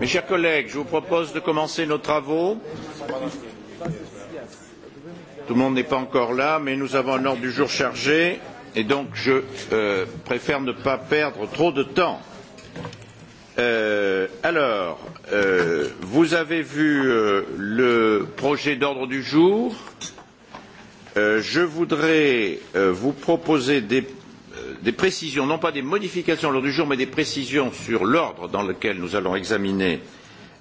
mes chers collègues je vous propose de commencer nos travaux tout le monde n'est pas encore là mais nous avons un ordre du jour chargé et donc je euh, préfère ne pas perdre trop de temps euh, alors euh, vous avez vu euh, le projet d'ordre du jour euh, je voudrais euh, vous proposer des des précisions, non pas des modifications à l'ordre du jour, mais des précisions sur l'ordre dans lequel nous allons examiner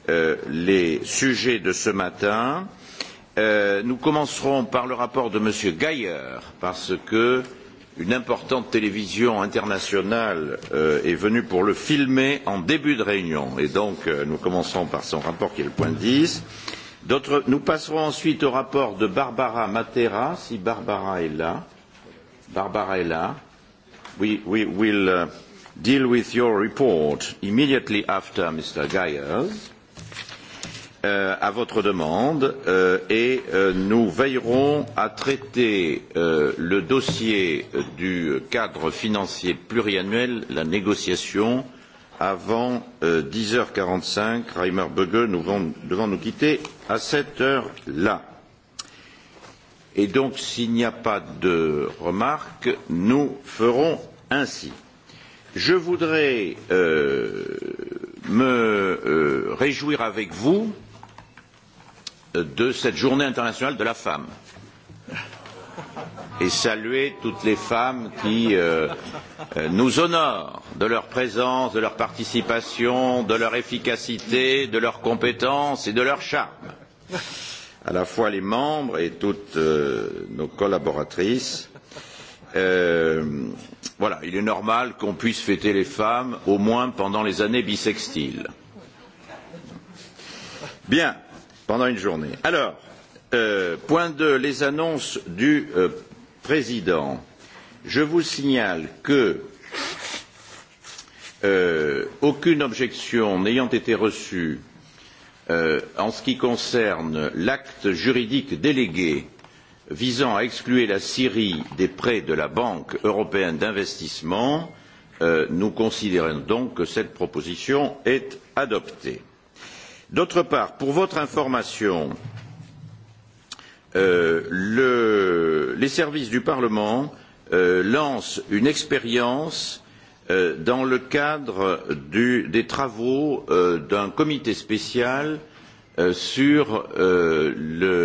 euh, les sujets de ce matin. Euh, nous commencerons par le rapport de M. Gaillard, parce que une importante télévision internationale euh, est venue pour le filmer en début de réunion. Et donc, euh, nous commencerons par son rapport qui est le point 10. Nous passerons ensuite au rapport de Barbara Matera, si Barbara est là. Barbara est là. Euh, we, we will uh, deal with your report immediately after Mr. Geyer's. Euh, à votre demande euh, et euh, nous veillerons à traiter euh, le dossier du cadre financier pluriannuel, la négociation, avant euh, 10h45. Reimer Böge, nous devons nous quitter à cette heure-là et donc s'il n'y a pas de remarques nous ferons ainsi. je voudrais euh, me euh, réjouir avec vous euh, de cette journée internationale de la femme et saluer toutes les femmes qui euh, euh nous honorent de leur présence, de leur participation, de leur efficacité, de leur compétence et de leur charme. Euh, à la fois les membres et toutes euh, nos collaboratrices. Euh, voilà, il est normal qu'on puisse fêter les femmes au moins pendant les années bissextiles. Bien, pendant une journée. Alors, euh, point 2, les annonces du euh, président. Je vous signale que euh, aucune objection n'ayant été reçue euh, Euh, en ce qui concerne l'acte juridique délégué visant à exclure la syrie des prêts de la banque européenne d'investissement euh, nous considérons donc que cette proposition est adoptée. d'autre part pour votre information euh, les services du parlement lancent une expérience Euh, dans le cadre du, des travaux euh, d'un comité spécial euh, sur euh,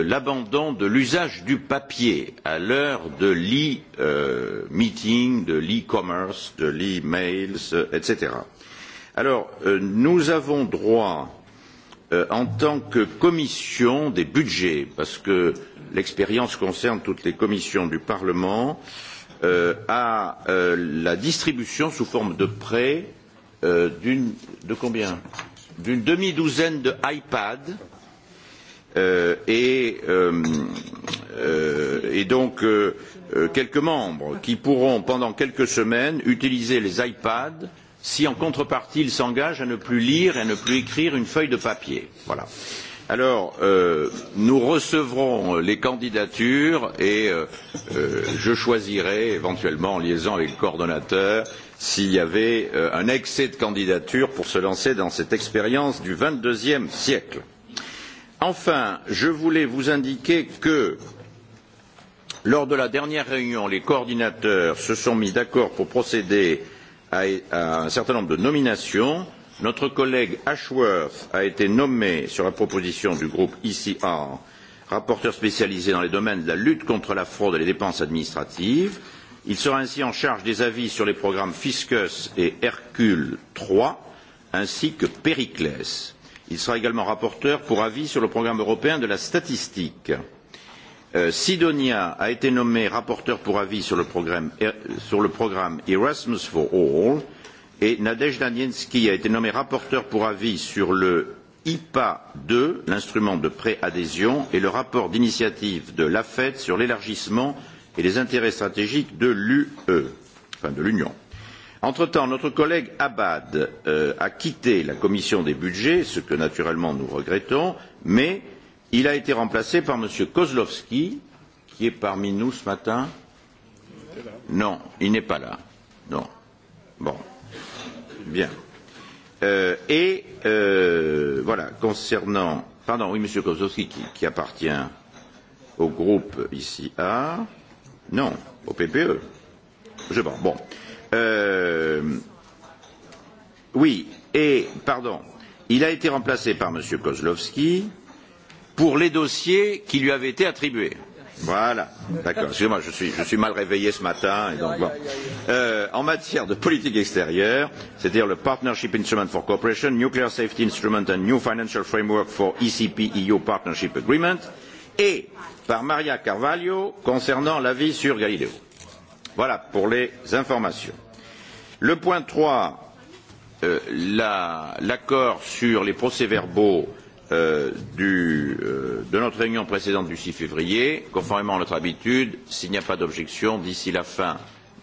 l'abandon de l'usage du papier à l'heure de l'e-meeting, euh, de l'e-commerce, de l'e-mails, euh, etc. Alors, euh, nous avons droit, euh, en tant que commission des budgets, parce que l'expérience concerne toutes les commissions du Parlement, euh, euh, à euh, la distribution sous forme de prêts euh, d'une de combien d'une demi douzaine de iPad euh, et, euh, euh, et donc euh, euh, quelques membres qui pourront pendant quelques semaines utiliser les iPads si en contrepartie ils s'engagent à ne plus lire et à ne plus écrire une feuille de papier. Voilà. Euh, alors euh, nous recevrons les candidatures et euh, euh, je choisirai éventuellement en liaison avec le coordonnateur s'il y avait un excès de candidatures pour se lancer dans cette expérience du XXIe siècle. Enfin, je voulais vous indiquer que lors de la dernière réunion, les coordinateurs se sont mis d'accord pour procéder à un certain nombre de nominations notre collègue ashworth a été nommé sur la proposition du groupe ecr rapporteur spécialisé dans les domaines de la lutte contre la fraude et les dépenses administratives. il sera ainsi en charge des avis sur les programmes fiscus et hercule iii ainsi que périclès. il sera également rapporteur pour avis sur le programme européen de la statistique. Euh, sidonia a été nommé rapporteur pour avis sur le programme, e- sur le programme erasmus for all et Nadège Danienski a été nommée rapporteure pour avis sur le IPA 2, l'instrument de préadhésion, et le rapport d'initiative de l'AFET sur l'élargissement et les intérêts stratégiques de l'UE, enfin de l'Union. Entre-temps, notre collègue Abad euh, a quitté la commission des budgets, ce que naturellement nous regrettons, mais il a été remplacé par M. Kozlowski, qui est parmi nous ce matin. Non, il n'est pas là. Non. Bon bien. Euh, et euh, voilà, concernant. Pardon, oui, M. Kozowski, qui, qui appartient au groupe ici à. Non, au PPE. Je pense. Bon. Euh, oui, et, pardon, il a été remplacé par M. Kozlowski pour les dossiers qui lui avaient été attribués. Voilà, d'accord. Excusez-moi, je suis, je suis mal réveillé ce matin. Et donc, bon. euh, en matière de politique extérieure, c'est-à-dire le Partnership Instrument for Cooperation, Nuclear Safety Instrument and New Financial Framework for ECP-EU Partnership Agreement, et par Maria Carvalho concernant l'avis sur Galileo. Voilà pour les informations. Le point 3, euh, l'accord la, sur les procès-verbaux euh, du, euh, de notre réunion précédente du 6 février, conformément à notre habitude, s'il n'y a pas d'objection d'ici la fin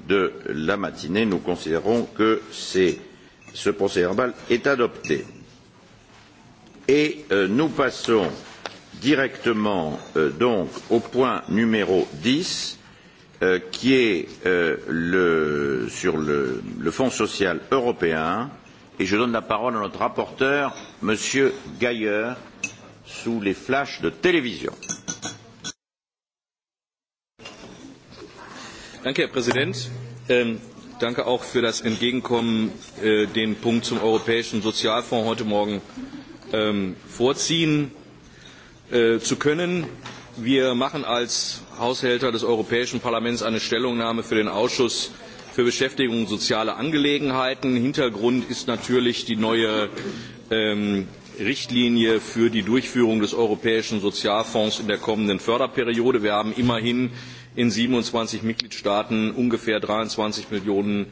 de la matinée, nous considérons que ce procès verbal est adopté. Et euh, nous passons directement euh, donc au point numéro 10, euh, qui est euh, le, sur le, le Fonds social européen. Euh, et je donne la parole à notre rapporteur m. geier sous les flashs de télévision. Danke, Herr Präsident. Ähm, danke auch für das Entgegenkommen, äh, den Punkt zum Europäischen Sozialfonds heute Morgen ähm, vorziehen äh, zu können. Wir machen als Haushälter des Europäischen Parlaments eine Stellungnahme für den Ausschuss für Beschäftigung und soziale Angelegenheiten. Hintergrund ist natürlich die neue ähm, Richtlinie für die Durchführung des Europäischen Sozialfonds in der kommenden Förderperiode. Wir haben immerhin in 27 Mitgliedstaaten ungefähr 23 Millionen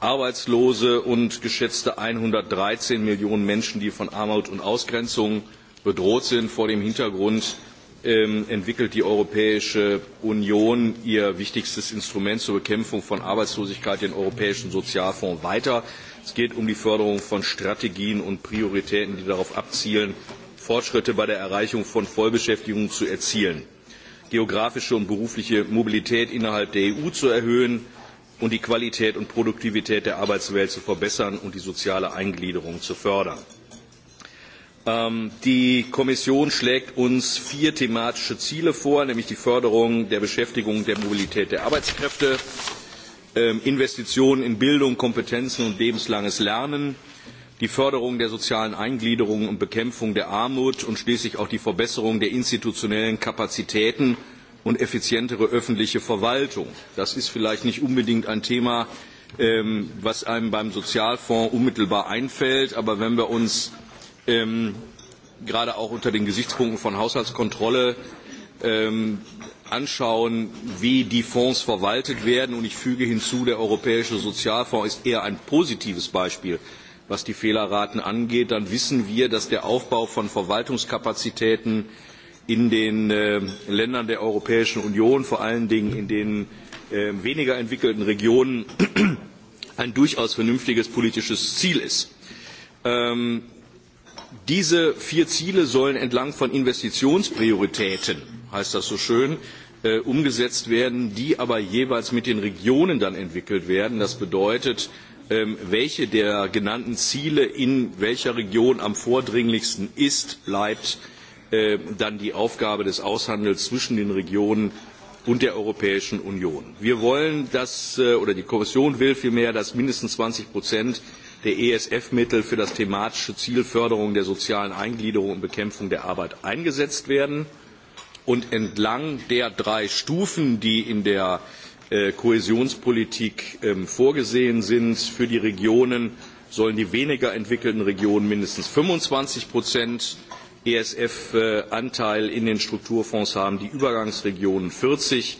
Arbeitslose und geschätzte 113 Millionen Menschen, die von Armut und Ausgrenzung bedroht sind. Vor dem Hintergrund ähm, entwickelt die Europäische Union ihr wichtigstes Instrument zur Bekämpfung von Arbeitslosigkeit, den Europäischen Sozialfonds, weiter. Es geht um die Förderung von Strategien und Prioritäten, die darauf abzielen, Fortschritte bei der Erreichung von Vollbeschäftigung zu erzielen, geografische und berufliche Mobilität innerhalb der EU zu erhöhen und die Qualität und Produktivität der Arbeitswelt zu verbessern und die soziale Eingliederung zu fördern. Ähm, die Kommission schlägt uns vier thematische Ziele vor, nämlich die Förderung der Beschäftigung, der Mobilität der Arbeitskräfte, ähm, Investitionen in Bildung, Kompetenzen und lebenslanges Lernen, die Förderung der sozialen Eingliederung und Bekämpfung der Armut und schließlich auch die Verbesserung der institutionellen Kapazitäten und effizientere öffentliche Verwaltung. Das ist vielleicht nicht unbedingt ein Thema, ähm, was einem beim Sozialfonds unmittelbar einfällt, aber wenn wir uns ähm, gerade auch unter den Gesichtspunkten von Haushaltskontrolle ähm, anschauen, wie die Fonds verwaltet werden. Und ich füge hinzu, der Europäische Sozialfonds ist eher ein positives Beispiel, was die Fehlerraten angeht. Dann wissen wir, dass der Aufbau von Verwaltungskapazitäten in den äh, Ländern der Europäischen Union, vor allen Dingen in den äh, weniger entwickelten Regionen, ein durchaus vernünftiges politisches Ziel ist. Ähm, Diese vier Ziele sollen entlang von Investitionsprioritäten, heißt das so schön, äh, umgesetzt werden, die aber jeweils mit den Regionen dann entwickelt werden. Das bedeutet, ähm, welche der genannten Ziele in welcher Region am vordringlichsten ist, bleibt äh, dann die Aufgabe des Aushandels zwischen den Regionen und der Europäischen Union. Wir wollen, dass, äh, oder die Kommission will vielmehr, dass mindestens 20 Prozent der ESF Mittel für das thematische Ziel Förderung der sozialen Eingliederung und Bekämpfung der Arbeit eingesetzt werden. Und entlang der drei Stufen, die in der äh, Kohäsionspolitik ähm, vorgesehen sind für die Regionen, sollen die weniger entwickelten Regionen mindestens 25 Prozent ESF-Anteil äh, in den Strukturfonds haben, die Übergangsregionen 40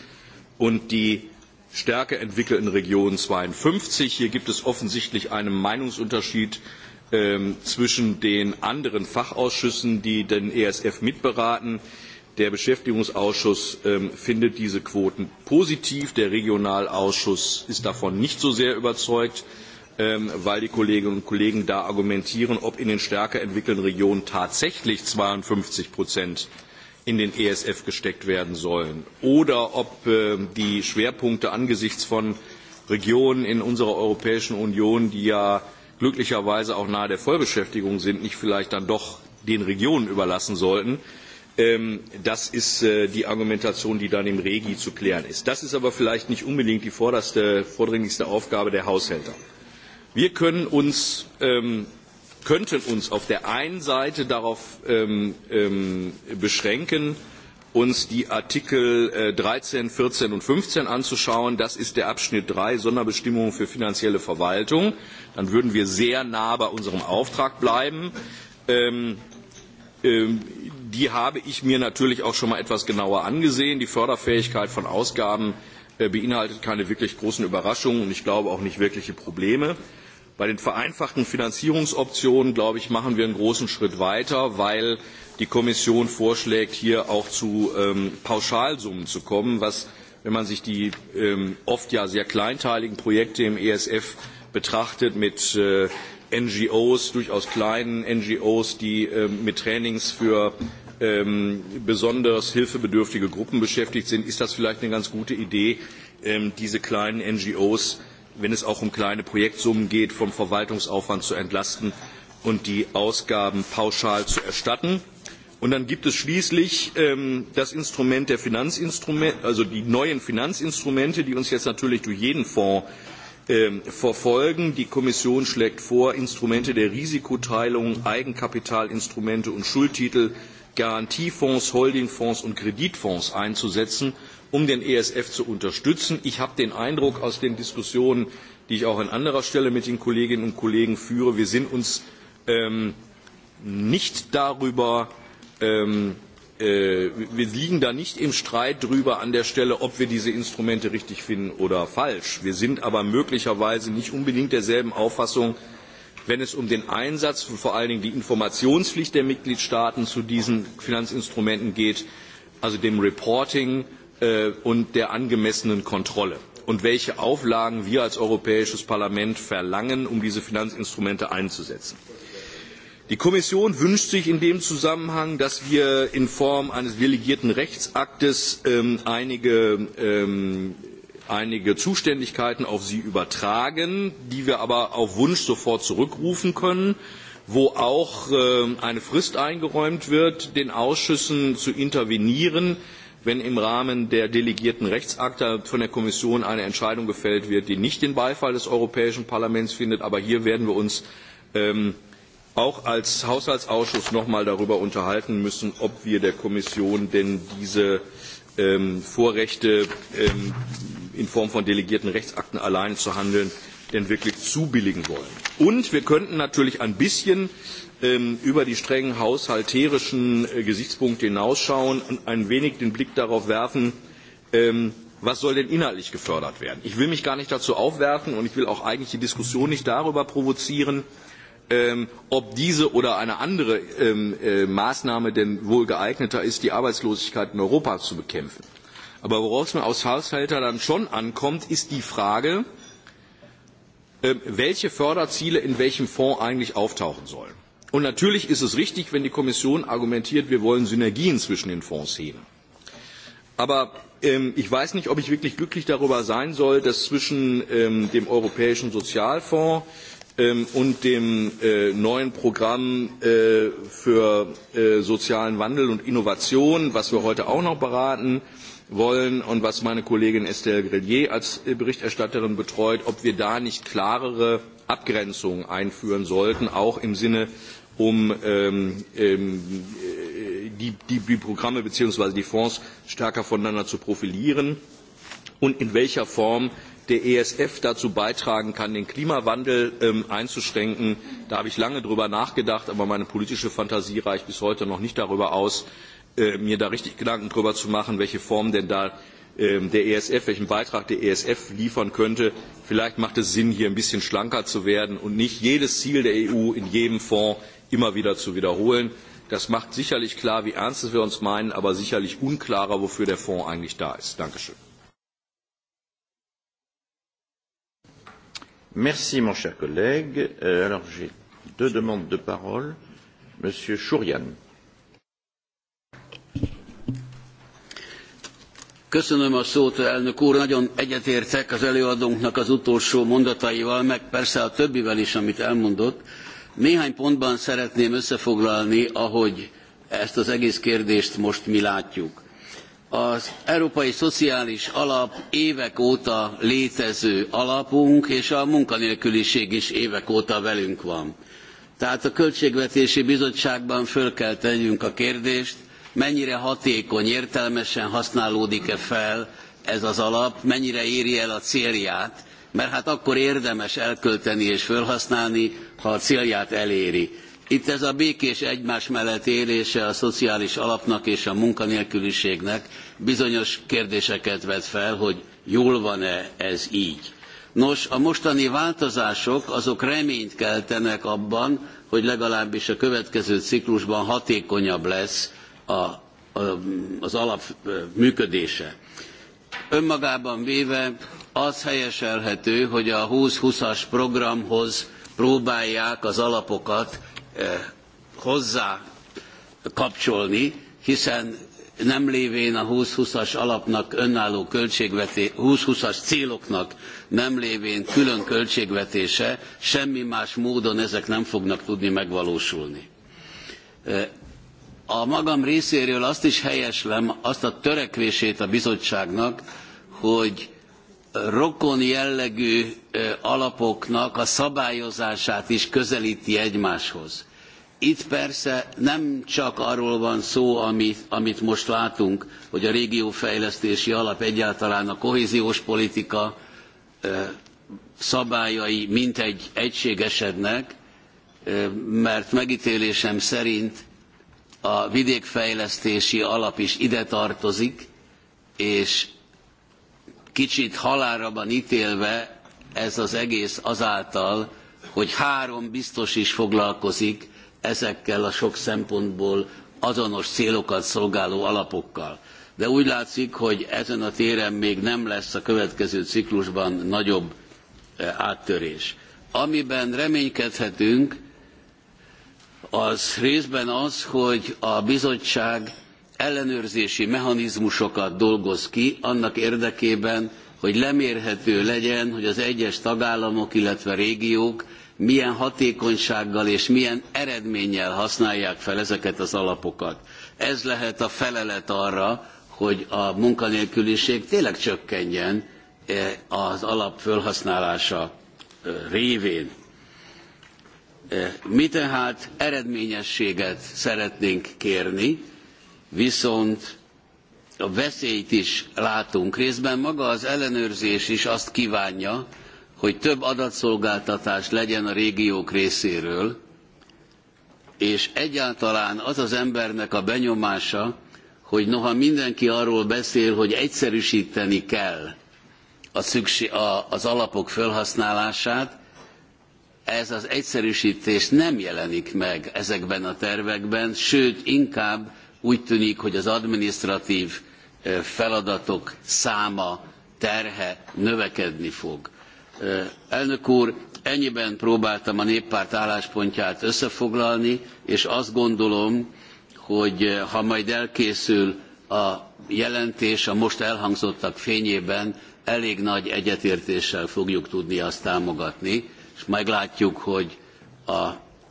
und die stärker entwickelten Region 52. Hier gibt es offensichtlich einen Meinungsunterschied ähm, zwischen den anderen Fachausschüssen, die den ESF mitberaten. Der Beschäftigungsausschuss ähm, findet diese Quoten positiv. Der Regionalausschuss ist davon nicht so sehr überzeugt, ähm, weil die Kolleginnen und Kollegen da argumentieren, ob in den stärker entwickelten Regionen tatsächlich 52 Prozent äh, in den ESF gesteckt werden sollen oder ob äh, die Schwerpunkte angesichts von Regionen in unserer Europäischen Union, die ja glücklicherweise auch nahe der Vollbeschäftigung sind, nicht vielleicht dann doch den Regionen überlassen sollten. Ähm, das ist äh, die Argumentation, die dann im Regi zu klären ist. Das ist aber vielleicht nicht unbedingt die vorderste, vordringlichste Aufgabe der Haushälter. Wir können uns ähm, könnten uns auf der einen Seite darauf ähm, ähm, beschränken, uns die Artikel 13, äh, 14 und 15 anzuschauen. Das ist der Abschnitt 3, Sonderbestimmungen für finanzielle Verwaltung. Dann würden wir sehr nah bei unserem Auftrag bleiben. Ähm, ähm, die habe ich mir natürlich auch schon mal etwas genauer angesehen. Die Förderfähigkeit von Ausgaben äh, beinhaltet keine wirklich großen Überraschungen und ich glaube auch nicht wirkliche Probleme. Bei den vereinfachten Finanzierungsoptionen, glaube ich, machen wir einen großen Schritt weiter, weil die Kommission vorschlägt, hier auch zu ähm, Pauschalsummen zu kommen, was, wenn man sich die ähm, oft ja sehr kleinteiligen Projekte im ESF betrachtet, mit äh, NGOs, durchaus kleinen NGOs, die ähm, mit Trainings für ähm, besonders hilfebedürftige Gruppen beschäftigt sind, ist das vielleicht eine ganz gute Idee, ähm, diese kleinen NGOs wenn es auch um kleine Projektsummen geht, vom Verwaltungsaufwand zu entlasten und die Ausgaben pauschal zu erstatten. Und dann gibt es schließlich ähm, das Instrument der Finanzinstrumente, also die neuen Finanzinstrumente, die uns jetzt natürlich durch jeden Fonds ähm, verfolgen. Die Kommission schlägt vor, Instrumente der Risikoteilung, Eigenkapitalinstrumente und Schuldtitel, Garantiefonds, Holdingfonds und Kreditfonds einzusetzen um den ESF zu unterstützen. Ich habe den Eindruck aus den Diskussionen, die ich auch an anderer Stelle mit den Kolleginnen und Kollegen führe, wir sind uns ähm, nicht darüber, ähm, äh, wir liegen da nicht im Streit drüber an der Stelle, ob wir diese Instrumente richtig finden oder falsch. Wir sind aber möglicherweise nicht unbedingt derselben Auffassung, wenn es um den Einsatz und vor allen Dingen die Informationspflicht der Mitgliedstaaten zu diesen Finanzinstrumenten geht, also dem Reporting Äh, und der angemessenen Kontrolle und welche Auflagen wir als Europäisches Parlament verlangen, um diese Finanzinstrumente einzusetzen. Die Kommission wünscht sich in dem Zusammenhang, dass wir in Form eines delegierten Rechtsaktes ähm, einige, ähm, einige Zuständigkeiten auf sie übertragen, die wir aber auf Wunsch sofort zurückrufen können, wo auch äh, eine Frist eingeräumt wird, den Ausschüssen zu intervenieren, wenn im Rahmen der delegierten Rechtsakte von der Kommission eine Entscheidung gefällt wird, die nicht den Beifall des Europäischen Parlaments findet. Aber hier werden wir uns ähm, auch als Haushaltsausschuss noch einmal darüber unterhalten müssen, ob wir der Kommission denn diese ähm, Vorrechte ähm, in Form von delegierten Rechtsakten alleine zu handeln, denn wirklich zubilligen wollen. Und wir könnten natürlich ein bisschen äh, Ähm, über die strengen haushalterischen äh, Gesichtspunkte hinausschauen und ein wenig den Blick darauf werfen, ähm, was soll denn inhaltlich gefördert werden. Ich will mich gar nicht dazu aufwerfen und ich will auch eigentlich die Diskussion nicht darüber provozieren, ähm, ob diese oder eine andere äh, Maßnahme denn wohl geeigneter ist, die Arbeitslosigkeit in Europa zu bekämpfen. Aber worauf es mir aus Haushalter dann schon ankommt, ist die Frage, welche Förderziele in welchem Fonds eigentlich auftauchen sollen. Und natürlich ist es richtig, wenn die Kommission argumentiert, wir wollen Synergien zwischen den Fonds heben. Aber ähm, ich weiß nicht, ob ich wirklich glücklich darüber sein soll, dass zwischen ähm, dem Europäischen Sozialfonds ähm, und dem äh, neuen Programm äh, für äh, sozialen Wandel und Innovation, was wir heute auch noch beraten wollen und was meine Kollegin Estelle Grelier als äh, Berichterstatterin betreut, ob wir da nicht klarere Abgrenzungen einführen sollten, auch im Sinne um ähm, äh, die, die, die Programme bzw. die Fonds stärker voneinander zu profilieren und in welcher Form der ESF dazu beitragen kann, den Klimawandel ähm, einzuschränken. Da habe ich lange darüber nachgedacht, aber meine politische Fantasie reicht bis heute noch nicht darüber aus, äh, mir da richtig Gedanken darüber zu machen, welche Form denn da ähm, der ESF, welchen Beitrag der ESF liefern könnte. Vielleicht macht es Sinn, hier ein bisschen schlanker zu werden und nicht jedes Ziel der EU in jedem Fonds immer wieder zu wiederholen. Das macht sicherlich klar, wie ernst es wir uns meinen, aber sicherlich unklarer, wofür der Fonds eigentlich da ist. Dankeschön. Merci, mon cher collègue. Euh, alors, j'ai deux demandes de parole. Monsieur Chourian. Köszönöm a szót, elnök úr, nagyon egyetértek az előadónknak az utolsó mondataival, meg persze a többivel is, amit elmondott. Néhány pontban szeretném összefoglalni, ahogy ezt az egész kérdést most mi látjuk. Az Európai Szociális Alap évek óta létező alapunk, és a munkanélküliség is évek óta velünk van. Tehát a Költségvetési Bizottságban föl kell tennünk a kérdést, mennyire hatékony, értelmesen használódik-e fel ez az alap, mennyire éri el a célját, mert hát akkor érdemes elkölteni és felhasználni, ha a célját eléri. Itt ez a békés egymás mellett élése a szociális alapnak és a munkanélküliségnek bizonyos kérdéseket vet fel, hogy jól van-e ez így. Nos, a mostani változások azok reményt keltenek abban, hogy legalábbis a következő ciklusban hatékonyabb lesz a, a, az alap működése. Önmagában véve az helyeselhető, hogy a 20-20-as programhoz próbálják az alapokat eh, hozzá kapcsolni, hiszen nem lévén a 20-20-as alapnak önálló költségvetés, 20-20-as céloknak nem lévén külön költségvetése, semmi más módon ezek nem fognak tudni megvalósulni. Eh, a magam részéről azt is helyeslem, azt a törekvését a bizottságnak, hogy rokon jellegű alapoknak a szabályozását is közelíti egymáshoz. Itt persze nem csak arról van szó, amit, amit most látunk, hogy a régiófejlesztési alap egyáltalán a kohéziós politika szabályai mint egy egységesednek, mert megítélésem szerint a vidékfejlesztési alap is ide tartozik, és kicsit halára van ítélve ez az egész azáltal, hogy három biztos is foglalkozik ezekkel a sok szempontból azonos célokat szolgáló alapokkal. De úgy látszik, hogy ezen a téren még nem lesz a következő ciklusban nagyobb e, áttörés. Amiben reménykedhetünk, az részben az, hogy a bizottság ellenőrzési mechanizmusokat dolgoz ki annak érdekében, hogy lemérhető legyen, hogy az egyes tagállamok, illetve régiók milyen hatékonysággal és milyen eredménnyel használják fel ezeket az alapokat. Ez lehet a felelet arra, hogy a munkanélküliség tényleg csökkenjen eh, az alap felhasználása eh, révén. Eh, mi tehát eredményességet szeretnénk kérni, viszont a veszélyt is látunk. Részben maga az ellenőrzés is azt kívánja, hogy több adatszolgáltatás legyen a régiók részéről, és egyáltalán az az embernek a benyomása, hogy noha mindenki arról beszél, hogy egyszerűsíteni kell a szükség, a, az alapok felhasználását, ez az egyszerűsítés nem jelenik meg ezekben a tervekben, sőt inkább úgy tűnik, hogy az administratív feladatok száma, terhe növekedni fog. Elnök úr, ennyiben próbáltam a néppárt álláspontját összefoglalni, és azt gondolom, hogy ha majd elkészül a jelentés a most elhangzottak fényében, elég nagy egyetértéssel fogjuk tudni azt támogatni, és meglátjuk, hogy a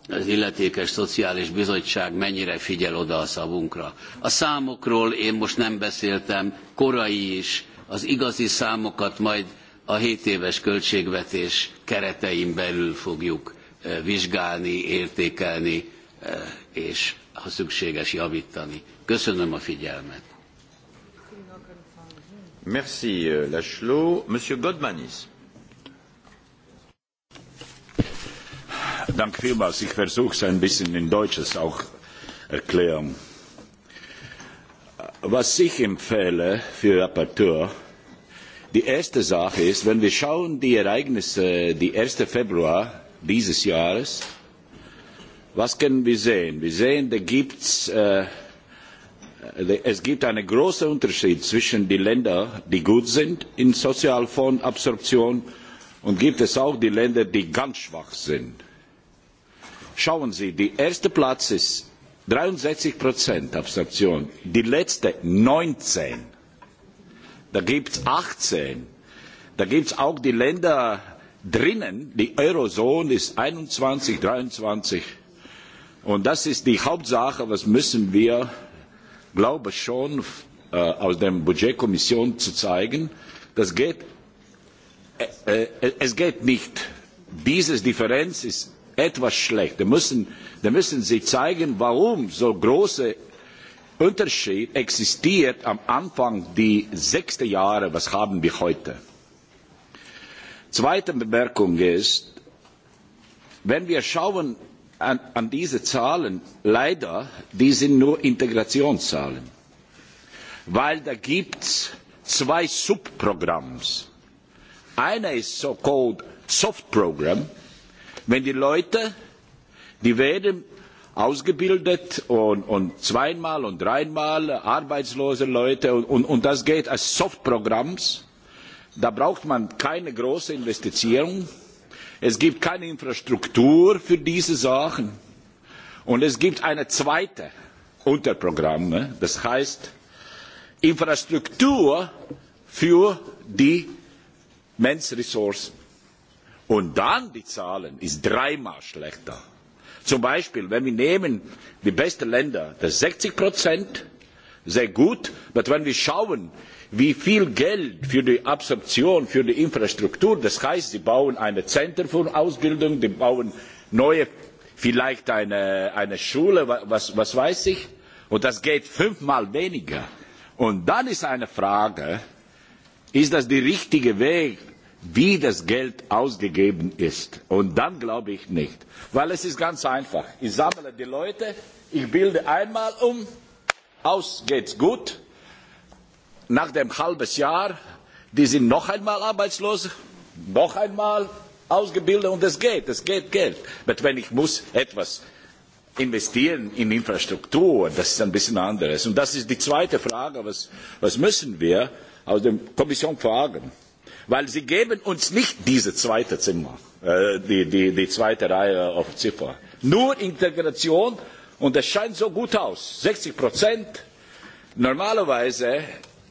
az illetékes szociális bizottság mennyire figyel oda a szavunkra. A számokról én most nem beszéltem, korai is, az igazi számokat majd a 7 éves költségvetés keretein belül fogjuk vizsgálni, értékelni, és ha szükséges, javítani. Köszönöm a figyelmet. Merci, euh, Leslo. Monsieur Godmanis. Danke vielmals. Ich versuche es ein bisschen in Deutsches auch erklären. Was ich empfehle für Rapporteur, die erste Sache ist, wenn wir schauen die Ereignisse, die 1. Februar dieses Jahres, was können wir sehen? Wir sehen, da gibt's, äh, es gibt einen großen Unterschied zwischen den Ländern, die gut sind in Sozialfondsabsorption, und gibt es auch die Länder, die ganz schwach sind. Schauen Sie, die erste Platz ist 63 Prozent Absorption, die letzte 19. Da gibt es 18. Da gibt es auch die Länder drinnen, die Eurozone ist 21, 23. Und das ist die Hauptsache, was müssen wir, glaube ich, schon äh, aus der Budgetkommission zu zeigen. Das geht, äh, äh, es geht nicht. Diese Differenz ist etwas schlecht. Da müssen, da müssen Sie zeigen, warum so große Unterschied existiert am Anfang die sechste Jahre, was haben wir heute. Zweite Bemerkung ist, wenn wir schauen an, an diese Zahlen, leider, die sind nur Integrationszahlen, weil da gibt es zwei Subprogramms. Einer ist so-called Soft Program, Wenn die Leute, die werden ausgebildet und, und zweimal und dreimal arbeitslose Leute und, und, und das geht als Softprogramm, da braucht man keine große Investition. Es gibt keine Infrastruktur für diese Sachen. Und es gibt eine zweite Unterprogramm, das heißt Infrastruktur für die Menschressourcen. Und dann die Zahlen ist dreimal schlechter. Zum Beispiel, wenn wir nehmen die besten Länder, das 60 Prozent, sehr gut, aber wenn wir schauen, wie viel Geld für die Absorption, für die Infrastruktur, das heißt, sie bauen ein Zentrum für Ausbildung, sie bauen neue, vielleicht eine, eine Schule, was, was weiß ich, und das geht fünfmal weniger. Und dann ist eine Frage, ist das der richtige Weg, wie das Geld ausgegeben ist. Und dann glaube ich nicht. Weil es ist ganz einfach. Ich sammle die Leute, ich bilde einmal um, aus geht's gut. Nach dem halben Jahr, die sind noch einmal arbeitslos, noch einmal ausgebildet und es geht, es geht Geld. Aber wenn ich muss etwas investieren in Infrastruktur, das ist ein bisschen anderes. Und das ist die zweite Frage, was, was müssen wir aus der Kommission fragen? weil sie geben uns nicht diese zweite Zimmer, äh, die, die, die zweite Reihe auf Ziffer. Nur Integration und es scheint so gut aus. 60 Prozent. Normalerweise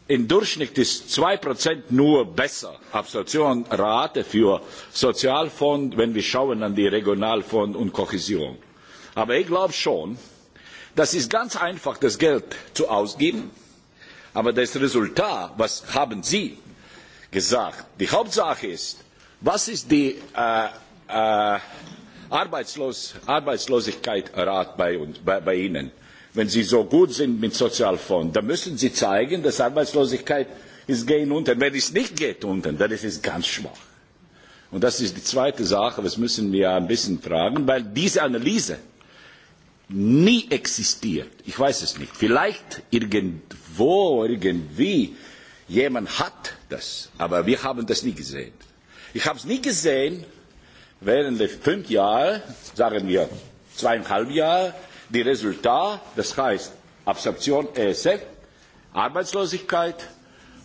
im Durchschnitt ist 2 Prozent nur besser. Absorptionrate für Sozialfonds, wenn wir schauen an die Regionalfonds und Kohäsion. Aber ich glaube schon, das ist ganz einfach, das Geld zu ausgeben. Aber das Resultat, was haben Sie gesagt. Die Hauptsache ist, was ist die äh, äh, Arbeitslos Arbeitslosigkeitsrat bei, bei, bei Ihnen? Wenn Sie so gut sind mit Sozialfonds, dann müssen Sie zeigen, dass Arbeitslosigkeit ist gehen unten. Wenn es nicht geht unten, dann ist es ganz schwach. Und das ist die zweite Sache, das müssen wir ein bisschen fragen, weil diese Analyse nie existiert. Ich weiß es nicht. Vielleicht irgendwo, irgendwie Jemand hat das, aber wir haben das nie gesehen. Ich habe es nie gesehen, während der fünf Jahre, sagen wir zweieinhalb Jahre, die Resultate, das heißt Absorption ESF, Arbeitslosigkeit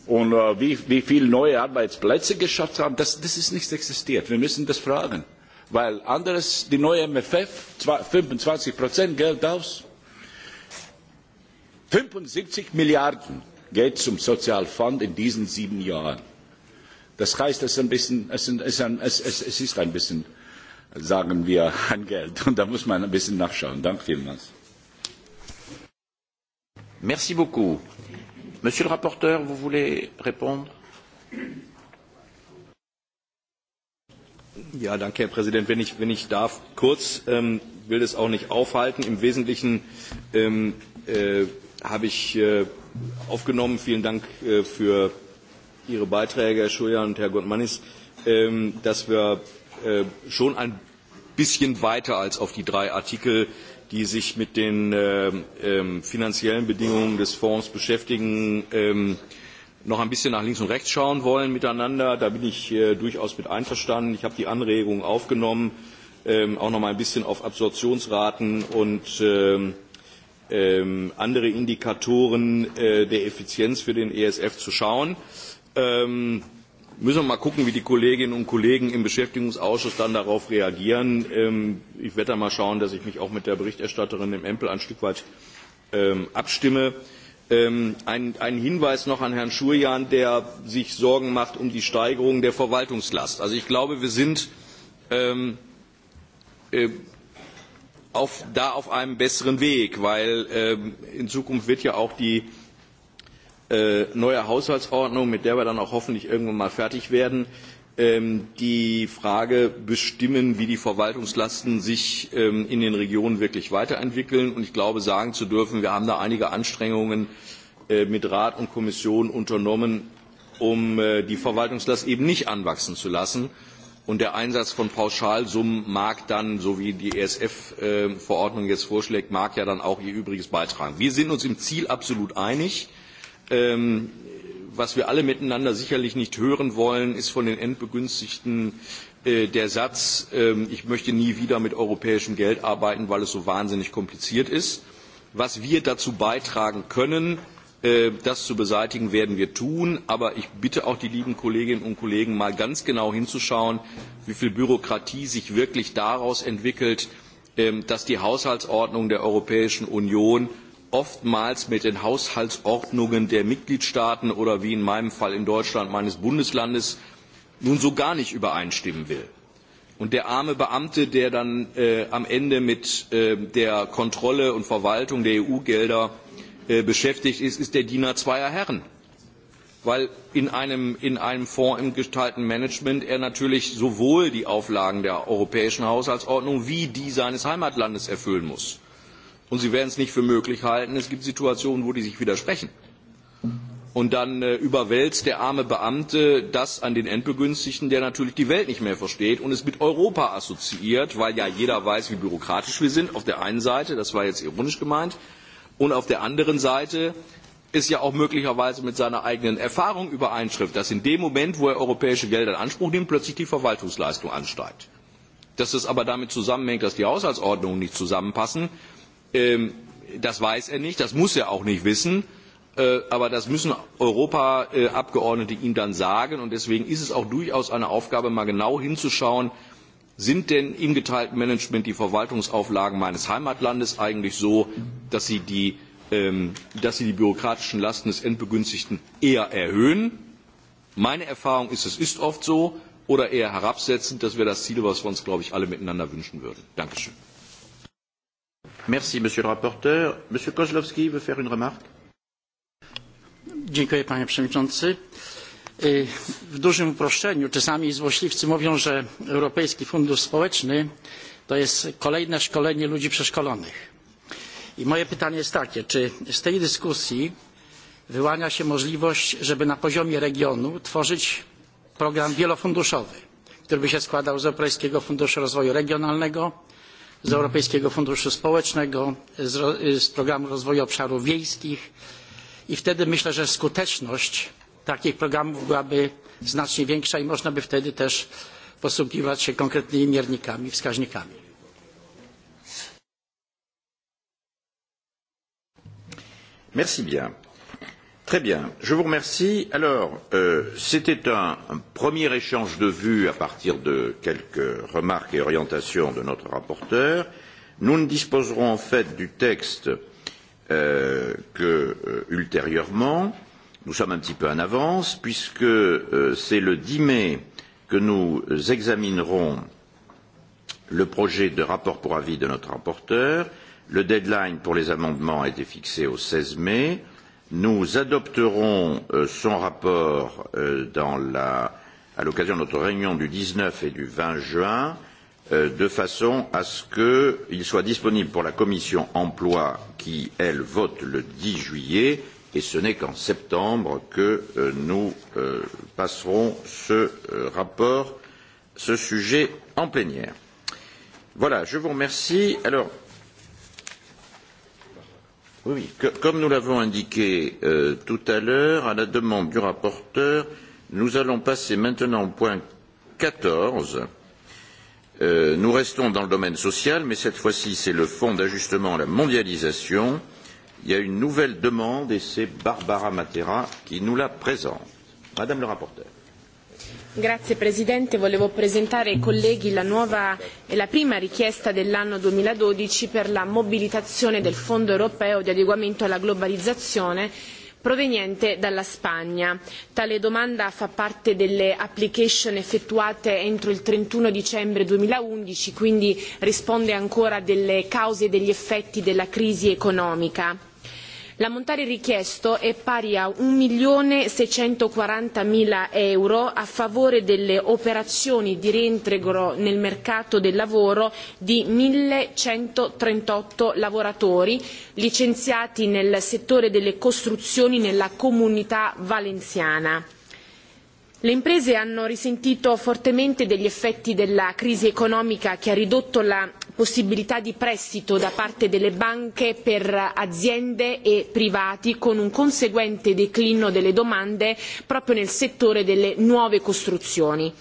und äh, wie, wie viele neue Arbeitsplätze geschafft haben, das, das ist nichts existiert. Wir müssen das fragen. Weil anderes, die neue MFF, 25% Geld aus, 75 Milliarden Geld zum Sozialfonds in diesen sieben Jahren. Das heißt, es ist ein bisschen, es ist ein, es ist ein, es ist ein bisschen sagen wir, ein Geld. Und da muss man ein bisschen nachschauen. Danke vielmals. Merci beaucoup. Monsieur le rapporteur, vous voulez répondre Ja, danke, Herr Präsident. Wenn ich, wenn ich darf, kurz, ähm, will das auch nicht aufhalten. Im Wesentlichen ähm, äh, habe ich äh, aufgenommen. Vielen Dank äh, für Ihre Beiträge, Herr Schuljan und Herr Gottmannis, ähm, dass wir äh, schon ein bisschen weiter als auf die drei Artikel, die sich mit den äh, äh, finanziellen Bedingungen des Fonds beschäftigen, ähm, noch ein bisschen nach links und rechts schauen wollen miteinander. Da bin ich äh, durchaus mit einverstanden. Ich habe die Anregungen aufgenommen, ähm, auch noch mal ein bisschen auf Absorptionsraten und äh, ähm, andere Indikatoren äh, der Effizienz für den ESF zu schauen. Ähm, müssen wir mal gucken, wie die Kolleginnen und Kollegen im Beschäftigungsausschuss dann darauf reagieren. Ähm, ich werde da mal schauen, dass ich mich auch mit der Berichterstatterin im Empel ein Stück weit ähm, abstimme. Ähm, ein, ein Hinweis noch an Herrn Schurjan, der sich Sorgen macht um die Steigerung der Verwaltungslast. Also ich glaube, wir sind ähm, äh, auf, da auf einem besseren Weg, weil ähm, in Zukunft wird ja auch die äh, neue Haushaltsordnung, mit der wir dann auch hoffentlich irgendwann mal fertig werden, ähm, die Frage bestimmen, wie die Verwaltungslasten sich ähm, in den Regionen wirklich weiterentwickeln. Und ich glaube, sagen zu dürfen, wir haben da einige Anstrengungen äh, mit Rat und Kommission unternommen, um äh, die Verwaltungslast eben nicht anwachsen zu lassen und der Einsatz von Pauschalsummen mag dann, so wie die ESF-Verordnung jetzt vorschlägt, mag ja dann auch ihr Übriges beitragen. Wir sind uns im Ziel absolut einig. Ähm, was wir alle miteinander sicherlich nicht hören wollen, ist von den Endbegünstigten äh, der Satz, äh, ich möchte nie wieder mit europäischem Geld arbeiten, weil es so wahnsinnig kompliziert ist. Was wir dazu beitragen können, Äh, das zu beseitigen werden wir tun. Aber ich bitte auch die lieben Kolleginnen und Kollegen, mal ganz genau hinzuschauen, wie viel Bürokratie sich wirklich daraus entwickelt, ähm, dass die Haushaltsordnung der Europäischen Union oftmals mit den Haushaltsordnungen der Mitgliedstaaten oder wie in meinem Fall in Deutschland meines Bundeslandes nun so gar nicht übereinstimmen will. Und der arme Beamte, der dann äh, am Ende mit äh, der Kontrolle und Verwaltung der EU-Gelder äh, Äh, beschäftigt ist, ist der Diener zweier Herren. Weil in einem, in einem Fonds im gestalten Management er natürlich sowohl die Auflagen der europäischen Haushaltsordnung wie die seines Heimatlandes erfüllen muss. Und Sie werden es nicht für möglich halten, es gibt Situationen, wo die sich widersprechen. Und dann äh, überwälzt der arme Beamte das an den Endbegünstigten, der natürlich die Welt nicht mehr versteht und es mit Europa assoziiert, weil ja jeder weiß, wie bürokratisch wir sind auf der einen Seite, das war jetzt ironisch gemeint, äh, Und auf der anderen Seite ist ja auch möglicherweise mit seiner eigenen Erfahrung übereinschrift, dass in dem Moment, wo er europäische Gelder in Anspruch nimmt, plötzlich die Verwaltungsleistung ansteigt. Dass es aber damit zusammenhängt, dass die Haushaltsordnungen nicht zusammenpassen, ähm, das weiß er nicht, das muss er auch nicht wissen, äh, aber das müssen Europaabgeordnete äh, ihm dann sagen. Und deswegen ist es auch durchaus eine Aufgabe, mal genau hinzuschauen, sind denn im geteilten Management die Verwaltungsauflagen meines Heimatlandes eigentlich so, dass sie die, ähm, dass sie die bürokratischen Lasten des Endbegünstigten eher erhöhen. Meine Erfahrung ist, es ist oft so, oder eher herabsetzend. Das wäre das Ziel, was wir uns, glaube ich, alle miteinander wünschen würden. Dankeschön. Merci, Monsieur le Rapporteur. Monsieur Kozlowski veut faire une remarque. Dziękuję, Panie Przewodniczący. E, w dużym uproszczeniu, czasami złośliwcy mówią, że Europejski Fundusz Społeczny to jest kolejne szkolenie ludzi przeszkolonych. I moje pytanie jest takie, czy z tej dyskusji wyłania się możliwość, żeby na poziomie regionu tworzyć program wielofunduszowy, który by się składał z Europejskiego Funduszu Rozwoju Regionalnego, z Europejskiego Funduszu Społecznego, z, z Programu Rozwoju Obszarów Wiejskich i wtedy myślę, że skuteczność takich programów byłaby znacznie większa i można by wtedy też posługiwać się konkretnymi miernikami, wskaźnikami. très bien je vous remercie alors euh, c'était un premier échange de vues à partir de quelques remarques et orientations de notre rapporteur nous ne disposerons en fait du texte euh, que euh, ultérieurement nous sommes un petit peu en avance puisque c'est le dix mai que nous examinerons le projet de rapport pour avis de notre rapporteur Le deadline pour les amendements a été fixé au 16 mai. Nous adopterons euh, son rapport euh, dans la, à l'occasion de notre réunion du 19 et du 20 juin, euh, de façon à ce qu'il soit disponible pour la commission emploi qui, elle, vote le 10 juillet, et ce n'est qu'en septembre que euh, nous euh, passerons ce euh, rapport, ce sujet en plénière. Voilà, je vous remercie. Alors, comme nous l'avons indiqué euh, tout à l'heure à la demande du rapporteur nous allons passer maintenant au point quatorze euh, nous restons dans le domaine social mais cette fois ci c'est le fonds d'ajustement à la mondialisation il y a une nouvelle demande et c'est barbara matera qui nous la présente madame la rapporteure. Grazie Presidente, volevo presentare ai colleghi la, nuova, e la prima richiesta dell'anno 2012 per la mobilitazione del Fondo europeo di adeguamento alla globalizzazione proveniente dalla Spagna. Tale domanda fa parte delle application effettuate entro il 31 dicembre 2011, quindi risponde ancora delle cause e degli effetti della crisi economica. L'ammontare richiesto è pari a 1.640.000 euro a favore delle operazioni di rientro nel mercato del lavoro di 1.138 lavoratori licenziati nel settore delle costruzioni nella comunità valenziana. Le imprese hanno risentito fortemente degli effetti della crisi economica che ha ridotto la possibilità di prestito da parte delle banche per aziende e privati con un conseguente declino delle domande proprio nel settore delle nuove costruzioni.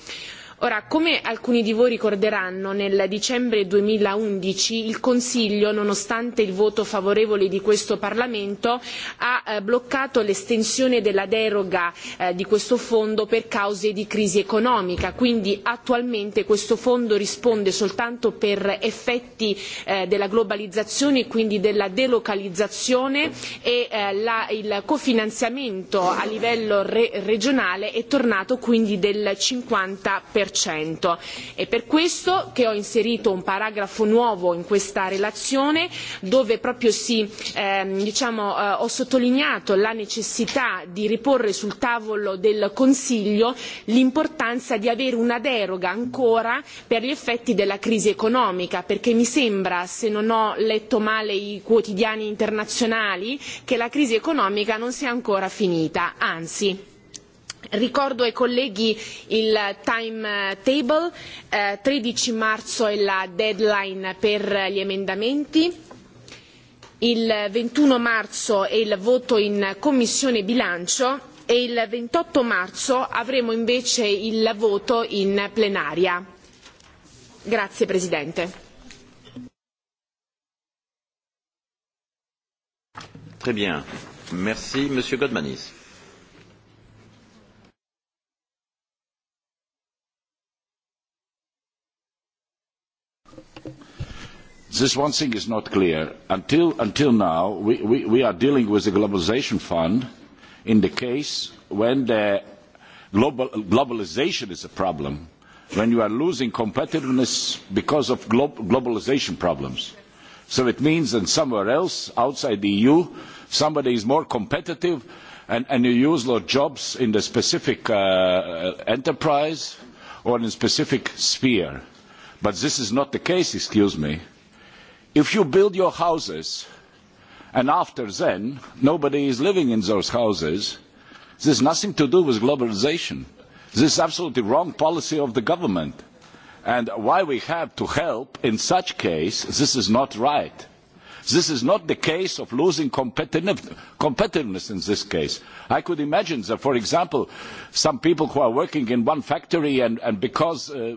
Ora, come alcuni di voi ricorderanno, nel dicembre 2011 il Consiglio, nonostante il voto favorevole di questo Parlamento, ha eh, bloccato l'estensione della deroga eh, di questo fondo per cause di crisi economica. Quindi attualmente questo fondo risponde soltanto per effetti eh, della globalizzazione e quindi della delocalizzazione e eh, la, il cofinanziamento a livello re- regionale è tornato quindi del 50% è per questo che ho inserito un paragrafo nuovo in questa relazione dove proprio si, ehm, diciamo, eh, ho sottolineato la necessità di riporre sul tavolo del Consiglio l'importanza di avere una deroga ancora per gli effetti della crisi economica perché mi sembra, se non ho letto male i quotidiani internazionali, che la crisi economica non sia ancora finita, anzi ricordo ai colleghi il timetable eh, 13 marzo è la deadline per gli emendamenti il 21 marzo è il voto in commissione bilancio e il 28 marzo avremo invece il voto in plenaria grazie presidente Très bien. Merci, Monsieur Godmanis. this one thing is not clear. Until, until now, we, we, we are dealing with the Globalization Fund in the case when the global, globalization is a problem, when you are losing competitiveness because of glo- globalization problems. So it means that somewhere else, outside the EU, somebody is more competitive and, and you use your jobs in the specific uh, enterprise or in a specific sphere. But this is not the case, excuse me if you build your houses and after then nobody is living in those houses, this has nothing to do with globalization. This is absolutely wrong policy of the government. And why we have to help in such case, this is not right. This is not the case of losing competitiveness in this case. I could imagine that, for example, some people who are working in one factory and, and because uh,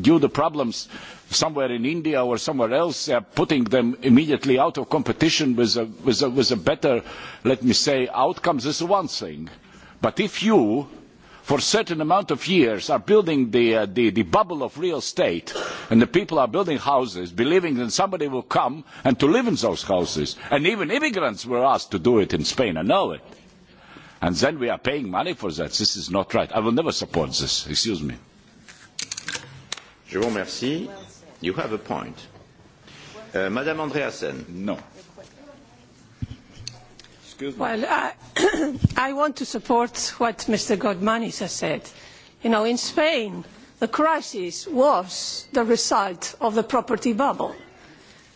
due to problems somewhere in India or somewhere else, they are putting them immediately out of competition with a, with a, with a better, let me say, outcome. This is one thing. But if you for a certain amount of years are building the, uh, the, the bubble of real estate and the people are building houses believing that somebody will come and to live in those houses and even immigrants were asked to do it in spain i know it and then we are paying money for that this is not right i will never support this excuse me Je vous remercie. Well you have a point uh, madame andreasen no uh, Excuse me. Well, I, I want to support what Mr. Godmanis has said. You know, in Spain, the crisis was the result of the property bubble.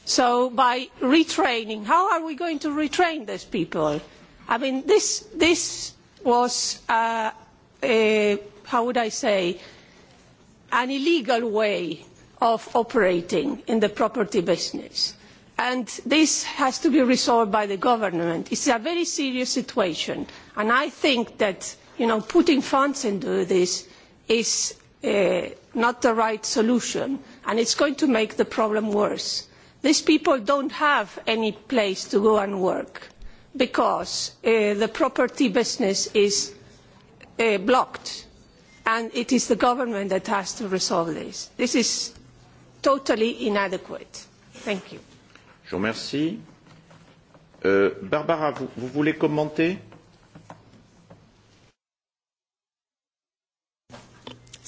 So by retraining, how are we going to retrain these people? I mean, this, this was, uh, a, how would I say, an illegal way of operating in the property business. Uh, and this has to be resolved by the government. it is a very serious situation and i think that putting funds into this is uh, not the right solution and it is going to make the problem worse. these people do not have any place to go and work because uh, the property business is uh, blocked and it is the government that has to resolve this. this is totally inadequate. thank you. Euh, barbara vous voulez commenter?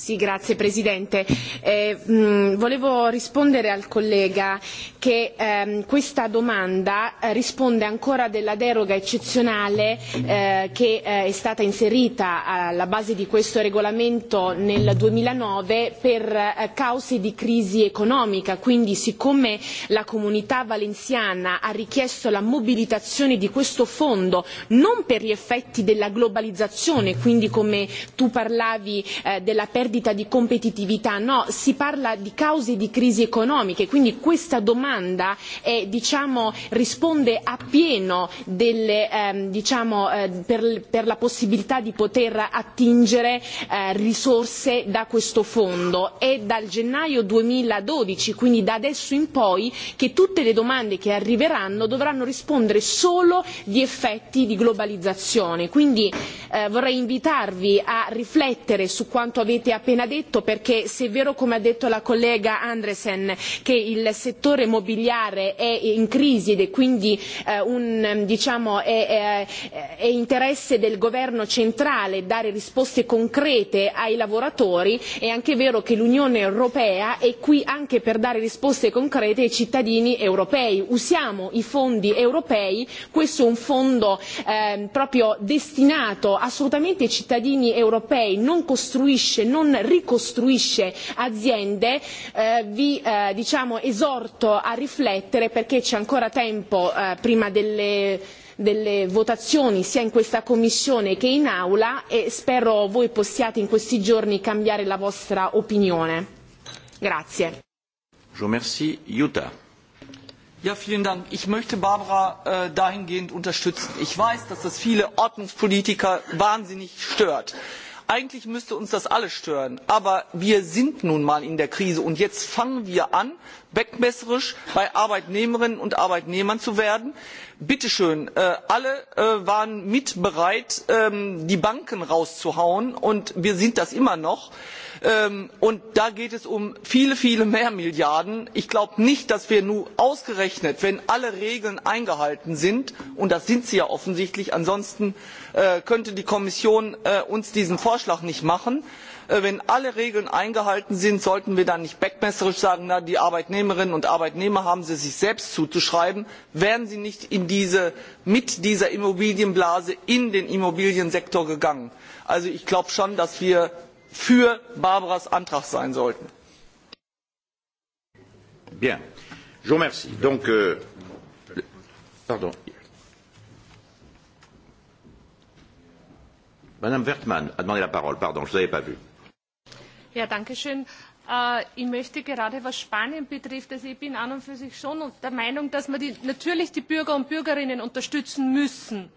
Sì, grazie Presidente. Eh, mh, volevo rispondere al collega che ehm, questa domanda eh, risponde ancora della deroga eccezionale eh, che eh, è stata inserita alla base di questo regolamento nel 2009 per eh, cause di crisi economica. Quindi siccome la comunità valenziana ha richiesto la mobilitazione di questo fondo non per gli effetti della globalizzazione, quindi come tu parlavi eh, della perdita perdita di competitività no si parla di cause di crisi economiche quindi questa domanda è, diciamo, risponde a pieno delle, ehm, diciamo, eh, per, per la possibilità di poter attingere eh, risorse da questo fondo è dal gennaio 2012 quindi da adesso in poi che tutte le domande che arriveranno dovranno rispondere solo gli effetti di globalizzazione quindi eh, vorrei invitarvi a riflettere su quanto avete appena detto perché se è vero come ha detto la collega Andresen che il settore mobiliare è in crisi ed è quindi eh, un, diciamo, è, è, è interesse del governo centrale dare risposte concrete ai lavoratori è anche vero che l'Unione Europea è qui anche per dare risposte concrete ai cittadini europei. Usiamo i fondi europei, questo è un fondo eh, proprio destinato assolutamente ai cittadini europei, non costruisce, non ricostruisce aziende eh, vi eh, diciamo esorto a riflettere perché c'è ancora tempo eh, prima delle delle votazioni sia in questa commissione che in aula e spero voi possiate in questi giorni cambiare la vostra opinione. Grazie. Je remercie Jutta. Ja, vielen Dank. Ich möchte Barbara äh, dahingehend unterstützen. Ich weiß, dass das viele Ordnungspolitiker wahnsinnig stört eigentlich müsste uns das alle stören aber wir sind nun mal in der krise und jetzt fangen wir an wegmesserisch bei arbeitnehmerinnen und arbeitnehmern zu werden. bitte schön äh, alle äh, waren mit bereit ähm, die banken rauszuhauen und wir sind das immer noch. Ähm, und da geht es um viele viele mehr milliarden. ich glaube nicht dass wir nun ausgerechnet wenn alle regeln eingehalten sind und das sind sie ja offensichtlich ansonsten äh, könnte die kommission äh, uns diesen vorschlag nicht machen äh, wenn alle regeln eingehalten sind sollten wir dann nicht besserwisserisch sagen na die arbeitnehmerinnen und arbeitnehmer haben es sich selbst zuzuschreiben wären sie nicht mit dieser immobilienblase in den immobiliensektor gegangen? also ich glaube schon dass wir für barbaras antrag sein sollten. Bien. Je vous remercie. Donc, euh, pardon. Madame Wertmann a demandé la parole. Pardon, je ne l'avais pas vue. Ja, danke schön. Uh, ich möchte gerade, was Spanien betrifft, also ich bin an und für sich schon der Meinung, dass wir die, natürlich die Bürger und Bürgerinnen unterstützen müssen.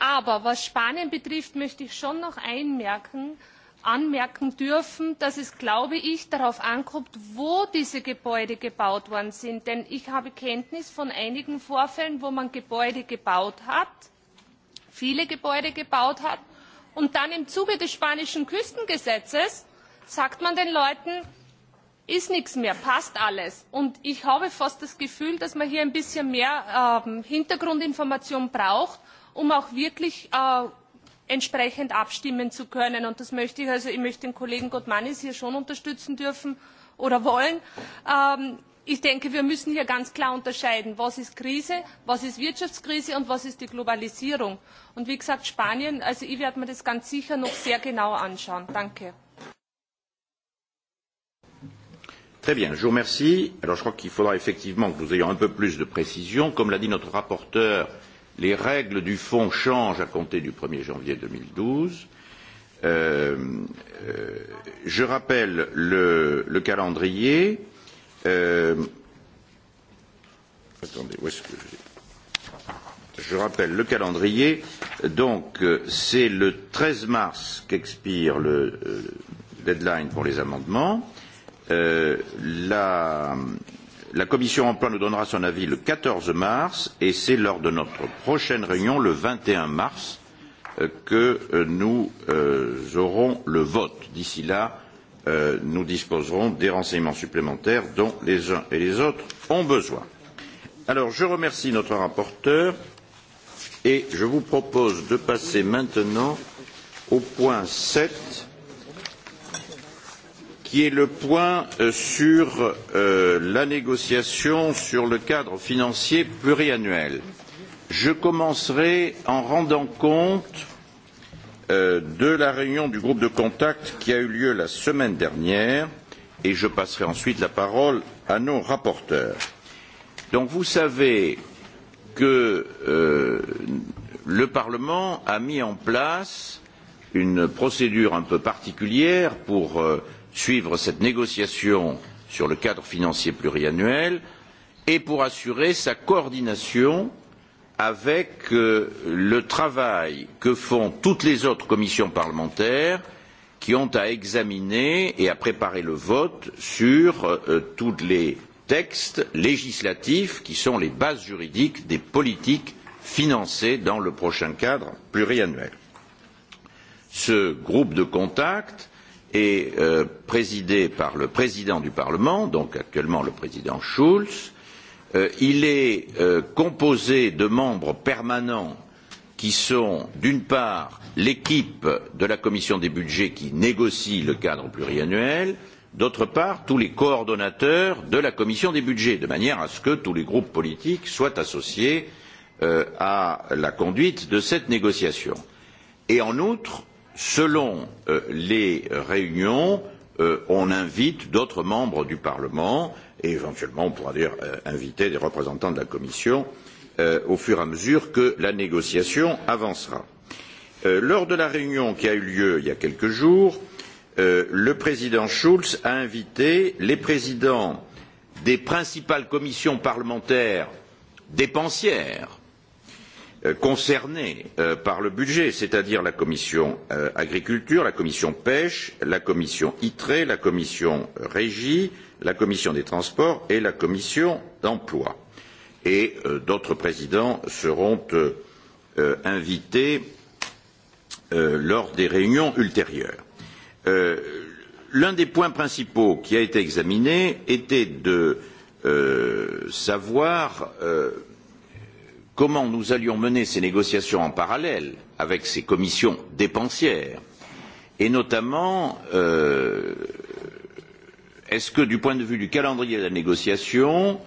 Aber was Spanien betrifft, möchte ich schon noch einmerken, anmerken dürfen, dass es, glaube ich, darauf ankommt, wo diese Gebäude gebaut worden sind. Denn ich habe Kenntnis von einigen Vorfällen, wo man Gebäude gebaut hat, viele Gebäude gebaut hat, und dann im Zuge des spanischen Küstengesetzes sagt man den Leuten, ist nichts mehr, passt alles. Und ich habe fast das Gefühl, dass man hier ein bisschen mehr äh, Hintergrundinformation braucht, um auch wirklich äh, entsprechend abstimmen zu können. Und das möchte ich, also ich möchte den Kollegen Gottmanis hier schon unterstützen dürfen oder wollen. Ähm, ich denke, wir müssen hier ganz klar unterscheiden, was ist Krise, was ist Wirtschaftskrise und was ist die Globalisierung. Und wie gesagt, Spanien, also ich werde mir das ganz sicher noch sehr genau anschauen. Danke. Très bien, je vous remercie. Alors je crois qu'il faudra effectivement que nous ayons un peu plus de précision. Comme l'a dit notre rapporteur, les règles du fonds changent à compter du un er janvier deux mille douze euh, euh, je rappelle le, le calendrier euh, attendez où est ce que j'ai je rappelle le calendrier donc euh, c'est le 13 mars qu'expire le euh, deadline pour les amendements euh, la, La commission emploi nous donnera son avis le 14 mars et c'est lors de notre prochaine réunion le 21 mars euh, que euh, nous euh, aurons le vote. D'ici là, nous disposerons des renseignements supplémentaires dont les uns et les autres ont besoin. Alors, je remercie notre rapporteur et je vous propose de passer maintenant au point 7 qui est le point euh, sur euh, la négociation sur le cadre financier pluriannuel. Je commencerai en rendant compte euh, de la réunion du groupe de contact qui a eu lieu la semaine dernière et je passerai ensuite la parole à nos rapporteurs. Donc vous savez que euh, le Parlement a mis en place une procédure un peu particulière pour euh, suivre cette négociation sur le cadre financier pluriannuel et pour assurer sa coordination avec euh, le travail que font toutes les autres commissions parlementaires qui ont à examiner et à préparer le vote sur euh, tous les textes législatifs qui sont les bases juridiques des politiques financées dans le prochain cadre pluriannuel. Ce groupe de contact euh, et euh, présidé par le président du Parlement, donc actuellement le président Schulz. Euh, il est euh, composé de membres permanents qui sont d'une part l'équipe de la commission des budgets qui négocie le cadre pluriannuel, d'autre part tous les coordonnateurs de la commission des budgets, de manière à ce que tous les groupes politiques soient associés euh, à la conduite de cette négociation. Et en outre, selon euh, les réunions, euh, on invite d'autres membres du Parlement et éventuellement on pourra dire euh, inviter des représentants de la Commission euh, au fur et à mesure que la négociation avancera. Euh, lors de la réunion qui a eu lieu il y a quelques jours, euh, le président Schulz a invité les présidents des principales commissions parlementaires dépensières Euh, concernées euh, par le budget, c'est à dire la commission euh, agriculture, la commission pêche, la commission ITRE, la commission régie, la commission des transports et la commission d'emploi. Et d'autres présidents seront invités lors des réunions ultérieures. L'un des points principaux qui a été examiné était de savoir comment nous allions mener ces négociations en parallèle avec ces commissions dépensières et notamment euh, est ce que du point de vue du calendrier de la négociation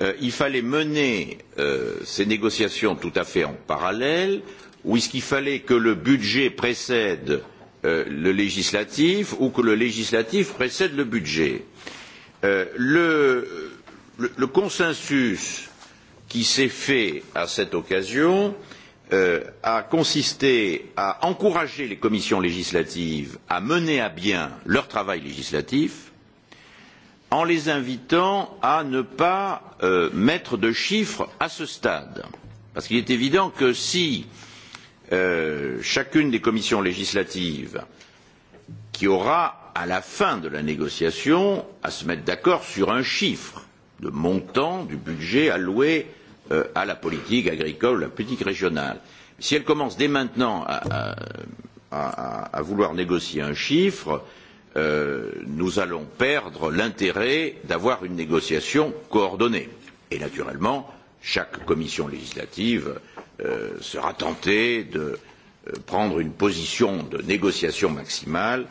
euh, il fallait mener euh, ces négociations tout à fait en parallèle ou est ce qu'il fallait que le budget précède euh, le législatif ou que le législatif précède le budget euh, le, le, le consensus euh, qui s'est fait à cette occasion euh, a consisté à encourager les commissions législatives à mener à bien leur travail législatif en les invitant à ne pas euh, mettre de chiffres à ce stade. Parce qu'il est évident que si euh, chacune des commissions législatives qui aura à la fin de la négociation à se mettre d'accord sur un chiffre de montant du budget alloué euh, à la politique agricole, la politique régionale. Si elle commence dès maintenant à, à, à, à vouloir négocier un chiffre, euh, nous allons perdre l'intérêt d'avoir une négociation coordonnée. Et naturellement, chaque commission législative euh, sera tentée de euh, prendre une position de négociation maximale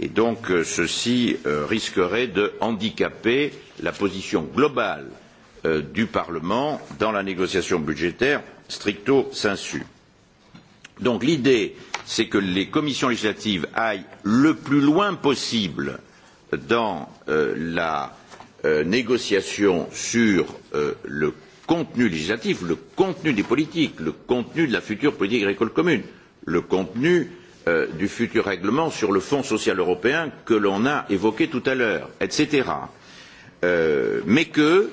et donc euh, ceci euh, risquerait de handicaper la position globale euh, Euh, du parlement dans la négociation budgétaire stricto sensu. donc l'idée c'est que les commissions législatives aillent le plus loin possible dans euh, la euh, négociation sur euh, le contenu législatif, le contenu des politiques, le contenu de la future politique agricole commune, le contenu euh, du futur règlement sur le Fonds social européen que l'on a évoqué tout à l'heure, etc. Euh, mais que euh,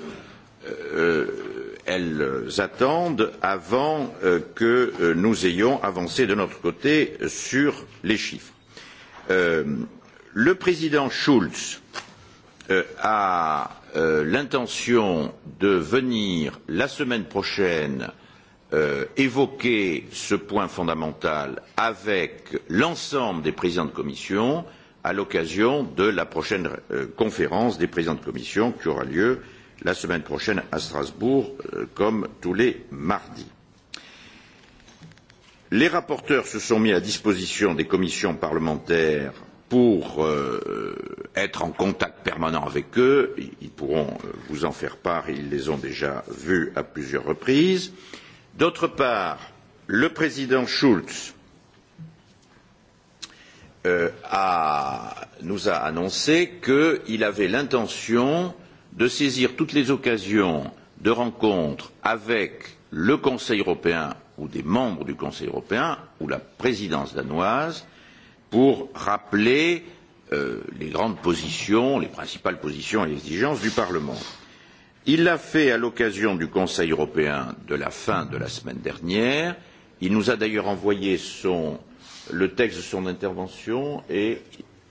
euh, elles attendent avant euh, que euh, nous ayons avancé de notre côté sur les chiffres. Euh, le président Schulz euh, a euh, l'intention de venir la semaine prochaine euh, évoquer ce point fondamental avec l'ensemble des présidents de commission à l'occasion de la prochaine euh, conférence des présidents de commission qui aura lieu euh, la semaine prochaine à Strasbourg, euh, comme tous les mardis. Les rapporteurs se sont mis à disposition des commissions parlementaires pour euh, être en contact permanent avec eux. Ils pourront euh, vous en faire part, ils les ont déjà vus à plusieurs reprises. D'autre part, le président Schulz euh, a, nous a annoncé qu'il avait l'intention euh, de saisir toutes les occasions de rencontre avec le Conseil européen ou des membres du Conseil européen ou la présidence danoise pour rappeler euh, les grandes positions, les principales positions et exigences du Parlement. Il l'a fait à l'occasion du Conseil européen de la fin de la semaine dernière. Il nous a d'ailleurs envoyé son, le texte de son intervention et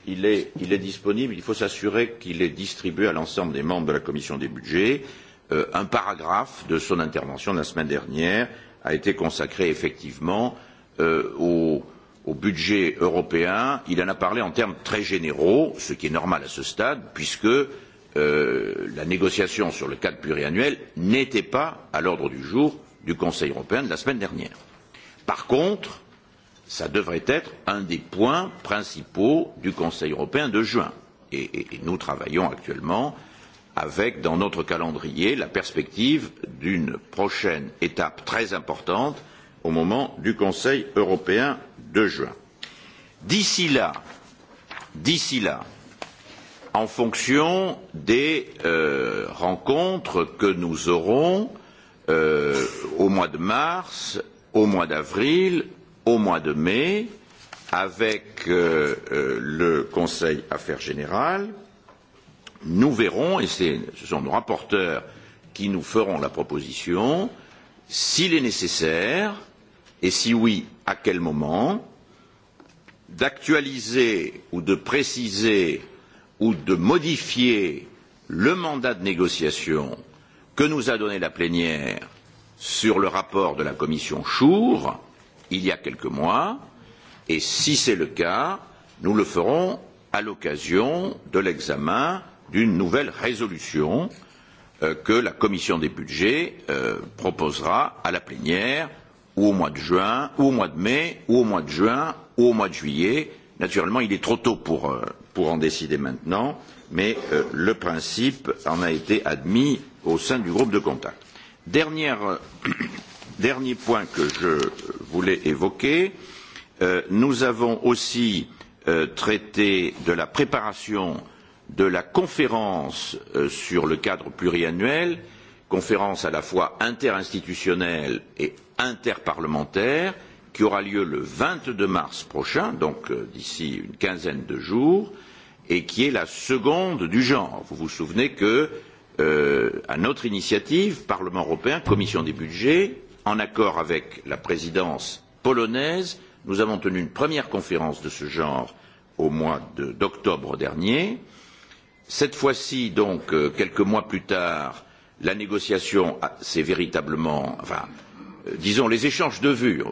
il est, il est disponible, il faut s'assurer qu'il est distribué à l'ensemble des membres de la commission des budgets. Euh, un paragraphe de son intervention de la semaine dernière a été consacré effectivement euh, au, au budget européen. Il en a parlé en termes très généraux, ce qui est normal à ce stade, puisque euh, la négociation sur le cadre pluriannuel n'était pas à l'ordre du jour du Conseil européen de la semaine dernière. Par contre, euh, cela devrait être un des points principaux du Conseil européen de juin. Et, et, et nous travaillons actuellement avec, dans notre calendrier, la perspective d'une prochaine étape très importante au moment du Conseil européen de juin. D'ici là, d'ici là, en fonction des euh, rencontres que nous aurons euh, au mois de mars, au mois d'avril, au mois de mai avec euh, euh, le Conseil Affaires Générales, nous verrons et ce sont nos rapporteurs qui nous feront la proposition s'il est nécessaire et si oui, à quel moment d'actualiser ou de préciser ou de modifier le mandat de négociation que nous a donné la plénière sur le rapport de la commission Chour, euh, il y a quelques mois, et si c'est le cas, nous le ferons à l'occasion de l'examen d'une nouvelle résolution euh, que la commission des budgets euh, proposera à la plénière ou au mois de juin, ou au mois de mai, ou au mois de juin, ou au mois de juillet. Naturellement, il est trop tôt pour, euh, pour en décider maintenant, mais euh, le principe en a été admis au sein du groupe de contact. Dernière euh, dernier point que je voulais évoquer euh, nous avons aussi euh, traité de la préparation de la conférence euh, sur le cadre pluriannuel conférence à la fois interinstitutionnelle et interparlementaire qui aura lieu le 22 mars prochain donc d'ici une quinzaine de jours et qui est la seconde du genre vous vous souvenez que euh, à notre initiative parlement européen commission des budgets en accord avec la présidence polonaise, nous avons tenu une première conférence de ce genre au mois d'octobre de, dernier. Cette fois-ci, donc, euh, quelques mois plus tard, la négociation s'est véritablement, enfin, euh, disons, les échanges de vues,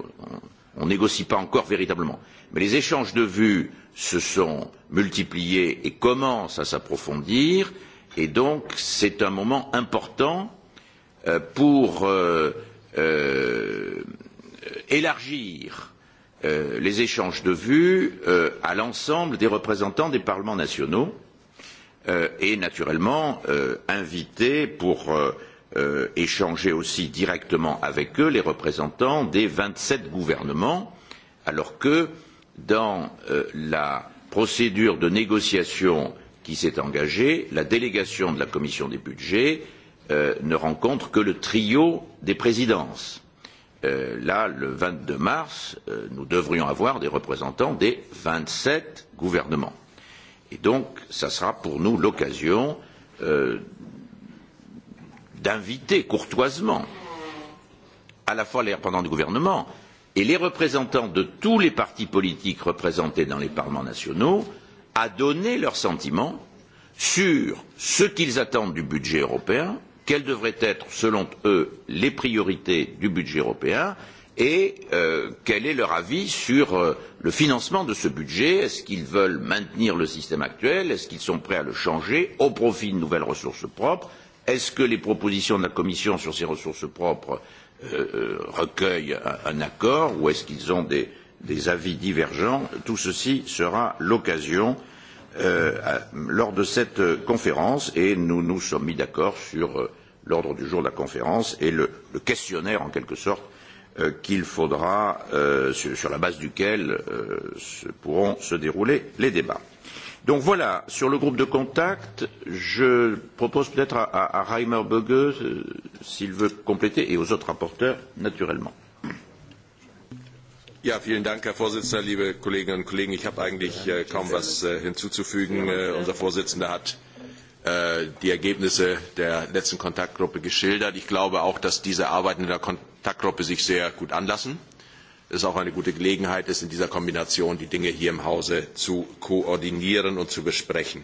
on ne négocie pas encore véritablement, mais les échanges de vues se sont multipliés et commencent à s'approfondir, et donc c'est un moment important euh, pour euh, euh, élargir euh, les échanges de vues euh, à l'ensemble des représentants des parlements nationaux euh, et naturellement euh, inviter pour euh, euh, échanger aussi directement avec eux les représentants des vingt sept gouvernements alors que dans euh, la procédure de négociation qui s'est engagée, la délégation de la commission des budgets Euh, ne rencontre que le trio des présidences. Euh, là, le 22 mars, euh, nous devrions avoir des représentants des 27 gouvernements. Et donc, ça sera pour nous l'occasion euh, d'inviter courtoisement à la fois les représentants du gouvernement et les représentants de tous les partis politiques représentés dans les parlements nationaux à donner leurs sentiments sur ce qu'ils attendent du budget européen quelles devraient être, selon eux, les priorités du budget européen et euh, quel est leur avis sur euh, le financement de ce budget est ce qu'ils veulent maintenir le système actuel, est ce qu'ils sont prêts à le changer au profit de nouvelles ressources propres, est ce que les propositions de la Commission sur ces ressources propres euh, euh, recueillent un, un accord ou est ce qu'ils ont des, des avis divergents? Tout ceci sera l'occasion euh, Euh, lors de cette euh, conférence et nous nous sommes mis d'accord sur euh, l'ordre du jour de la conférence et le, le questionnaire en quelque sorte qu'il faudra euh, sur, sur la base duquel euh, se pourront se dérouler les débats. Donc voilà, sur le groupe de contact, je propose peut-être à, à, à Reimer Böge, euh, s'il veut compléter, et aux autres rapporteurs, naturellement. Ja, herr präsident liebe kolleginnen und kollegen! ich habe eigentlich äh, kaum etwas äh, hinzuzufügen. Äh, unser vorsitzender hat die ergebnisse der letzten kontaktgruppe geschildert. ich glaube auch dass sich diese arbeiten in der kontaktgruppe sehr gut anlassen. es ist auch eine gute gelegenheit in dieser kombination die dinge hier im hause zu koordinieren und zu besprechen.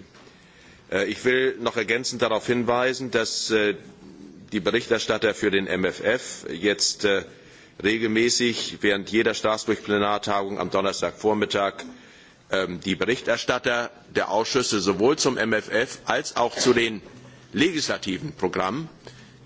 ich will noch ergänzend darauf hinweisen dass die berichterstatter für den mfr jetzt regelmäßig während jeder straßburg plenartagung am donnerstagvormittag ähm, die berichterstatter der ausschüsse sowohl zum mff als auch zu den legislativen programmen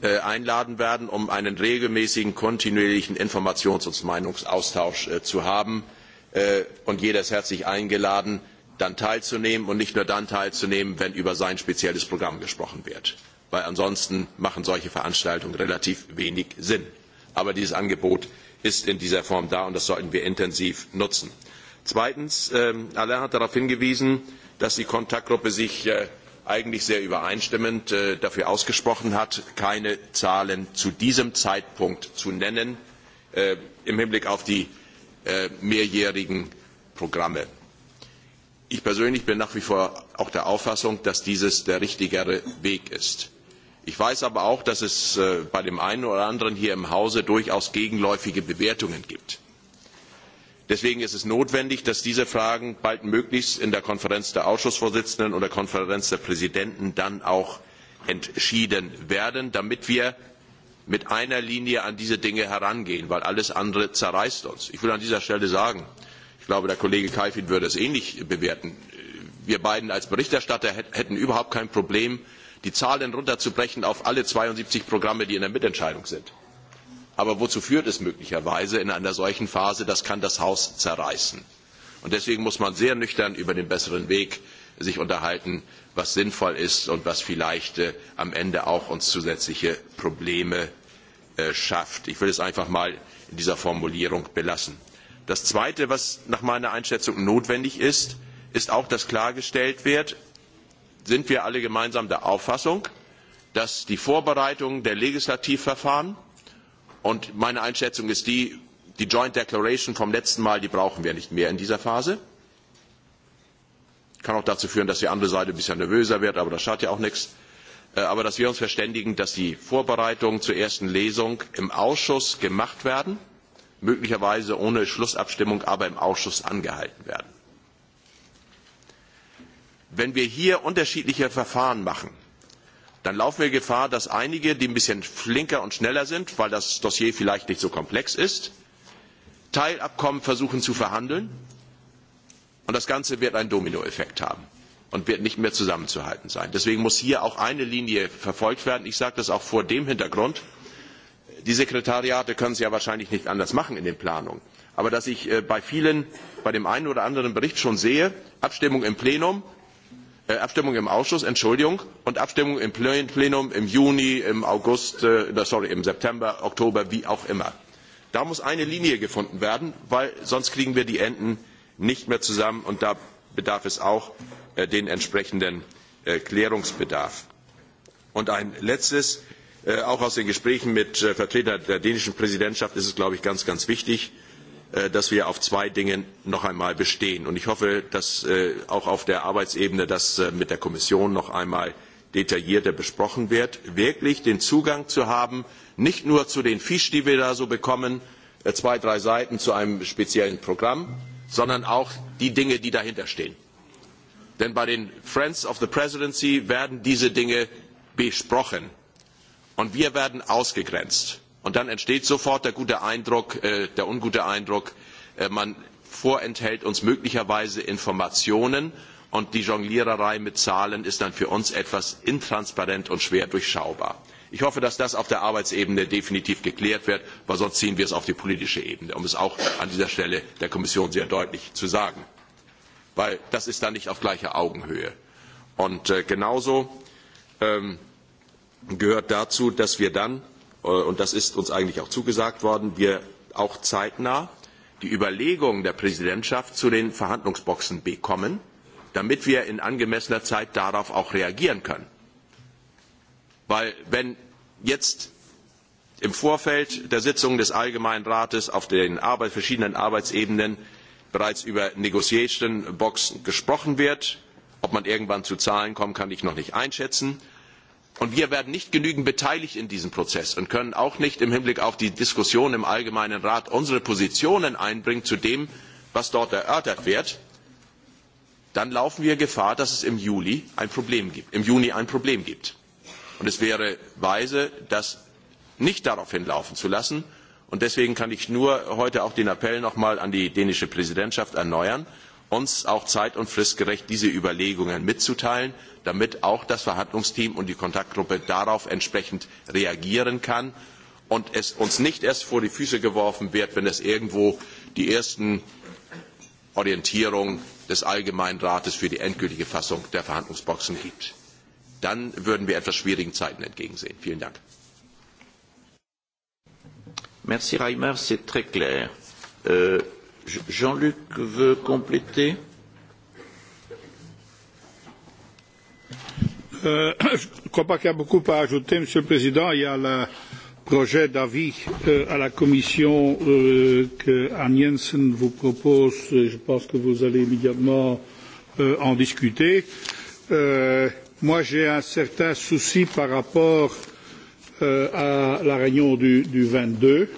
äh, einladen werden um einen regelmäßigen kontinuierlichen informations und meinungsaustausch äh, zu haben äh, und jeder ist herzlich eingeladen dann teilzunehmen und nicht nur dann teilzunehmen wenn über sein spezielles programm gesprochen wird weil ansonsten machen solche veranstaltungen relativ wenig sinn aber dieses Angebot ist in dieser Form da und das sollten wir intensiv nutzen. Zweitens, äh, Alain hat darauf hingewiesen, dass die Kontaktgruppe sich äh, eigentlich sehr übereinstimmend äh, dafür ausgesprochen hat, keine Zahlen zu diesem Zeitpunkt zu nennen äh, im Hinblick auf die äh, mehrjährigen Programme. Ich persönlich bin nach wie vor auch der Auffassung, dass dieses der richtigere Weg ist ich weiß aber auch dass es äh, bei dem einen oder anderen hier im hause durchaus gegenläufige bewertungen gibt. deswegen ist es notwendig dass diese fragen baldmöglichst in der konferenz der ausschussvorsitzenden und der konferenz der präsidenten dann auch entschieden werden damit wir mit einer linie an diese dinge herangehen weil alles andere zerreißt uns. ich will an dieser stelle sagen ich glaube der kollege kalfin würde es ähnlich bewerten wir beiden als berichterstatter hätten überhaupt kein problem die zahlen herunterzubrechen auf alle zweiundsiebzig programme die in der mitentscheidung sind. aber wozu führt es möglicherweise in einer solchen phase? das kann das haus zerreißen. und deswegen muss man sich sehr nüchtern über den besseren weg unterhalten was sinnvoll ist und was vielleicht äh, am ende auch uns zusätzliche probleme äh, schafft. ich will es einfach mal in dieser formulierung belassen. das zweite was nach meiner einschätzung notwendig ist ist auch dass klargestellt wird sind wir alle gemeinsam der Auffassung, dass die Vorbereitung der Legislativverfahren und meine Einschätzung ist die, die Joint Declaration vom letzten Mal, die brauchen wir nicht mehr in dieser Phase. Kann auch dazu führen, dass die andere Seite ein bisschen nervöser wird, aber das schadet ja auch nichts. Äh, aber dass wir uns verständigen, dass die Vorbereitungen zur ersten Lesung im Ausschuss gemacht werden, möglicherweise ohne Schlussabstimmung, aber im Ausschuss angehalten werden wenn wir hier unterschiedliche Verfahren machen, dann laufen wir Gefahr, dass einige, die ein bisschen flinker und schneller sind, weil das Dossier vielleicht nicht so komplex ist, Teilabkommen versuchen zu verhandeln. Und das Ganze wird einen Dominoeffekt haben und wird nicht mehr zusammenzuhalten sein. Deswegen muss hier auch eine Linie verfolgt werden. Ich sage das auch vor dem Hintergrund. Die Sekretariate können es ja wahrscheinlich nicht anders machen in den Planungen. Aber dass ich äh, bei vielen, bei dem einen oder anderen Bericht schon sehe, Abstimmung im Plenum, Äh, abstimmung im ausschuss und abstimmung im plenum im juni äh, im september oktober wie auch immer. da muss eine linie gefunden werden weil sonst kriegen wir die enden nicht mehr zusammen und da bedarf es auch äh, der entsprechenden klärung. und ein letztes auch aus den gesprächen mit vertretern der dänischen präsidentschaft ist es glaube ich ganz ganz wichtig Äh, dass wir auf zwei Dingen noch einmal bestehen. Und ich hoffe, dass äh, auch auf der Arbeitsebene das äh, mit der Kommission noch einmal detaillierter besprochen wird, wirklich den Zugang zu haben, nicht nur zu den Fisch, die wir da so bekommen, zwei, drei Seiten zu einem speziellen Programm, sondern auch die Dinge, die dahinter stehen. Denn bei den Friends of the Presidency werden diese Dinge besprochen und wir werden ausgegrenzt und dann entsteht sofort der gute eindruck äh, der ungute eindruck äh, man vorenthält uns möglicherweise informationen und die jongliererei mit zahlen ist dann für uns etwas intransparent und schwer durchschaubar. ich hoffe dass das auf der arbeitsebene definitiv geklärt wird weil sonst ziehen wir es auf die politische ebene um es auch an dieser stelle der kommission sehr deutlich zu sagen weil das ist dann nicht auf gleicher augenhöhe. und äh, genauso ähm, gehört dazu dass wir dann Äh, und das ist uns eigentlich auch zugesagt worden, wir auch zeitnah die Überlegungen der Präsidentschaft zu den Verhandlungsboxen bekommen, damit wir in angemessener Zeit darauf auch reagieren können. Weil wenn jetzt im Vorfeld der Sitzung des Allgemeinen Rates auf den Arbeit, verschiedenen Arbeitsebenen bereits über Negotiation Boxen gesprochen wird, ob man irgendwann zu Zahlen kommt, kann ich noch nicht einschätzen und wir werden nicht genügend beteiligt in diesem prozess und können auch nicht im hinblick auf die diskussion im allgemeinen rat unsere positionen einbringen zu dem was dort erörtert wird dann laufen wir gefahr dass es im juli ein problem gibt im juni ein problem gibt und es wäre weise das nicht darauf hinlaufen zu lassen und deswegen kann ich nur heute auch den appell noch einmal an die dänische präsidentschaft erneuern uns auch zeit und fristgerecht diese überlegungen mitzuteilen damit auch das verhandlungsteam und die kontaktgruppe darauf entsprechend reagieren können und es uns nicht erst vor die füße geworfen wird wenn es irgendwo die ersten orientierungen des allgemeinen rates für die endgültige fassung der verhandlungsboxen gibt. dann würden wir etwas schwierigen zeiten entgegensehen. vielen dank. Merci Reimer, c'est très clair. Euh, Jean Luc veut compléter. Euh, je ne crois pas qu'il y a beaucoup à ajouter, Monsieur le Président. Il y a le projet d'avis euh, à la Commission euh, que Anne Jensen vous propose. Je pense que vous allez immédiatement euh, en discuter. Euh, moi, j'ai un certain souci par rapport euh, à la réunion du, du 22.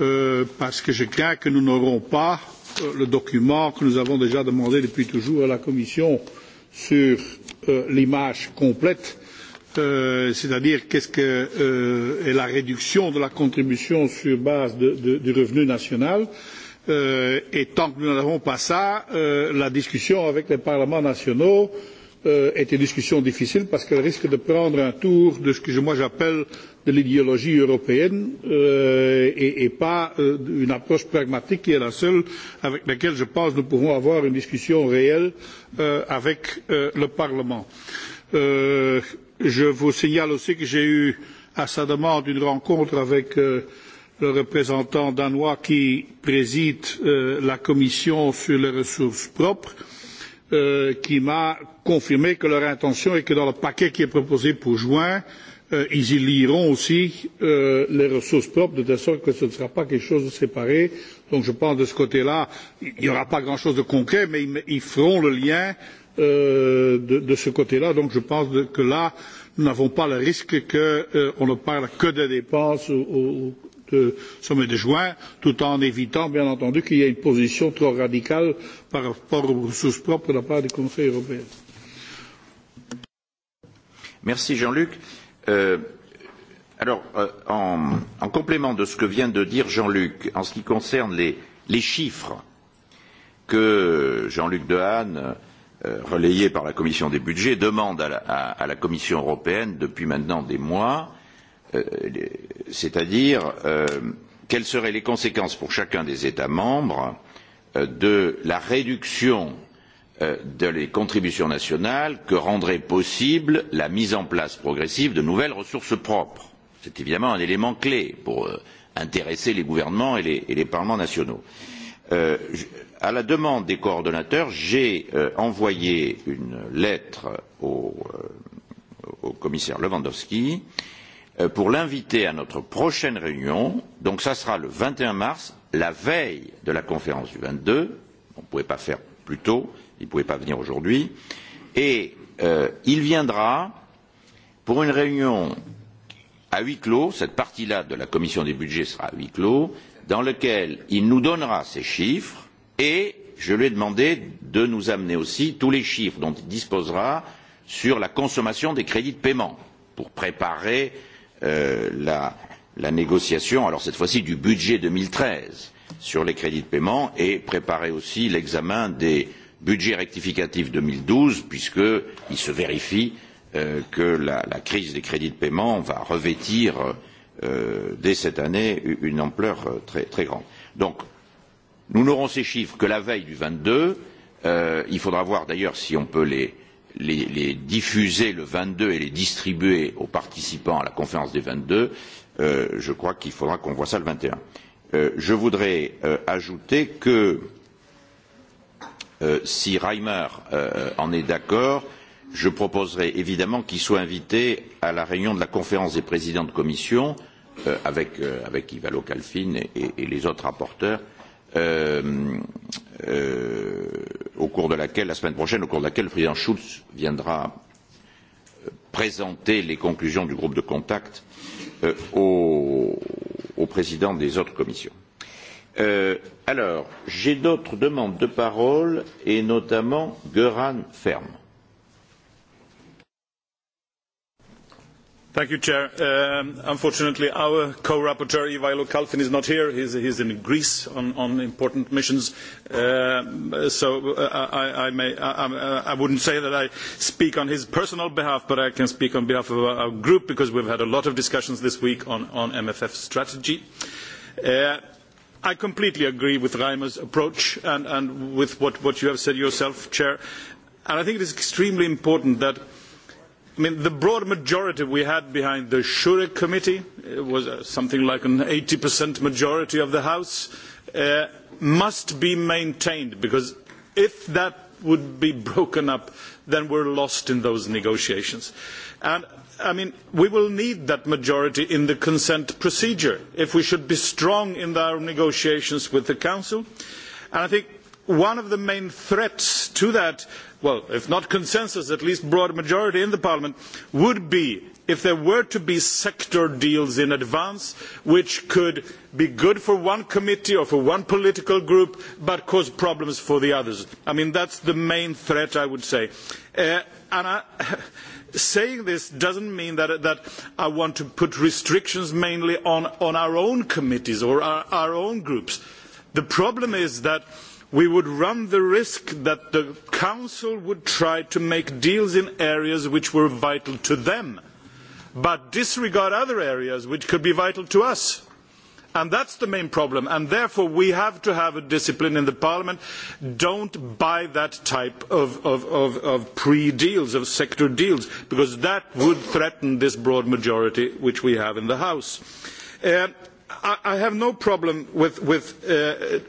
Euh, parce que je crains que nous n'aurons pas euh, le document que nous avons déjà demandé depuis toujours à la Commission sur euh, l'image complète, euh, c'est-à-dire qu'est-ce que euh, est la réduction de la contribution sur base de, de, du revenu national. Euh, et tant que nous n'avons pas ça, euh, la discussion avec les parlements nationaux euh, est une discussion difficile parce qu'elle risque de prendre un tour de ce que moi j'appelle euh, de l'idéologie européenne euh, et, et pas euh, une approche pragmatique qui est la seule avec laquelle, je pense, nous pouvons avoir une discussion réelle euh, avec euh, le Parlement. Euh, je vous signale aussi que j'ai eu, à sa demande, une rencontre avec euh, le représentant danois qui préside euh, la commission sur les ressources propres, euh, qui m'a confirmé que leur intention est que dans le paquet qui est proposé pour juin, euh, euh, ils y liront aussi euh, les ressources propres, de telle sorte que ce ne sera pas quelque chose de séparé. Donc je pense que de ce côté-là, il n'y aura pas grand-chose de concret, mais ils, ils feront le lien euh, de, de ce côté-là. Donc je pense que là, nous n'avons pas le risque qu'on euh, ne parle que des dépenses au, au de sommet de juin, tout en évitant, bien entendu, qu'il y ait une position trop radicale par rapport aux ressources propres de la part du Conseil européen. Merci Jean-Luc. Euh, euh, en complément de ce que vient de dire jean luc en ce qui concerne les chiffres que jean luc dehaene euh, relayés par la commission des budgets demande à la, à, à la commission européenne depuis maintenant des mois euh, c'est à dire euh, quelles seraient les conséquences pour chacun des états membres euh, de la réduction euh, Euh, des contributions nationales que rendrait possible la mise en place progressive de nouvelles ressources propres. c'est évidemment un élément clé pour euh, intéresser les gouvernements et les, et les parlements nationaux. Euh, à la demande des coordonnateurs j'ai euh, envoyé une lettre au, euh, au commissaire lewandowski euh, pour l'inviter à notre prochaine réunion, donc ça sera le 21 mars, la veille de la conférence du 22, on ne pouvait pas faire plus tôt, il ne pouvait pas venir aujourd'hui et euh, il viendra pour une réunion à huis clos cette partie là de la commission des budgets sera à huis clos dans lequel il nous donnera ces chiffres et je lui ai demandé de nous amener aussi tous les chiffres dont il disposera sur la consommation des crédits de paiement pour préparer euh, la, la négociation, alors cette fois-ci du budget 2013 sur les crédits de paiement et préparer aussi l'examen des, euh, budget rectificatif deux mille douze puisqu'il se vérifie euh, que la, la crise des crédits de paiement va revêtir euh, dès cette année une ampleur euh, très, très grande. Donc nous n'aurons ces chiffres que la veille du vingt deux euh, il faudra voir d'ailleurs si on peut les, les, les diffuser le vingt deux et les distribuer aux participants à la conférence des vingt deux euh, je crois qu'il faudra qu'on voit ça le vingt et un. Euh, je voudrais euh, ajouter que euh, Euh, si Reimer euh, en est d'accord, je proposerai évidemment qu'il soit invité à la réunion de la conférence des présidents de commission euh, avec, euh, avec Ivalo Calfin et, et, et les autres rapporteurs euh, euh, au cours de laquelle, la semaine prochaine, au cours de laquelle le président Schulz viendra euh, présenter les conclusions du groupe de contact euh, aux, aux présidents des autres commissions. Euh, alors j'ai d'autres demandes de parole et notamment Göran Färm. Thank you, Chair. Um, unfortunately, our co-rapporteur Ivailo Kalfin is not here. He's, he's in Greece on, on important missions. Um, so uh, I, I, may, I, uh, I wouldn't say that I speak on his personal behalf, but I can speak on behalf of our, our group because we've had a lot of discussions this week on, on MFF strategy. Uh, I completely agree with Reimer's approach and, and with what, what you have said yourself, Chair. And I think it is extremely important that, I mean, the broad majority we had behind the Shure Committee it was uh, something like an 80% majority of the House, uh, must be maintained because if that would be broken up, then we're lost in those negotiations. And I mean, we will need that majority in the consent procedure if we should be strong in our negotiations with the Council. And I think one of the main threats to that, well, if not consensus, at least broad majority in the Parliament, would be if there were to be sector deals in advance, which could be good for one committee or for one political group, but cause problems for the others. I mean, that's the main threat, I would say. Uh, and I, saying this doesn't mean that, that I want to put restrictions mainly on, on our own committees or our, our own groups. The problem is that we would run the risk that the Council would try to make deals in areas which were vital to them, but disregard other areas which could be vital to us that is the main problem and therefore we have to have a discipline in the parliament do not buy that type of, of, of, of pre deals of sector deals because that would threaten this broad majority which we have in the house uh, I, I have no problem with, with uh,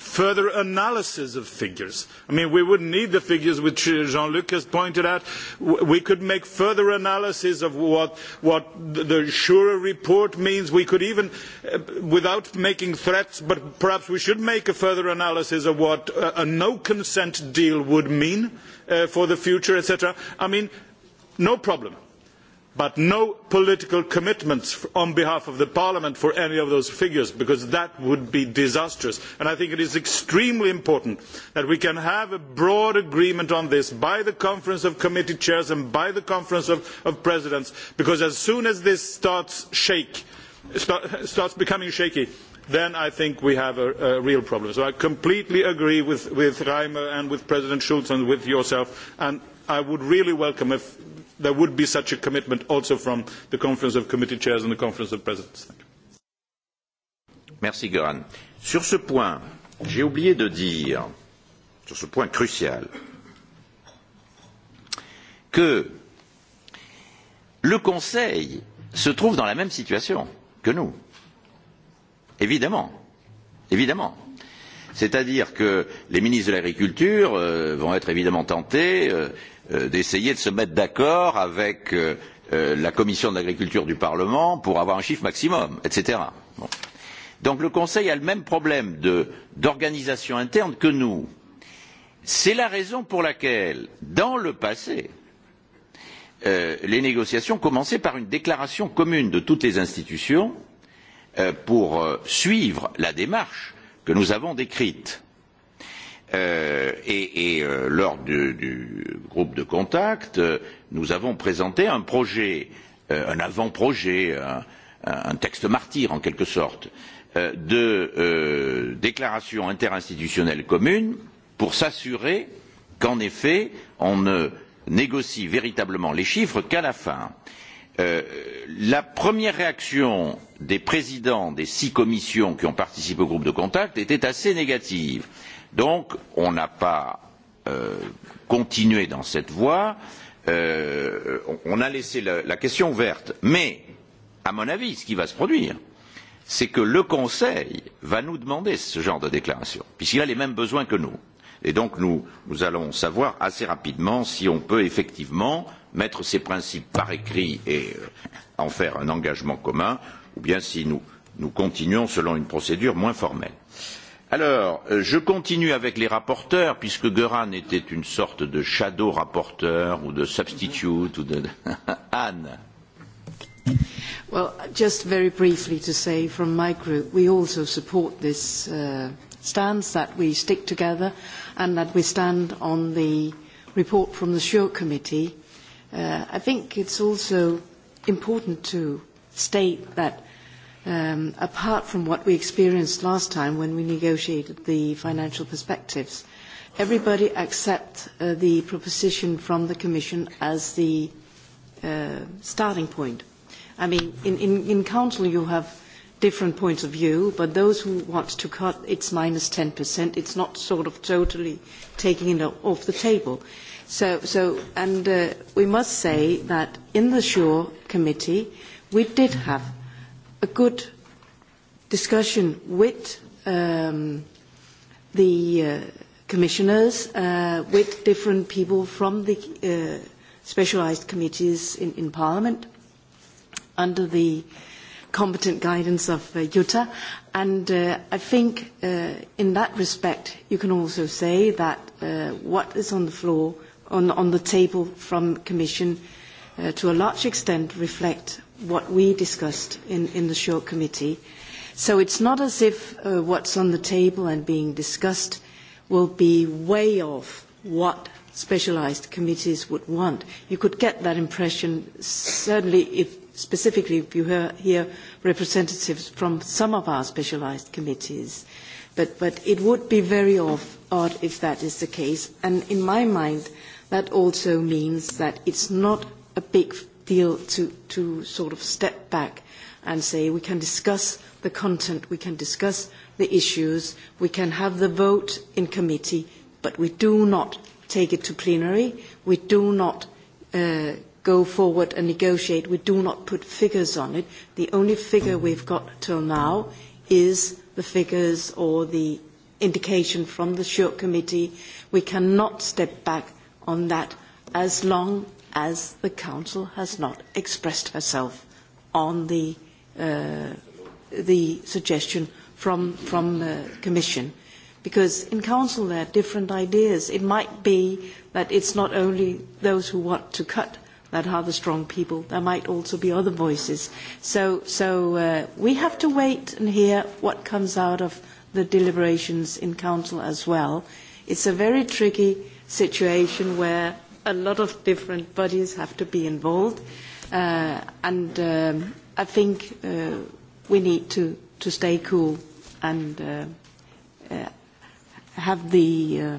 further analysis of figures. I mean, we wouldn't need the figures which Jean-Luc has pointed out. We could make further analysis of what, what the Shura report means. We could even, uh, without making threats, but perhaps we should make a further analysis of what uh, a, a no-consent deal would mean uh, for the future, etc. I mean, no problem but no political commitments on behalf of parliament for any of those figures because that would be disastrous. i think it is extremely important that we can have a broad agreement on this by the conference of committee chairs and by the conference of presidents because as soon as this starts becoming shaky then i think we have a, a real problem. so i completely agree with, with reimer and with president schulz and with yourself and i would really welcome if there would be such a commitment also from the conference of committee chairs and the conference of presidents. Thank you. Merci Goran. Sur ce point, j'ai oublié de dire sur ce point crucial que le Conseil se trouve dans la même situation que nous. Évidemment. Évidemment. C'est-à-dire que les ministres de l'agriculture euh, vont être évidemment tentés euh, Euh, d'essayer de se mettre d'accord avec euh, euh, la commission de l'agriculture du parlement pour avoir un chiffre maximum etc. Bon. donc le conseil a le même problème d'organisation interne que nous. c'est la raison pour laquelle dans le passé euh, les négociations commençaient par une déclaration commune de toutes les institutions euh, pour euh, suivre la démarche que nous avons décrite. Euh, euh, et, et euh, lors du, du groupe de contact, euh, nous avons présenté un projet, euh, un avant-projet, un, un texte martyr en quelque sorte, euh, de euh, déclaration interinstitutionnelle commune pour s'assurer qu'en effet, on ne négocie véritablement les chiffres qu'à la fin. Euh, la première réaction des présidents des six commissions qui ont participé au groupe de contact était assez négative donc on n'a pas euh, continué dans cette voie euh, on a laissé la, la question ouverte mais à mon avis ce qui va se produire c'est que le conseil va nous demander ce genre de déclaration puisqu'il a les mêmes besoins que nous et donc nous, nous allons savoir assez rapidement si on peut effectivement mettre ces principes par écrit et euh, en faire un engagement commun ou bien si nous, nous continuons selon une procédure moins formelle. Euh, alors euh, je continue avec les rapporteurs puisque göran était une sorte de shadow rapporteur ou de substitute ou de anne well just very briefly to say from my group we also support this uh, stance that we stick together and that we stand on the report from the sure committee uh, i think it's also important to state that um, apart from what we experienced last time when we negotiated the financial perspectives. Everybody accept uh, the proposition from the Commission as the uh, starting point. I mean, in, in, in Council you have different points of view, but those who want to cut, it's minus 10%. It's not sort of totally taking it off the table. So, so and uh, we must say that in the SURE committee, we did have a good discussion with um, the uh, commissioners, uh, with different people from the uh, specialized committees in, in Parliament, under the competent guidance of uh, Utah. And uh, I think uh, in that respect, you can also say that uh, what is on the floor, on, on the table from Commission, uh, to a large extent reflect what we discussed in, in the short committee. So it's not as if uh, what's on the table and being discussed will be way off what specialized committees would want. You could get that impression certainly if specifically if you hear, hear representatives from some of our specialized committees. But, but it would be very off, odd if that is the case. And in my mind, that also means that it's not a big feel to, to sort of step back and say we can discuss the content, we can discuss the issues, we can have the vote in committee, but we do not take it to plenary, we do not uh, go forward and negotiate, we do not put figures on it. The only figure we've got till now is the figures or the indication from the short committee. We cannot step back on that as long as the council has not expressed herself on the uh, the suggestion from from uh, commission because in council there are different ideas it might be that it's not only those who want to cut that are the strong people there might also be other voices so so uh, we have to wait and hear what comes out of the deliberations in council as well it's a very tricky situation where a lot of different bodies have to be involved, uh, and uh, I think uh, we need to, to stay cool and uh, uh, have the, uh,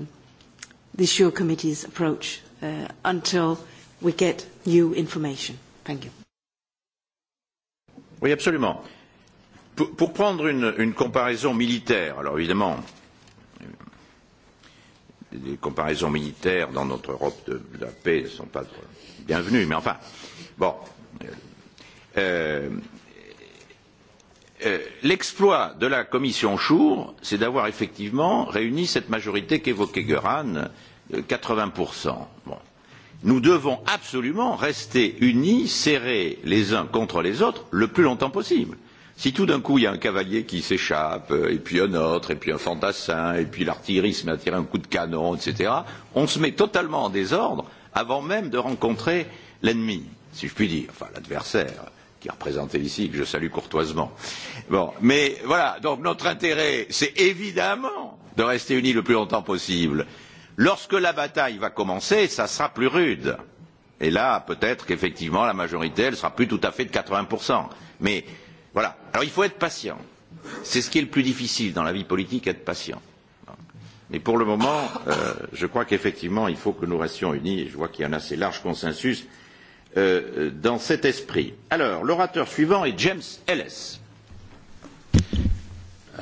the sure committee's approach uh, until we get new information. Thank you. Oui, absolument. Pour prendre une, une comparaison militaire, alors évidemment, les comparaisons militaires dans notre Europe de, de la paix ne sont pas bienvenues, mais enfin, bon. Euh, euh, euh, L'exploit de la commission Chour, c'est d'avoir effectivement réuni cette majorité qu'évoquait Guran, 80%. Bon. Nous devons absolument rester unis, serrés les uns contre les autres, le plus longtemps possible. Si tout d'un coup il y a un cavalier qui s'échappe, euh, et puis un autre, et puis un fantassin, et puis l'artillerie se met à tirer un coup de canon, etc., on se met totalement en désordre avant même de rencontrer l'ennemi, si je puis dire, enfin l'adversaire qui est représenté ici, que je salue courtoisement. Bon, mais voilà, donc notre intérêt, c'est évidemment de rester unis le plus longtemps possible. Lorsque la bataille va commencer, ça sera plus rude. Et là, peut-être qu'effectivement, la majorité, elle sera plus tout à fait de 80%. Mais Voilà. Alors il faut être patient. C'est ce qui est le plus difficile dans la vie politique, être patient. Mais pour le moment, euh, je crois qu'effectivement, il faut que nous restions unis, et je vois qu'il y a un assez large consensus euh, dans cet esprit. Alors, l'orateur suivant est James Ellis.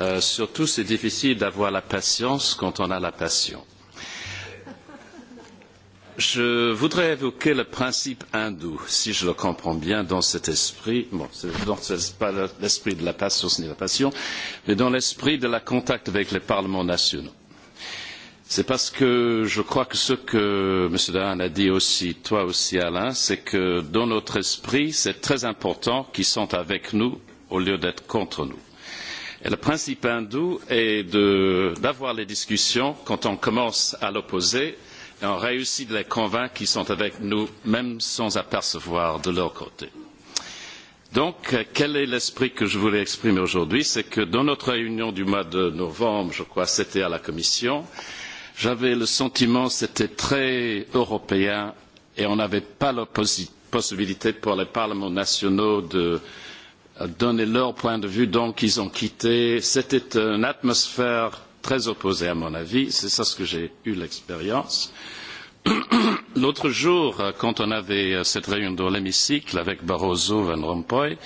Euh, surtout, c'est difficile d'avoir la patience quand on a la passion. Je voudrais évoquer le principe hindou, si je le comprends bien, dans cet esprit. Bon, ce n'est pas l'esprit de la patience ni la passion, mais dans l'esprit de la contact avec les parlements nationaux. C'est parce que je crois que ce que M. Dahan a dit aussi, toi aussi Alain, c'est que dans notre esprit, c'est très important qu'ils sont avec nous au lieu d'être contre nous. Et le principe hindou est d'avoir les discussions quand on commence à l'opposer et ont réussi de les convaincre qu'ils sont avec nous, même sans apercevoir de leur côté. Donc, quel est l'esprit que je voulais exprimer aujourd'hui C'est que dans notre réunion du mois de novembre, je crois, c'était à la Commission, j'avais le sentiment que c'était très européen et on n'avait pas la possibilité pour les parlements nationaux de euh, donner leur point de vue, donc ils ont quitté. C'était une atmosphère très opposé à mon avis, c'est ça ce que j'ai eu l'expérience. L'autre jour, quand on avait euh, cette réunion dans l'hémicycle avec Barroso, Van Rompuy,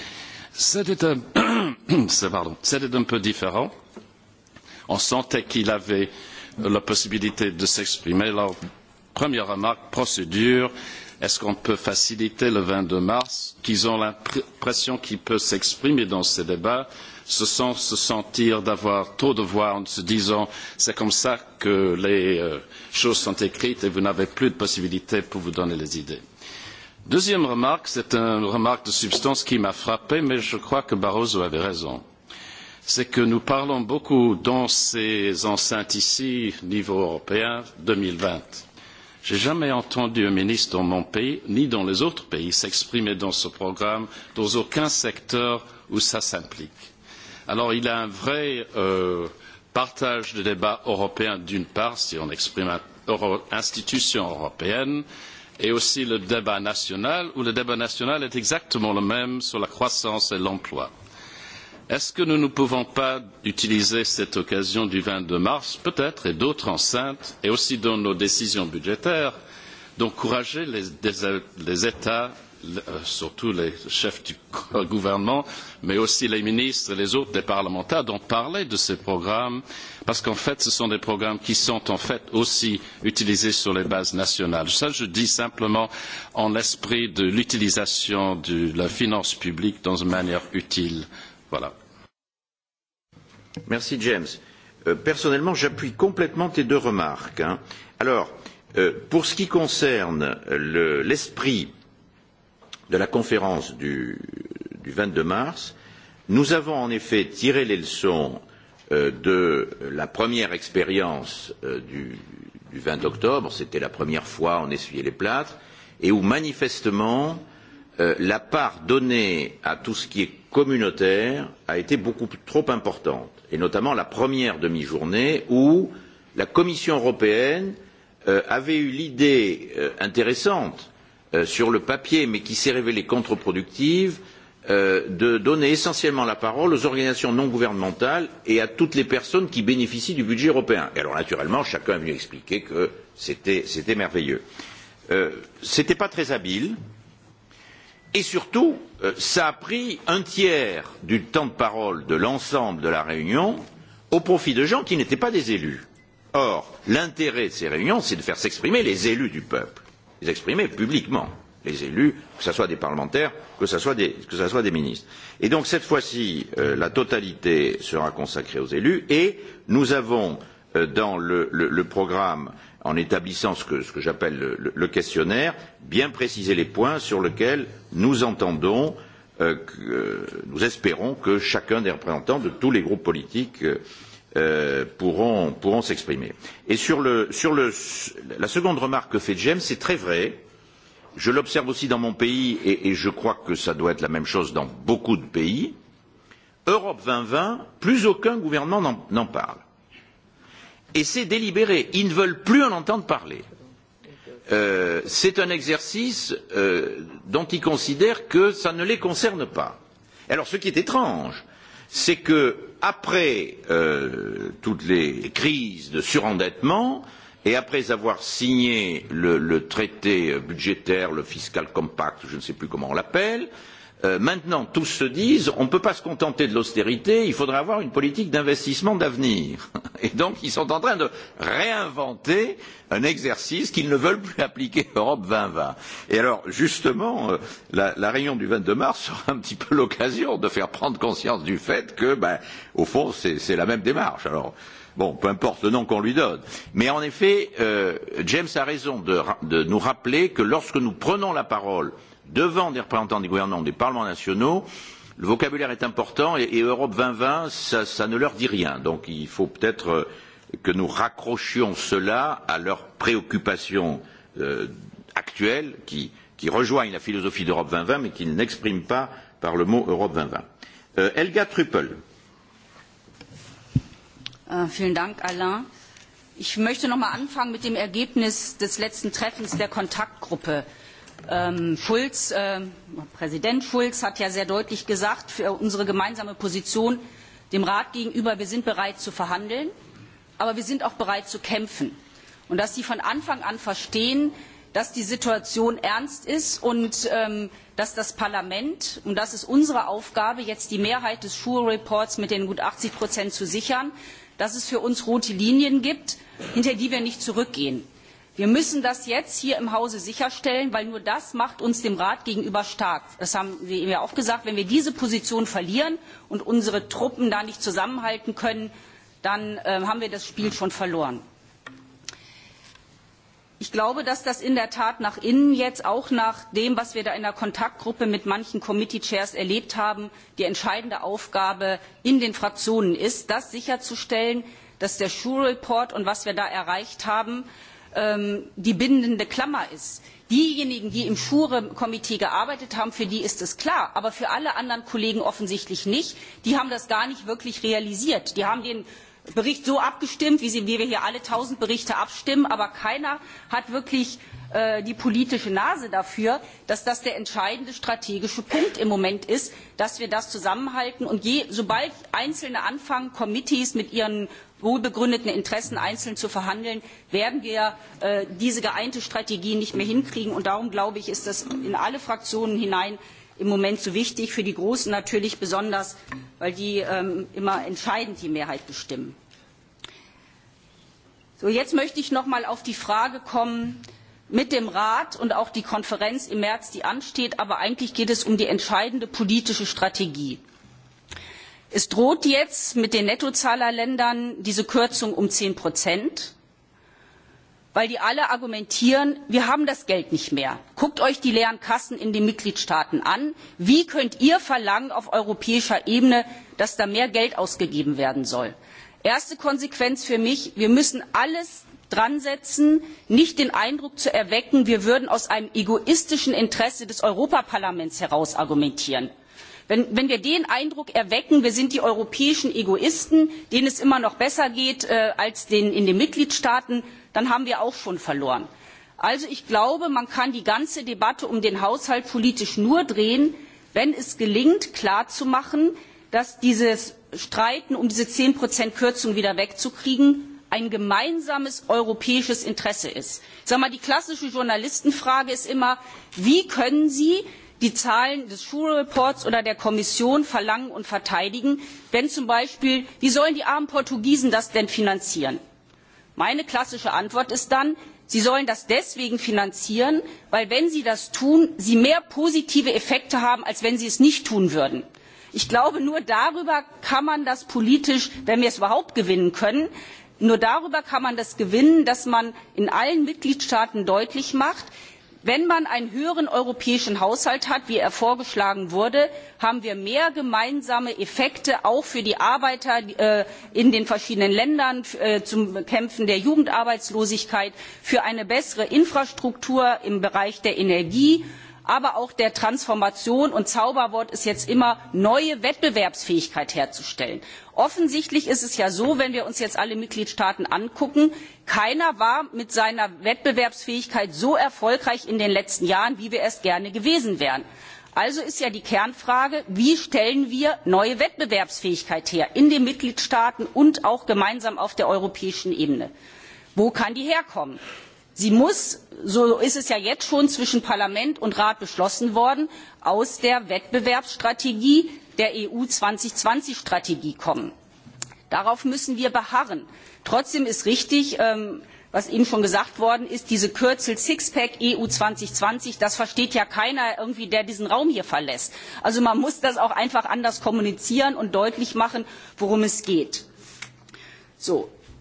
c'était un, pardon, c'était un peu différent. On sentait qu'il avait euh, la possibilité de s'exprimer. Alors, première remarque, procédure, est-ce qu'on peut faciliter le 22 mars, qu'ils ont l'impression qu'il peut s'exprimer dans ces débats se sont se sentir d'avoir trop de voix en se disant c'est comme ça que les euh, choses sont écrites et vous n'avez plus de possibilité pour vous donner les idées. Deuxième remarque, c'est une remarque de substance qui m'a frappé, mais je crois que Barroso avait raison. C'est que nous parlons beaucoup dans ces enceintes ici, niveau européen, 2020. J'ai jamais entendu un ministre dans mon pays, ni dans les autres pays, s'exprimer dans ce programme, dans aucun secteur où ça s'implique. Alors il y a un vrai euh, partage des débats européens d'une part, si on exprime une euro institution européenne, et aussi le débat national, où le débat national est exactement le même sur la croissance et l'emploi. Est-ce que nous ne pouvons pas utiliser cette occasion du 22 mars, peut-être, et d'autres enceintes, et aussi dans nos décisions budgétaires, d'encourager les, les États Euh, surtout les chefs du gouvernement, mais aussi les ministres et les autres des parlementaires d'en parler de ces programmes, parce qu'en fait, ce sont des programmes qui sont en fait aussi utilisés sur les bases nationales. Ça, je dis simplement en l'esprit de l'utilisation de la finance publique dans une manière utile. Voilà. Merci, James. Euh, personnellement, j'appuie complètement tes deux remarques. Hein. Alors, euh, pour ce qui concerne l'esprit le, de la conférence du, du 22 mars, nous avons en effet tiré les leçons euh, de la première expérience euh, du, du 20 octobre, c'était la première fois on essuyait les plâtres, et où manifestement euh, la part donnée à tout ce qui est communautaire a été beaucoup trop importante, et notamment la première demi-journée où la Commission européenne avait eu l'idée intéressante Euh, sur le papier, mais qui s'est révélée contre-productive, euh, de donner essentiellement la parole aux organisations non gouvernementales et à toutes les personnes qui bénéficient du budget européen. Et alors, naturellement, chacun est venu expliquer que c'était merveilleux. Euh, Ce n'était pas très habile. Et surtout, euh, ça a pris un tiers du temps de parole de l'ensemble de la réunion au profit de gens qui n'étaient pas des élus. Or, l'intérêt de ces réunions, c'est de faire s'exprimer les élus du peuple les exprimer publiquement, les élus, que ce soit des parlementaires, que ce soit des, que ce soit des ministres. Et donc cette fois-ci, euh, la totalité sera consacrée aux élus et nous avons euh, dans le, le, le programme, en établissant ce que, ce que j'appelle le, le, le questionnaire, bien précisé les points sur lesquels nous entendons, euh, que, euh, nous espérons que chacun des représentants de tous les groupes politiques euh, Euh, pourront, pourront s'exprimer. Et sur, le, sur le, la seconde remarque que fait James, c'est très vrai. Je l'observe aussi dans mon pays et, et je crois que ça doit être la même chose dans beaucoup de pays. Europe 2020, plus aucun gouvernement n'en parle. Et c'est délibéré. Ils ne veulent plus en entendre parler. Euh, c'est un exercice euh, dont ils considèrent que ça ne les concerne pas. Alors ce qui est étrange, c'est que après euh, toutes les crises de surendettement et après avoir signé le, le traité budgétaire, le fiscal compact, je ne sais plus comment on l'appelle, euh, Euh, maintenant tous se disent on ne peut pas se contenter de l'austérité il faudrait avoir une politique d'investissement d'avenir et donc ils sont en train de réinventer un exercice qu'ils ne veulent plus appliquer Europe 2020 et alors justement euh, la, la réunion du 22 mars sera un petit peu l'occasion de faire prendre conscience du fait que ben, au fond c'est la même démarche alors bon peu importe le nom qu'on lui donne mais en effet euh, James a raison de, de nous rappeler que lorsque nous prenons la parole devant des représentants des gouvernements, des parlements nationaux, le vocabulaire est important et, et Europe 2020, ça, ça ne leur dit rien. Donc il faut peut-être euh, que nous raccrochions cela à leurs préoccupations euh, actuelles qui, qui rejoignent la philosophie d'Europe 2020 mais qu'ils n'expriment pas par le mot Europe 2020. Euh, Elga Truppel. Äh, vielen Dank, Alain. Ich möchte noch mal anfangen mit dem Ergebnis des letzten Treffens der Kontaktgruppe ähm, Schulz, äh, Präsident Schulz hat ja sehr deutlich gesagt, für unsere gemeinsame Position dem Rat gegenüber, wir sind bereit zu verhandeln, aber wir sind auch bereit zu kämpfen. Und dass Sie von Anfang an verstehen, dass die Situation ernst ist und ähm, dass das Parlament, und das ist unsere Aufgabe, jetzt die Mehrheit des Schulreports mit den gut 80 Prozent zu sichern, dass es für uns rote Linien gibt, hinter die wir nicht zurückgehen. Wir müssen das jetzt hier im Hause sicherstellen, weil nur das macht uns dem Rat gegenüber stark. Das haben wir eben ja auch gesagt. Wenn wir diese Position verlieren und unsere Truppen da nicht zusammenhalten können, dann äh, haben wir das Spiel schon verloren. Ich glaube, dass das in der Tat nach innen jetzt auch nach dem, was wir da in der Kontaktgruppe mit manchen Committee Chairs erlebt haben, die entscheidende Aufgabe in den Fraktionen ist, das sicherzustellen, dass der Schulreport und was wir da erreicht haben, äh, Ähm, die bindende klammer ist. diejenigen die im sure ausschuss gearbeitet haben für die ist es klar aber für alle anderen kollegen offensichtlich nicht. die haben das gar nicht wirklich realisiert. die haben den bericht so abgestimmt wie wir hier alle tausend berichte abstimmen aber keiner hat wirklich Äh, die politische Nase dafür, dass das der entscheidende strategische Punkt im Moment ist, dass wir das zusammenhalten. Und je, sobald Einzelne anfangen, Committees mit ihren wohlbegründeten Interessen einzeln zu verhandeln, werden wir äh, diese geeinte Strategie nicht mehr hinkriegen. Und darum, glaube ich, ist das in alle Fraktionen hinein im Moment so wichtig, für die Großen natürlich besonders, weil die ähm, immer entscheidend die Mehrheit bestimmen. So, jetzt möchte ich noch mal auf die Frage kommen, äh, mit dem rat und auch die konferenz im märz die ansteht aber eigentlich geht es um die entscheidende politische strategie. es droht jetzt mit den nettozahlerländern diese kürzung um zehn weil die alle argumentieren wir haben das geld nicht mehr. guckt euch die leeren kassen in den mitgliedstaaten an. wie könnt ihr verlangen auf europäischer ebene dass da mehr geld ausgegeben werden soll? erste konsequenz für mich wir müssen alles dransetzen nicht den eindruck zu erwecken wir würden aus einem egoistischen interesse des europäischen parlaments heraus argumentieren. wenn wir den eindruck erwecken wir sind die europäischen egoisten denen es immer noch besser geht äh, als den mitgliedstaaten dann haben wir auch schon verloren. also ich glaube man kann die ganze debatte um den haushalt politisch nur drehen wenn es gelingt klarzumachen dass dieses streiten um diese zehn kürzung wieder wegzukriegen ein gemeinsames europäisches Interesse ist. Ich sag mal, die klassische Journalistenfrage ist immer, wie können Sie die Zahlen des Schulreports oder der Kommission verlangen und verteidigen, wenn zum Beispiel, wie sollen die armen Portugiesen das denn finanzieren? Meine klassische Antwort ist dann, Sie sollen das deswegen finanzieren, weil wenn Sie das tun, Sie mehr positive Effekte haben, als wenn Sie es nicht tun würden. Ich glaube, nur darüber kann man das politisch, wenn wir es überhaupt gewinnen können, nur darüber kann man das gewinnen dass man in allen mitgliedstaaten deutlich macht wenn man einen höheren europäischen haushalt hat wie er vorgeschlagen wurde haben wir mehr gemeinsame effekte auch für die arbeiter äh, in den verschiedenen ländern äh, zum bekämpfen der jugendarbeitslosigkeit für eine bessere infrastruktur im bereich der energie aber auch der transformation und zauberwort ist jetzt immer neue wettbewerbsfähigkeit herzustellen. offensichtlich ist es ja so wenn wir uns jetzt alle mitgliedstaaten ansehen keiner war mit seiner wettbewerbsfähigkeit so erfolgreich in den letzten jahren wie wir es gerne gewesen wären. also ist ja die kernfrage wie stellen wir neue wettbewerbsfähigkeit her in den mitgliedstaaten und auch gemeinsam auf der europäischen ebene? wo kann die herkommen? sie muss so ist es ja jetzt schon zwischen parlament und rat beschlossen worden aus der wettbewerbsstrategie der eu zweitausendzwanzig strategie kommen. darauf müssen wir beharren. trotzdem ist richtig ähm, was eben schon gesagt worden ist diese kürzel sixpack eu zweitausendzwanzig das versteht ja keiner irgendwie der diesen raum hier verlässt. also man muss das auch einfach anders kommunizieren und deutlich machen worum es geht.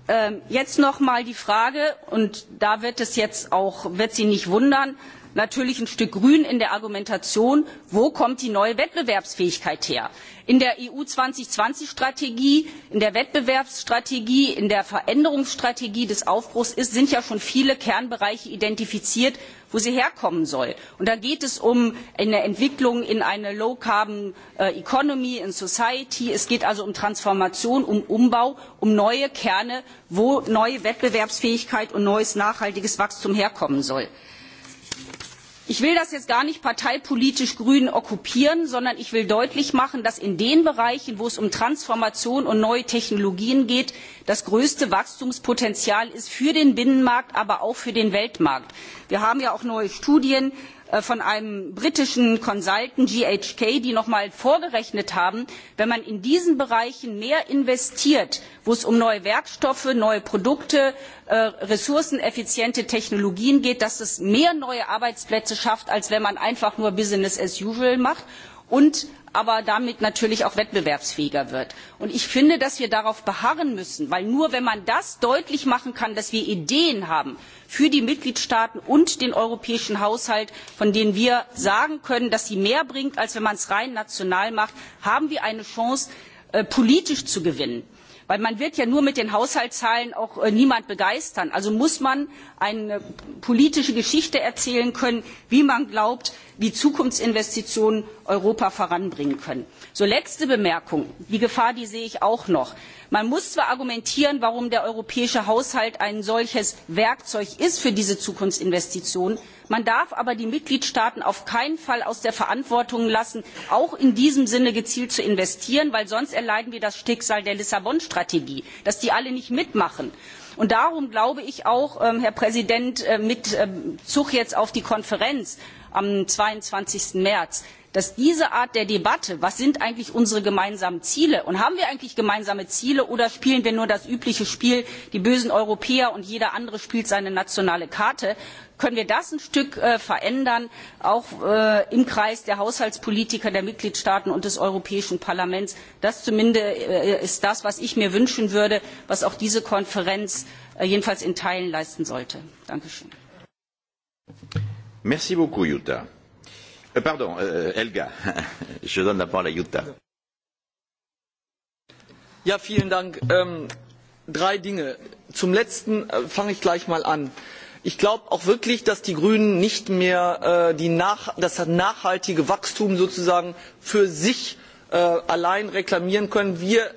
Ähm, jetzt noch einmal die frage und da wird sie jetzt auch nicht wundern natürlich ein stück grün in der argumentation wo kommt die neue wettbewerbsfähigkeit her? in der eu zweitausendzwanzig strategie in der wettbewerbsstrategie in der veränderungsstrategie des aufbruchs sind ja schon viele kernbereiche identifiziert wo sie herkommen soll. da geht es um eine entwicklung in eine low carbon äh, economy in society es geht also um transformation um umbau um neue kerne wo neue wettbewerbsfähigkeit und neues nachhaltiges wachstum herkommen soll ich will das jetzt gar nicht parteipolitisch grün okkupieren sondern ich will deutlich machen dass in den bereichen wo es um transformation und neue technologien geht das größte wachstumspotenzial für den binnenmarkt aber auch für den weltmarkt liegt. wir haben ja auch neue studien Äh, von einem britischen Consultant GHK, die nochmal vorgerechnet haben, wenn man in diesen Bereichen mehr investiert, wo es um neue Werkstoffe, neue Produkte, äh, ressourceneffiziente Technologien geht, dass es mehr neue Arbeitsplätze schafft, als wenn man einfach nur Business as usual macht und aber damit natürlich auch wettbewerbsfähiger wird. ich finde dass wir darauf beharren müssen denn nur wenn man deutlich machen kann dass wir ideen haben für die mitgliedstaaten und den europäischen haushalt von denen wir sagen können dass sie mehr bringen als wenn man es rein national macht haben wir eine chance äh, politisch zu gewinnen denn man wird ja nur mit den haushaltszahlen auch äh, niemanden begeistern. also muss man eine politische geschichte erzählen können wie man glaubt wie zukunftsinvestitionen europa voranbringen können. so letzte bemerkung die gefahr die sehe ich auch noch man muss zwar argumentieren warum der europäische haushalt ein solches werkzeug für diese zukunftsinvestitionen man darf aber die mitgliedstaaten auf keinen fall aus der verantwortung lassen auch in diesem sinne gezielt zu investieren weil wir sonst das schicksal der lissabon strategie erleiden dass die alle nicht mitmachen. und darum glaube ich auch ähm, herr präsident äh, mit bezug ähm, jetzt auf die konferenz am. zweiundzwanzig märz dass diese Art der Debatte, was sind eigentlich unsere gemeinsamen Ziele und haben wir eigentlich gemeinsame Ziele oder spielen wir nur das übliche Spiel, die bösen Europäer und jeder andere spielt seine nationale Karte, können wir das ein Stück äh, verändern, auch äh, im Kreis der Haushaltspolitiker der Mitgliedstaaten und des Europäischen Parlaments. Das zumindest äh, ist das, was ich mir wünschen würde, was auch diese Konferenz äh, jedenfalls in Teilen leisten sollte. Dankeschön. Merci beaucoup, Jutta. Euh, pardon, euh, Elga, je donne la parole à Jutta. Ja, vielen Dank. Ähm, drei Dinge. Zum letzten äh, fange ich gleich mal an. Ich glaube auch wirklich, dass die Grünen nicht mehr äh, die nach, das nachhaltige Wachstum sozusagen für sich äh, allein reklamieren können. Wir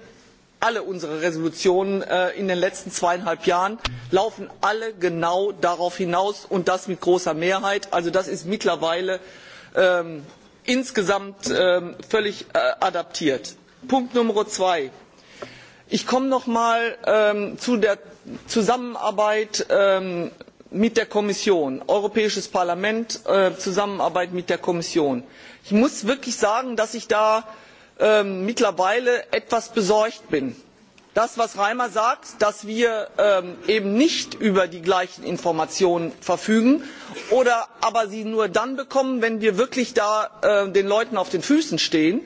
alle unsere Resolutionen äh, in den letzten zweieinhalb Jahren laufen alle genau darauf hinaus und das mit großer Mehrheit. Also das ist mittlerweile äh, Ähm, insgesamt ähm, völlig äh, adaptiert. punkt nummer zwei ich komme noch einmal ähm, zu der zusammenarbeit mit der kommission europäisches parlament äh, zusammenarbeit mit der kommission. ich muss wirklich sagen dass ich da mittlerweile etwas besorgt bin das was reimer sagt dass wir ähm, eben nicht über die gleichen informationen verfügen oder aber sie nur dann bekommen wenn wir wirklich äh, den leuten auf den füßen stehen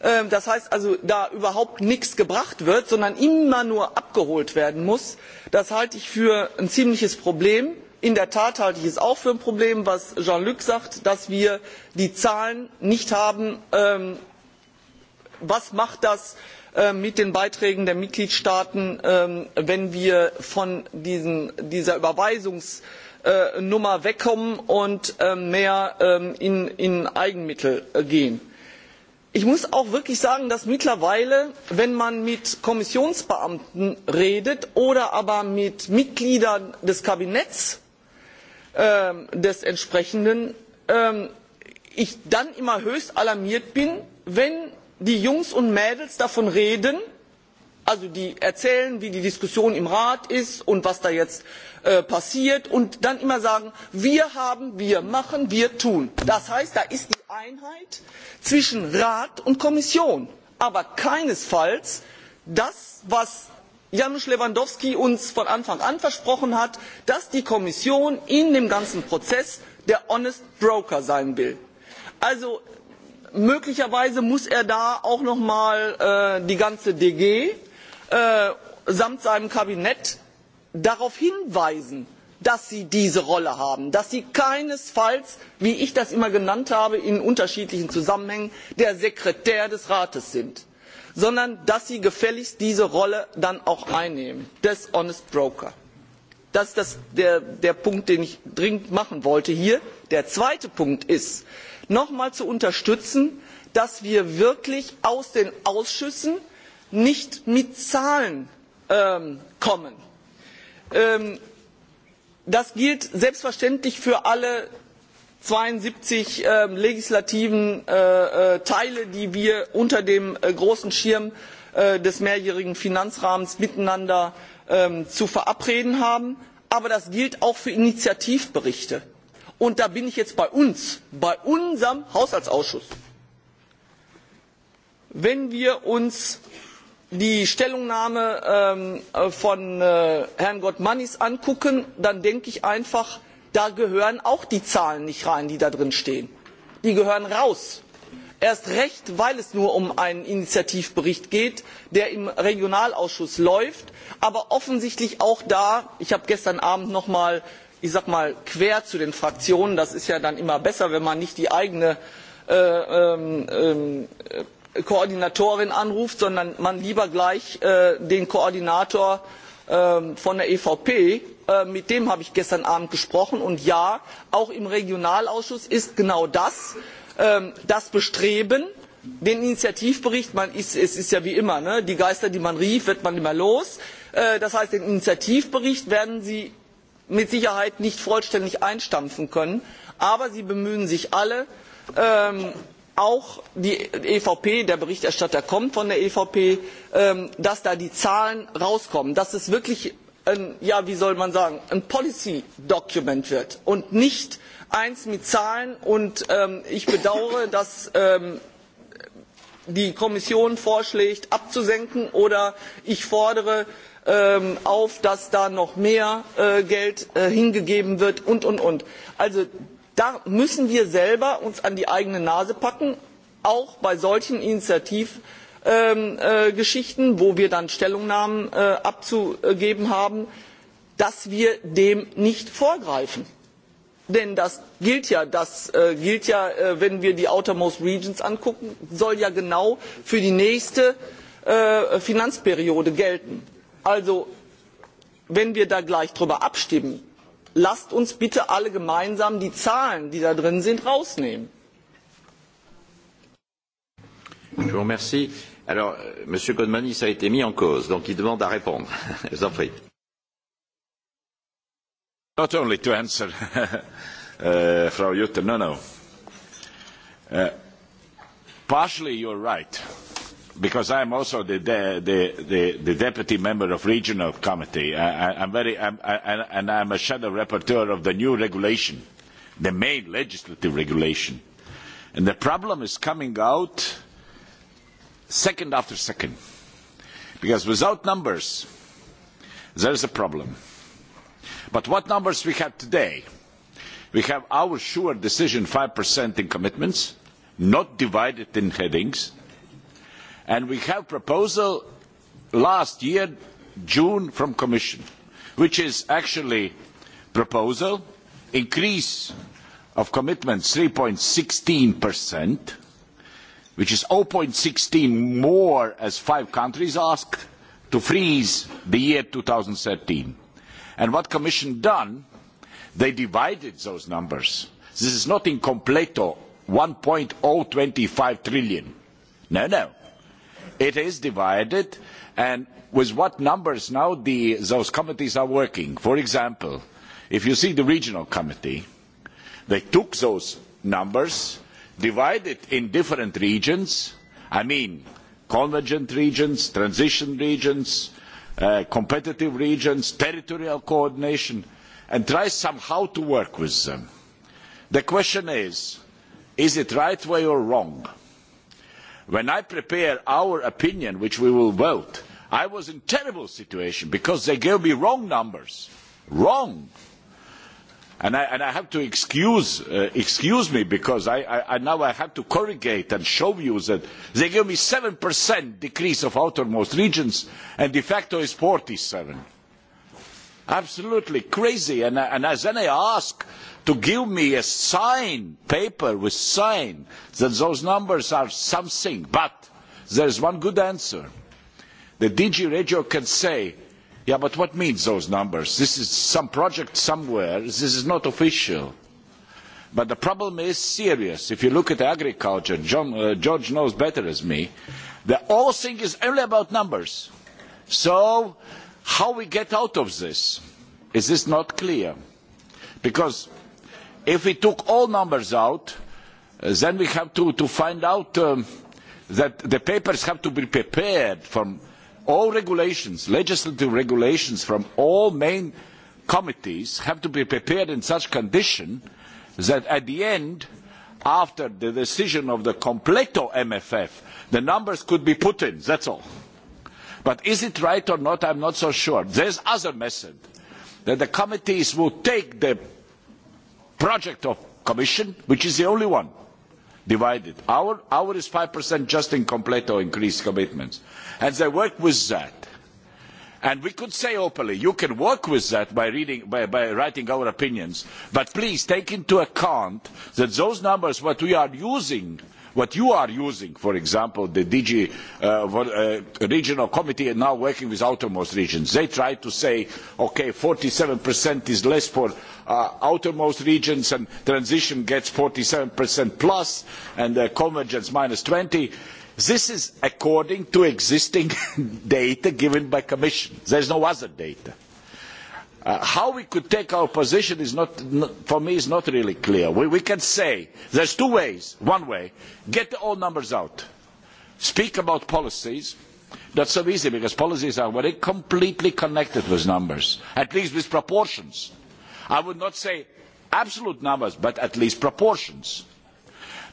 ähm, das heißt also da überhaupt nichts gebracht wird sondern immer nur abgeholt werden muss das halte ich für ein ziemliches problem. in der tat halte ich es auch für ein problem was jean luc sagt dass wir die zahlen nicht haben ähm, was macht das Äh, mit den beiträgen der mitgliedstaaten ähm, wenn wir von dieser überweisungsnummer äh, wegkommen und ähm, mehr ähm, in eigenmittel äh, gehen. ich muss auch wirklich sagen dass mittlerweile wenn man mit kommissionsbeamten redet oder aber mit mitgliedern des entsprechenden kabinetts ich dann immer höchst alarmiert bin wenn die jungs und mädels davon reden also erzählen wie die diskussion im rat ist und was da jetzt äh, passiert und dann immer sagen wir haben wir machen wir tun. das heißt da ist die einheit zwischen rat und kommission aber keinesfalls das was janusz lewandowski uns von anfang an versprochen hat dass die kommission in dem ganzen prozess der honest broker sein will. also möglicherweise muss er da auch noch einmal äh, die ganze dg äh, samt seinem kabinett darauf hinweisen dass sie diese rolle haben dass sie keinesfalls wie ich das immer genannt habe in unterschiedlichen zusammenhängen der sekretär des rates sind sondern dass sie gefälligst diese rolle dann auch einnehmen des honest broker. das ist der punkt den ich hier dringend machen wollte. der zweite punkt ist noch einmal zu unterstützen dass wir wirklich aus den ausschüssen nicht mit zahlen ähm, kommen. Ähm, das gilt selbstverständlich für alle zweiundsiebzig ähm, legislativen äh, äh, teile die wir unter dem äh, großen schirm des mehrjährigen finanzrahmens miteinander zu verabreden haben aber das gilt auch für initiativberichte und da bin ich jetzt bei uns, bei unserem Haushaltsausschuss, wenn wir uns die Stellungnahme ähm, von äh, Herrn Gottmannis angucken, dann denke ich einfach, da gehören auch die Zahlen nicht rein, die da drin stehen. Die gehören raus. Erst recht, weil es nur um einen Initiativbericht geht, der im Regionalausschuss läuft, aber offensichtlich auch da, ich habe gestern Abend noch mal ich sage mal quer zu den fraktionen das ist ja dann immer besser wenn man nicht die eigene äh, ähm, ähm, koordinatorin anruft sondern man lieber gleich äh, den koordinator ähm, von der evp äh, mit dem habe ich gestern abend gesprochen und ja auch im regionalausschuss ist genau das das bestreben den initiativbericht es ist ja wie immer die geister die man rief wird man immer los das heißt den initiativbericht werden mit sicherheit nicht vollständig einstampfen können aber sie bemühen sich alle ähm, auch die evp der berichterstatter kommt von der evp ähm, dass da die zahlen herauskommen dass es wirklich ja, wie soll man sagen ein policy document wird und nicht eins mit zahlen. Ähm, ich bedaure dass die kommission vorschlägt abzusenken oder ich fordere Ähm, auf dass da noch mehr äh, geld äh, hingegeben wird und und und. also da müssen wir uns selber an die eigene nase packen auch bei solchen initiativgeschichten ähm, äh, wo wir dann stellungnahmen abzugeben haben dass wir dem nicht vorgreifen. denn das gilt ja, ja wenn wir die outermost regions angucken soll ja genau für die nächste finanzperiode gelten also wenn wir da gleich darüber abstimmen lasst uns bitte alle gemeinsam die zahlen die da drin sind herausnehmen. Je vous remercie. Alors, euh, Monsieur Godmanis a été mis en cause, donc il demande à répondre. Je vous en prie. Not only to answer, uh, Frau Jutta, no, no. Uh, partially you're right because I am also the, de- the, the, the deputy member of regional committee, I, I, I'm very, I'm, I, and I'm a shadow rapporteur of the new regulation, the main legislative regulation. And the problem is coming out second after second. Because without numbers, there is a problem. But what numbers we have today? We have our sure decision 5% in commitments, not divided in headings we have a proposal last year june from the commission which is actually a proposal to increase of commitments three point sixteen percent which is zero point sixteen more as five countries asked to freeze the year two thousand and thirteen and what commission done they divided those numbers this is not in completo one point zero oh twenty five trillion no no it is divided and with what numbers now the, those committees are working. For example, if you see the regional committee, they took those numbers, divided in different regions, I mean convergent regions, transition regions, uh, competitive regions, territorial coordination, and try somehow to work with them. The question is, is it right way or wrong? when i prepare our opinion which we will vote i was in a terrible situation because they gave me wrong numbers wrong and I, and I have to excuse, uh, excuse me because I, I, I now I have to corrigate and show you that they give me 7% decrease of outermost regions and de facto is 47 absolutely crazy. And, uh, and as then I ask to give me a sign, paper with sign, that those numbers are something. But there's one good answer. The DG Radio can say, yeah, but what means those numbers? This is some project somewhere. This is not official. But the problem is serious. If you look at agriculture, John, uh, George knows better than me, the whole thing is only about numbers. So how we get out of this is this not clear because if we took all numbers out uh, then we have to, to find out um, that the papers have to be prepared from all regulations legislative regulations from all main committees have to be prepared in such condition that at the end after the decision of the completo mff the numbers could be put in that's all But is it right or not? I'm not so sure. There's other method that the committees will take the project of commission, which is the only one, divided. Our, our is 5% just in complete or increased commitments. And they work with that. And we could say openly, you can work with that by, reading, by, by writing our opinions, but please take into account that those numbers, what we are using, what you are using, for example, the DG uh, uh, regional committee and now working with outermost regions, they try to say, okay, 47% is less for uh, outermost regions and transition gets 47% plus and uh, convergence minus 20. This is according to existing data given by commission. There's no other data. Uh, how we could take our position is not for me is not really clear we, we can say there's two ways one way get all numbers out speak about policies not so easy because policies are very completely connected with numbers at least with proportions i would not say absolute numbers but at least proportions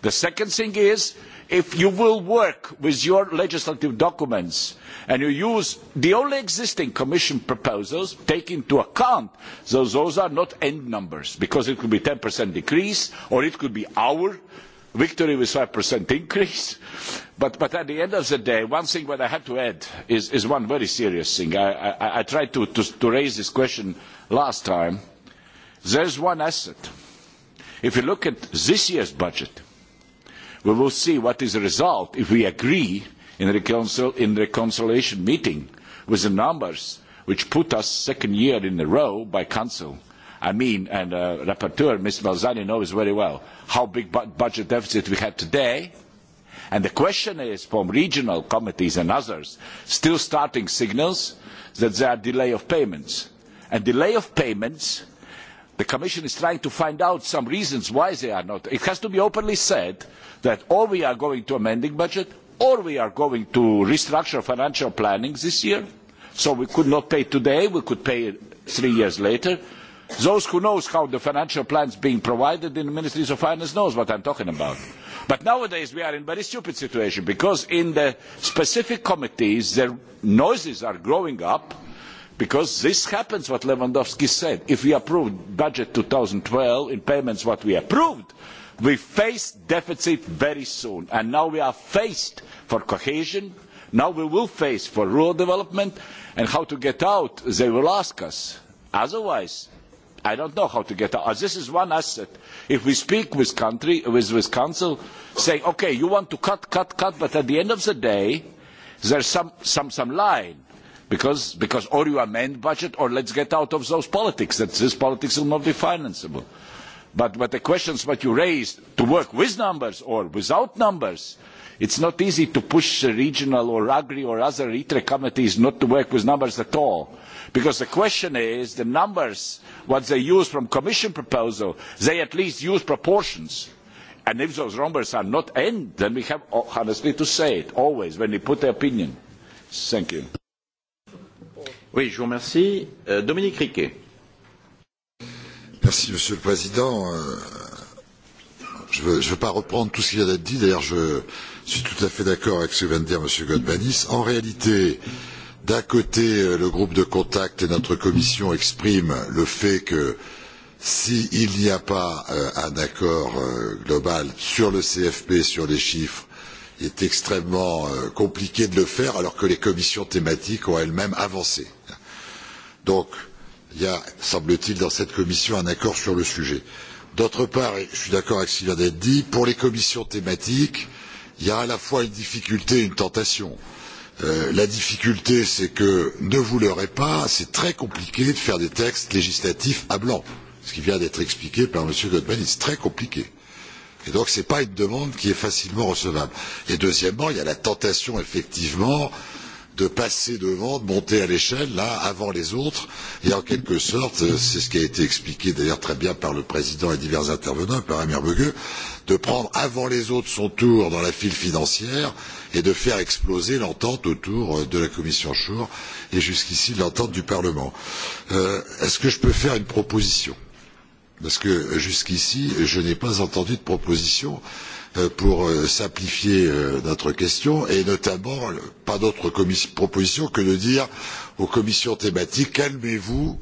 the second thing is if you will work with your legislative documents and you use the only existing commission proposals take into account those those are not end numbers because it could be 10% decrease or it could be our victory with 5% increase but but at the end of the day one thing that i had to add is is one very serious thing i i, I tried to, to to raise this question last time there's one asset if you look at this year's budget we will see what is the result if we agree in the council in the consolation meeting with the numbers which put us second year in a row by council. I mean, and uh, rapporteur Mr. Balzani knows very well how big bu- budget deficit we had today. And the question is from regional committees and others still starting signals that there are delay of payments. And delay of payments the commission is trying to find out some reasons why they are not. it has to be openly said that or we are going to amending budget or we are going to restructure financial planning this year. so we could not pay today, we could pay three years later. those who know how the financial plans being provided in the ministries of finance knows what i'm talking about. but nowadays we are in a very stupid situation because in the specific committees their noises are growing up because this happens what lewandowski said if we approve budget 2012 in payments what we approved we face deficit very soon and now we are faced for cohesion now we will face for rural development and how to get out they will ask us otherwise I don't know how to get out. This is one asset. If we speak with country, with, with council, say, okay, you want to cut, cut, cut, but at the end of the day, there's some, some, some line because because or you amend budget or let's get out of those politics that this politics will not be financeable but but the questions what you raised to work with numbers or without numbers it's not easy to push the regional or agri or other ITRE committees not to work with numbers at all. Because the question is, the numbers, what they use from commission proposal, they at least use proportions. And if those numbers are not end, then we have honestly to say it always when we put the opinion. Thank you. Euh, monsieur le président euh, je ne veux pas reprendre tout ce qui vient d'être dit d'ailleurs je suis tout à fait d'accord avec ce que vient de dire m. godbanis. en réalité d'un côté euh, le groupe de contact et notre commission expriment le fait que s'il n'y a pas un accord global sur le cfp sur les chiffres il est extrêmement compliqué de le faire alors que les commissions thématiques ont elles mêmes avancé. Donc, il y a, semble-t-il, dans cette commission un accord sur le sujet. D'autre part, et je suis d'accord avec ce qui vient d'être dit, pour les commissions thématiques, il y a à la fois une difficulté et une tentation. Euh, la difficulté, c'est que, ne vous l'aurez pas, c'est très compliqué de faire des textes législatifs à blanc. Ce qui vient d'être expliqué par M. Goldman, c'est très compliqué. Et donc, ce n'est pas une demande qui est facilement recevable. Et deuxièmement, il y a la tentation, effectivement, euh, de passer devant, de monter à l'échelle, là, avant les autres. Et en quelque sorte, euh, c'est ce qui a été expliqué d'ailleurs très bien par le président et divers intervenants, par Amir Begueux, de prendre avant les autres son tour dans la file financière et de faire exploser l'entente autour euh, de la commission Chour et jusqu'ici l'entente du Parlement. Euh, Est-ce que je peux faire une proposition Parce que euh, jusqu'ici, je n'ai pas entendu de proposition. Euh, pour euh, simplifier euh, notre question et notamment pas d'autre proposition que de dire aux commissions thématiques calmez-vous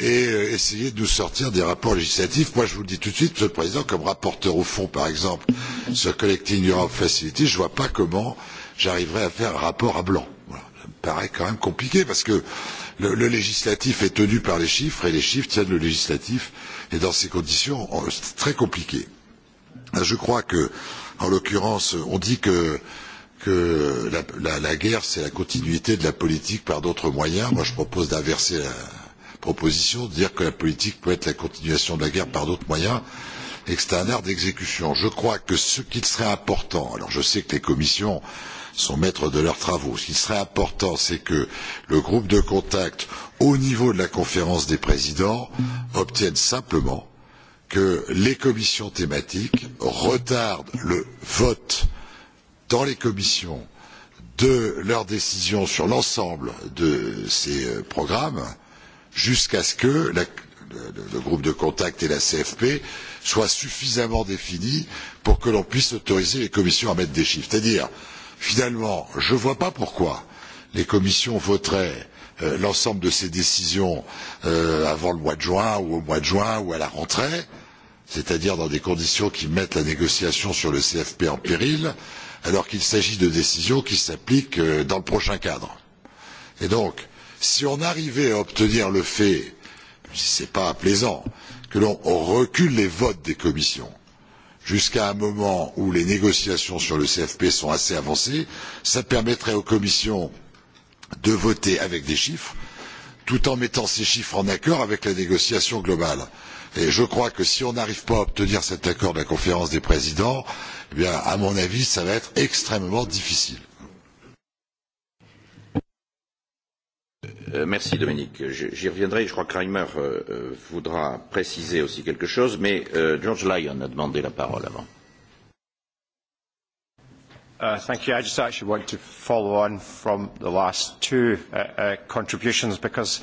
et essayez de nous sortir des rapports législatifs. Moi je vous le dis tout de suite, Monsieur le Président, comme rapporteur au fond par exemple sur Collecting Europe Facility, je ne vois pas comment j'arriverai à faire un rapport à blanc. Voilà. Ça me paraît quand même compliqué parce que le, le législatif est tenu par les chiffres et les chiffres tiennent le législatif et dans ces conditions oh, c'est très compliqué. Je crois que, en l'occurrence, on dit que, que la, la, la guerre, c'est la continuité de la politique par d'autres moyens. Moi, je propose d'inverser la proposition, de dire que la politique peut être la continuation de la guerre par d'autres moyens et que c'est un art d'exécution. Je crois que ce qu'il serait important, alors je sais que les commissions sont maîtres de leurs travaux, ce qui serait important, c'est que le groupe de contact au niveau de la conférence des présidents obtienne simplement, que les commissions thématiques retardent le vote dans les commissions de leurs décisions sur l'ensemble de ces euh, programmes jusqu'à ce que la, le, le groupe de contact et la CFP soient suffisamment définis pour que l'on puisse autoriser les commissions à mettre des chiffres. C'est-à-dire, finalement, je ne vois pas pourquoi les commissions voteraient euh, l'ensemble de ces décisions euh, avant le mois de juin ou au mois de juin ou à la rentrée, euh, c'est-à-dire dans des conditions qui mettent la négociation sur le CFP en péril, alors qu'il s'agit de décisions qui s'appliquent euh, dans le prochain cadre. Et donc, si on arrivait à obtenir le fait, si ce n'est pas plaisant, que l'on recule les votes des commissions jusqu'à un moment où les négociations sur le CFP sont assez avancées, ça permettrait aux commissions de voter avec des chiffres, tout en mettant ces chiffres en accord avec la négociation globale et je crois que si on n'arrive pas à obtenir cet accord de la conférence des présidents eh bien à mon avis ça va être extrêmement difficile Euh, merci Dominique. J'y reviendrai. Je crois que Reimer euh, euh, voudra préciser aussi quelque chose, mais euh, George Lyon a demandé la parole avant. Uh, thank you. I just actually want to follow on from the last two uh, uh, contributions because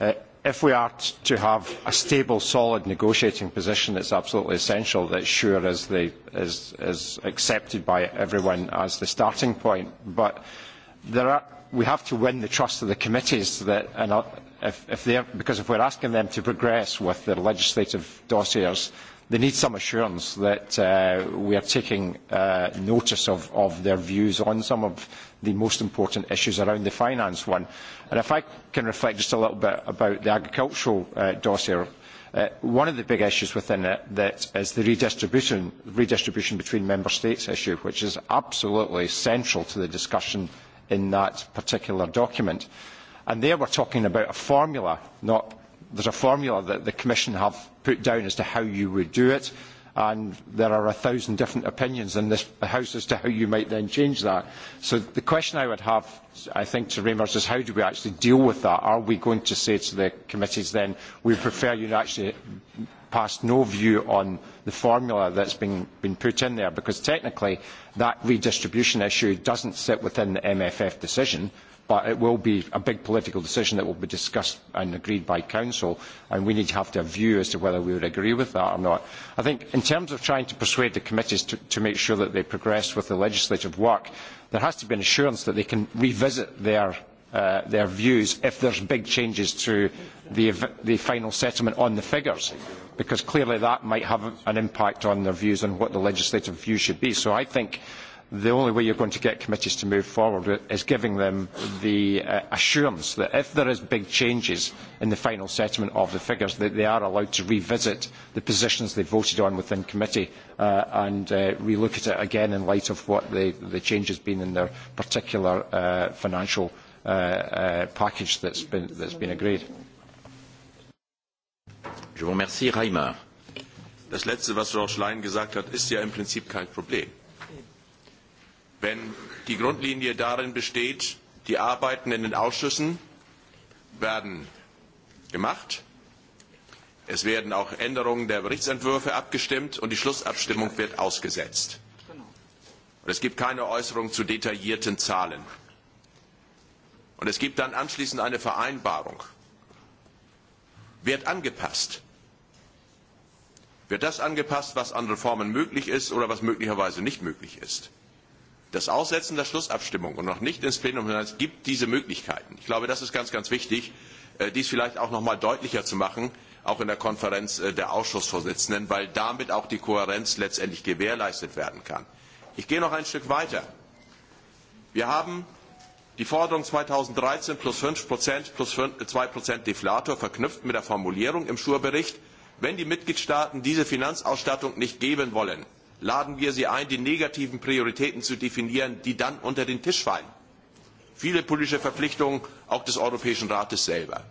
uh, if we are to have a stable, solid negotiating position, it is absolutely essential that SURE is, the, is, is accepted by everyone as the starting point. But there are, we have to win the trust of the committees, that, and uh, if, if because if we are asking them to progress with their legislative dossiers, they need some assurance that uh, we are taking uh, notice of, of their views on some of the most important issues around the finance one. And if I can reflect just a little bit about the agricultural uh, dossier, uh, one of the big issues within it that is the redistribution, redistribution between member states issue, which is absolutely central to the discussion in that particular document. And there we're talking about a formula, not there's a formula that the Commission have put down as to how you would do it, and there are a thousand different opinions in this House as to how you might then change that. So the question I would have, I think, to Remers is how do we actually deal with that? Are we going to say to the committees then, we prefer you actually pass no view on the formula that's been, been put in there? Because technically, that redistribution issue doesn't sit within the MFF decision but it will be a big political decision that will be discussed and agreed by council, and we need to have to have a view as to whether we would agree with that or not. I think in terms of trying to persuade the committees to, to make sure that they progress with the legislative work, there has to be an assurance that they can revisit their, uh, their views if there's big changes to the, the final settlement on the figures, because clearly that might have an impact on their views on what the legislative view should be. So I think the only way you're going to get committees to move forward is giving them the uh, assurance that if there is big changes in the final settlement of the figures, that they are allowed to revisit the positions they voted on within committee uh, and uh, relook at it again in light of what the, the change has been in their particular uh, financial uh, uh, package that's been, that's been agreed. Je vous remercie, Reimer. Das Letzte, was Frau Schlein gesagt hat, ist ja im Prinzip kein Problem wenn die Grundlinie darin besteht, die Arbeiten in den Ausschüssen werden gemacht, es werden auch Änderungen der Berichtsentwürfe abgestimmt und die Schlussabstimmung wird ausgesetzt. Und es gibt keine Äußerung zu detaillierten Zahlen. Und es gibt dann anschließend eine Vereinbarung. Wird angepasst? Wird das angepasst, was an Reformen möglich ist oder was möglicherweise nicht möglich ist? Das Aussetzen der Schlussabstimmung und noch nicht ins Plenum hinein gibt diese Möglichkeiten. Ich glaube, das ist ganz, ganz wichtig, äh, dies vielleicht auch noch mal deutlicher zu machen, auch in der Konferenz äh, der Ausschussvorsitzenden, weil damit auch die Kohärenz letztendlich gewährleistet werden kann. Ich gehe noch ein Stück weiter. Wir haben die Forderung 2013 plus 5% plus 5, 2% äh, Deflator verknüpft mit der Formulierung im Schurbericht, wenn die Mitgliedstaaten diese Finanzausstattung nicht geben wollen, laden wir sie ein die negativen prioritäten zu definieren die dann unter den tisch fallen viele politische verpflichtungen auch des europäischen rates selber.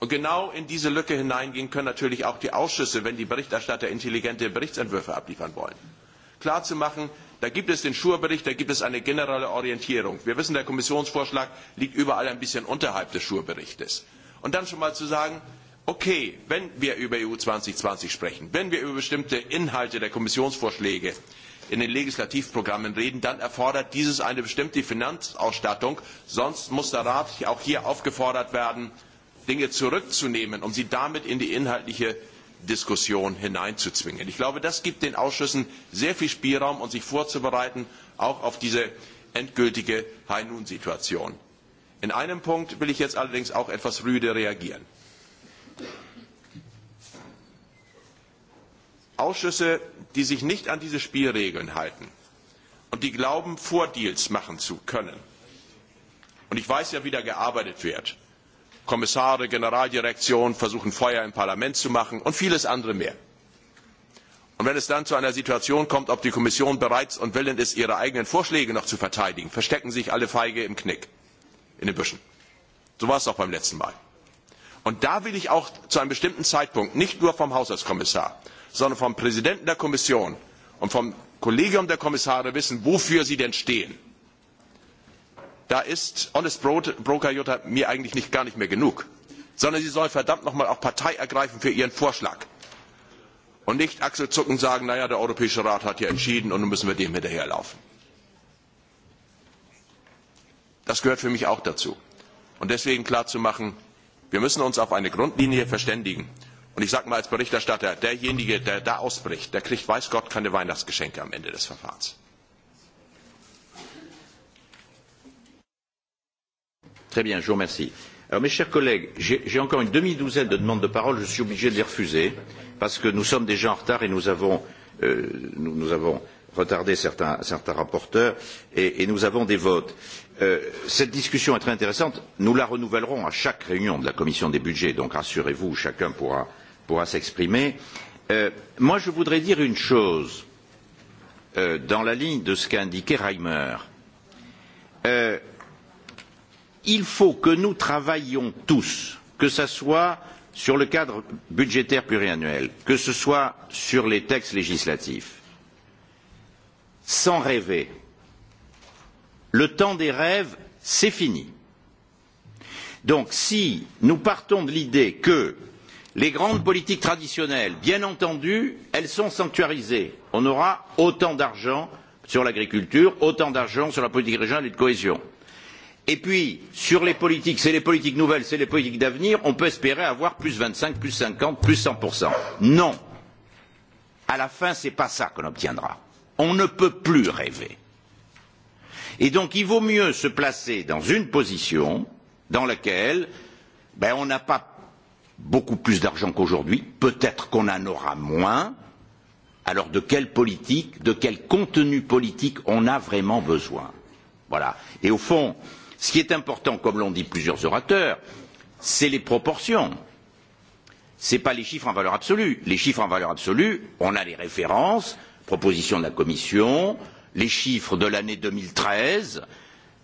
und genau in diese lücke hineingehen können natürlich auch die ausschüsse wenn die berichterstatter intelligente berichtsentwürfe abliefern wollen klarzumachen da gibt es den sure bericht da gibt es eine generelle orientierung. wir wissen der kommissionsvorschlag liegt überall ein bisschen unterhalb des sure berichts. und dann schon mal zu sagen Okay, wenn wir über EU 2020 sprechen, wenn wir über bestimmte Inhalte der Kommissionsvorschläge in den Legislativprogrammen reden, dann erfordert dieses eine bestimmte Finanzausstattung. Sonst muss der Rat auch hier aufgefordert werden, Dinge zurückzunehmen, um sie damit in die inhaltliche Diskussion hineinzuzwingen. Ich glaube, das gibt den Ausschüssen sehr viel Spielraum, um sich vorzubereiten, auch auf diese endgültige High-Nun-Situation. In einem Punkt will ich jetzt allerdings auch etwas rüde reagieren. Ausschüsse, die sich nicht an diese Spielregeln halten und die glauben, Vordeals machen zu können. Und ich weiß ja, wie da gearbeitet wird. Kommissare, Generaldirektion versuchen Feuer im Parlament zu machen und vieles andere mehr. Und wenn es dann zu einer Situation kommt, ob die Kommission bereits und willens ist, ihre eigenen Vorschläge noch zu verteidigen, verstecken sich alle Feige im Knick, in den Büschen. So war es auch beim letzten Mal. Und da will ich auch zu einem bestimmten Zeitpunkt nicht nur vom Haushaltskommissar, sondern vom präsidenten der kommission und vom kollegium der kommissare wissen wofür sie denn stehen da ist honest broker jutta mir eigentlich gar nicht mehr genug sondern sie sollen verdammt noch einmal auch partei ergreifen für ihren vorschlag und nicht achselzuckend sagen na ja der europäische rat hat ja entschieden und nun müssen wir dem hinterherlaufen. das gehört für mich auch dazu. deswegen klarzumachen wir müssen uns auf eine grundlinie verständigen ich sage mal als berichterstatter derjenige der da ausbricht der kriegt weiß gott keine weihnachtsgeschenke am ende des verfahrens. Très bien, je vous remercie. Alors, mes chers collègues, j'ai encore une demi-douzaine de demandes de parole, je suis obligé de les refuser, parce que nous sommes déjà en retard et nous avons, euh, nous, nous avons retardé certains, certains rapporteurs et, et nous avons des votes. Euh, cette discussion est très intéressante, nous la renouvellerons à chaque réunion de la commission des budgets, donc rassurez-vous, chacun pourra euh, pourra s'exprimer. Euh, moi, je voudrais dire une chose euh, dans la ligne de ce qu'a indiqué Reimer. Euh, il faut que nous travaillions tous, que ce soit sur le cadre budgétaire pluriannuel, que ce soit sur les textes législatifs, sans rêver. Le temps des rêves, c'est fini. Donc, si nous partons de l'idée que les grandes politiques traditionnelles bien entendu elles sont sanctuarisées on aura autant d'argent sur l'agriculture autant d'argent sur la politique régionale et de cohésion et puis sur les politiques c'est les politiques nouvelles c'est les politiques d'avenir on peut espérer avoir plus vingt cinq plus cinquante plus cent non à la fin ce n'est pas ça qu'on obtiendra on ne peut plus rêver et donc il vaut mieux se placer dans une position dans laquelle ben, on n'a pas beaucoup plus d'argent qu'aujourd'hui, peut-être qu'on en aura moins, alors de quelle politique, de quel contenu politique on a vraiment besoin Voilà. Et au fond, ce qui est important, comme l'ont dit plusieurs orateurs, c'est les proportions. Ce n'est pas les chiffres en valeur absolue. Les chiffres en valeur absolue, on a les références, proposition de la Commission, les chiffres de l'année 2013.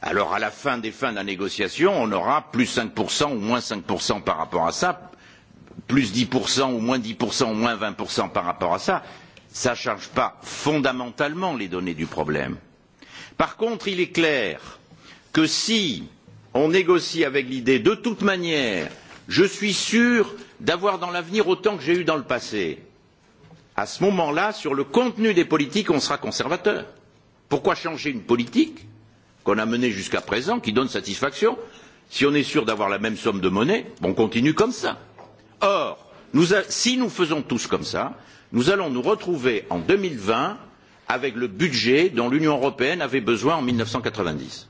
Alors à la fin des fins de la négociation, on aura plus 5% ou moins 5% par rapport à ça, plus 10% ou moins 10% ou moins 20% par rapport à ça, ça ne change pas fondamentalement les données du problème. Par contre, il est clair que si on négocie avec l'idée de toute manière, je suis sûr d'avoir dans l'avenir autant que j'ai eu dans le passé, à ce moment-là, sur le contenu des politiques, on sera conservateur. Pourquoi changer une politique qu'on a menée jusqu'à présent, qui donne satisfaction, si on est sûr d'avoir la même somme de monnaie, on continue comme ça or si nous faisons tous comme cela nous allons nous retrouver en deux mille vingt avec le budget dont l'union européenne avait besoin en mille neuf cent quatre vingt dix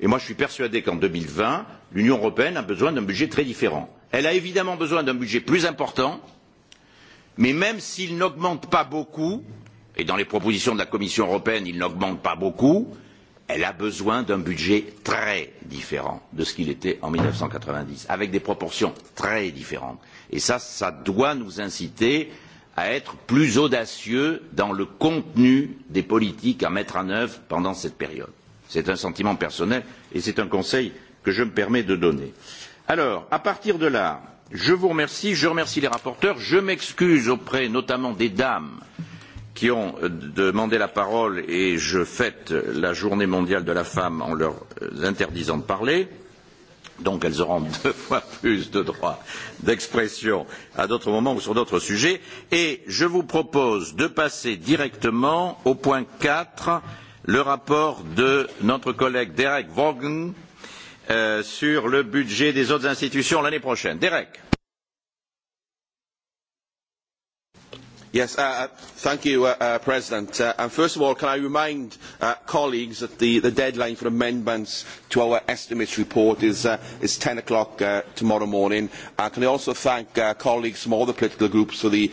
et moi je suis persuadé qu'en deux mille vingt l'union européenne a besoin d'un budget très différent elle a évidemment besoin d'un budget plus important mais même s'il n'augmente pas beaucoup et dans les propositions de la commission européenne il n'augmente pas beaucoup nous elle a besoin d'un budget très différent de ce qu'il était en 1990, avec des proportions très différentes. Et ça, ça doit nous inciter à être plus audacieux dans le contenu des politiques à mettre en œuvre pendant cette période. C'est un sentiment personnel et c'est un conseil que je me permets de donner. Alors, à partir de là, je vous remercie, je remercie les rapporteurs, je m'excuse auprès notamment des dames qui ont euh, demandé la parole et je fête la journée mondiale de la femme en leur euh, interdisant de parler. Donc elles auront deux fois plus de droits d'expression à d'autres moments ou sur d'autres sujets. Et je vous propose de passer directement au point 4, le rapport de notre collègue Derek Vaughan euh, sur le budget des autres institutions l'année prochaine. Derek. mr uh, uh, uh, president first of all can i remind colleagues that the deadline for amendments to our estimates report is ten o'clock tomorrow morning. can i also thank colleagues from all the political groups for the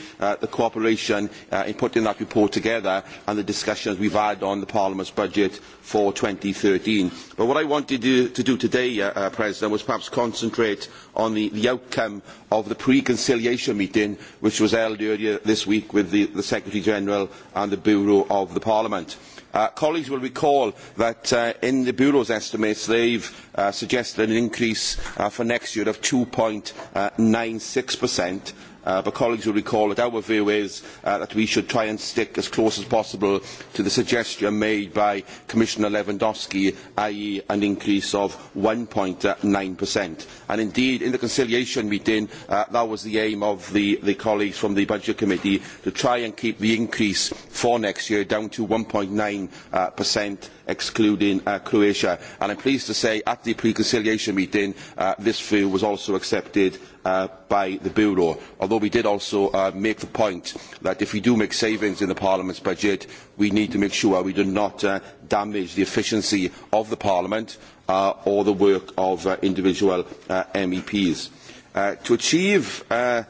cooperation in putting that report together and the discussions we have had on parliament's budget for. two thousand and thirteen what i wanted to do today was perhaps concentrate on the outcome of the pre conciliation meeting which was held earlier this week with the, the Secretary General and the Bureau of the Parliament. Uh, colleagues will recall that uh, in the Bureau's estimates they've uh, suggested an increase uh, for next year of 2.96%. Uh, Uh, but colleagues will recall that our view is uh, that we should try and stick as close as possible to the suggestion made by Commissioner Lewandowski, i.e. an increase of 1.9%. And indeed, in the conciliation meeting, uh, that was the aim of the, the colleagues from the Budget Committee, to try and keep the increase for next year down to 1.9%. Uh, excluding uh, Croatia. And I'm pleased to say at the pre-conciliation meeting, uh, this view was also accepted uh, by the Bureau. Although we did also uh, make the point that if we do make savings in the Parliament's budget, we need to make sure we do not uh, damage the efficiency of the Parliament uh, or the work of uh, individual uh, MEPs. Uh, to achieve uh,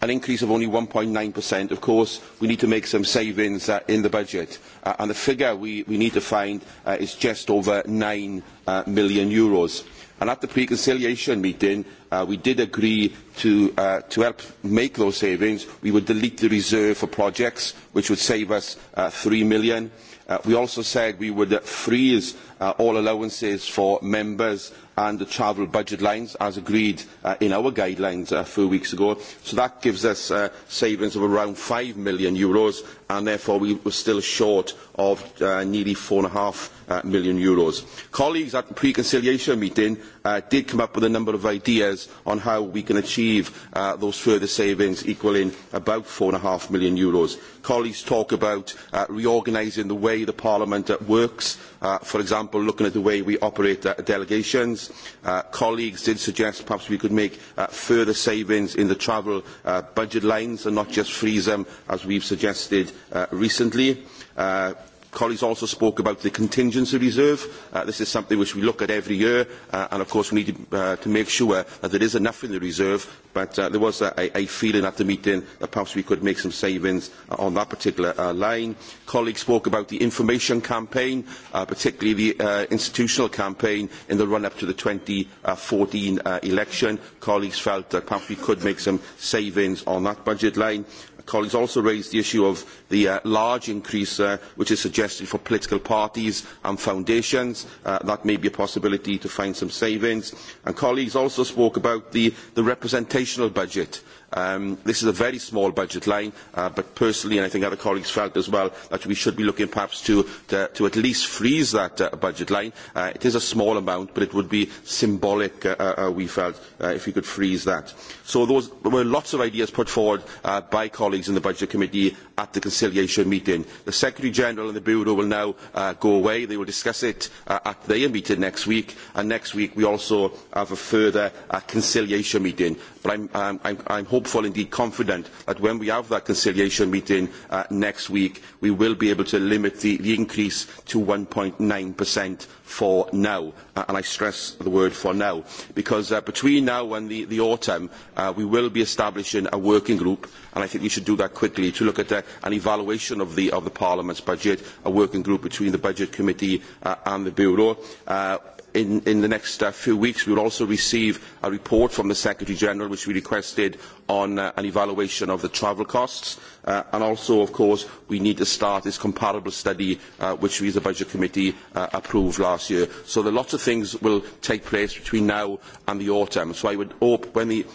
an increase of only 1.9%, of course, we need to make some savings uh, in the budget. Uh, and the figure we, we need to find uh, is just over 9 uh, million euros. And at the pre-conciliation meeting, Uh, we did agree to, uh, to help make those savings, we would delete the reserve for projects, which would save us uh, 3 million. Uh, we also said we would uh, freeze uh, all allowances for members and the travel budget lines, as agreed uh, in our guidelines a uh, few weeks ago. So that gives us uh, savings of around 5 million euros, and therefore we were still short of uh, nearly 4.5 uh, million euros. Colleagues, at the pre-conciliation meeting, Uh, did come up with a number of ideas on how we can achieve uh, those further savings equaling about four and a half million euros. Colleagues talk about uh, reorganising the way the Parliament uh, works, uh, for example, looking at the way we operate uh, delegations. Uh, colleagues did suggest perhaps we could make uh, further savings in the travel uh, budget lines and not just freeze them as we've suggested uh, recently. Uh, colleagues also spoke about the contingency reserve. Uh, this is something which we look at every year, uh, and of course we need uh, to make sure uh, that there is enough in the reserve, but uh, there was a, a feeling at the meeting that perhaps we could make some savings uh, on that particular uh, line. Colleagues spoke about the information campaign, uh, particularly the uh, institutional campaign in the run-up to the 2014 uh, election. Colleagues felt that perhaps we could make some savings on that budget line colleagues also raised the issue of the uh, large increase uh, which is suggested for political parties and foundations. Uh, that may be a possibility to find some savings. And colleagues also spoke about the, the representational budget. Um, this is a very small budget line, uh, but personally, and I think other colleagues felt as well, that we should be looking perhaps to, to, to at least freeze that uh, budget line. Uh, it is a small amount, but it would be symbolic, uh, uh, uh we felt, uh, if we could freeze that. So those, there were lots of ideas put forward uh, by colleagues in the Budget Committee at the conciliation meeting. The Secretary-General and the Bureau will now uh, go away. They will discuss it uh, at their meeting next week, and next week we also have a further uh, conciliation meeting. But I'm, um, I'm, I'm hoping hopeful indeed confident that when we have that conciliation meeting uh, next week we will be able to limit the, the increase to 1.9% for now uh, and I stress the word for now because uh, between now and the, the autumn uh, we will be establishing a working group and I think we should do that quickly to look at uh, an evaluation of the, of the Parliament's budget, a working group between the Budget Committee uh, and the Bureau. Uh, in, in the next uh, few weeks, we will also receive a report from the secretary general which we requested on uh, an evaluation of the travel costs uh, and also of course we need to start this comparable study uh, which we as a budget committee uh, approved last year so the lots of things will take place between now and the autumn so i would hope when the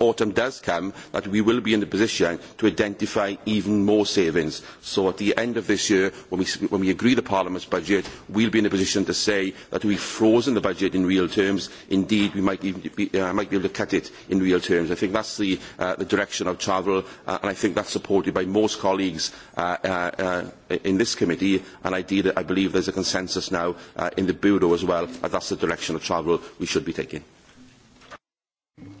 autumn does come that we will be in the position to identify even more savings so at the end of this year when we when we agree the parliament's budget we'll be in a position to say that we've frozen the budget in real terms indeed we might even be uh, might be able to cut it in real terms. I think that's the, uh, the direction of travel, uh, and I think that's supported by most colleagues uh, uh, uh, in this committee, and I, did, I believe there's a consensus now uh, in the Bureau as well that that's the direction of travel we should be taking.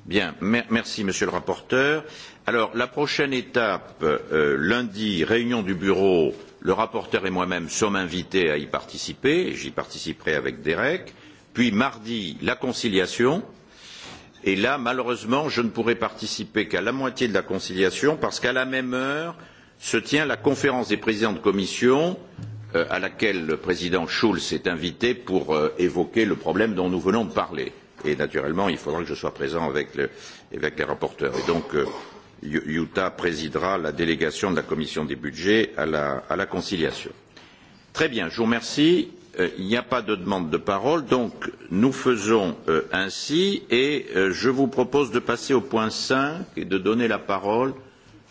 Bien, mer merci Monsieur le rapporteur. Alors, la prochaine étape, euh, lundi, réunion du bureau, le rapporteur et moi-même sommes invités à y participer, j'y participerai avec Derek, puis mardi, la conciliation et là malheureusement je ne pourrai participer qu'à la moitié de la conciliation parce qu'à la même heure se tient la conférence des présidents de commission euh, à laquelle le président Schulz s'est invité pour euh, évoquer le problème dont nous venons de parler et naturellement il faudra que je sois présent avec, le, avec les rapporteurs et donc euh, Utah présidera la délégation de la commission des budgets à la, à la conciliation. Très bien, je vous remercie. Euh, il n'y a pas de demande de parole, donc nous faisons euh, ainsi et euh, je vous propose de passer au point 5 et de donner la parole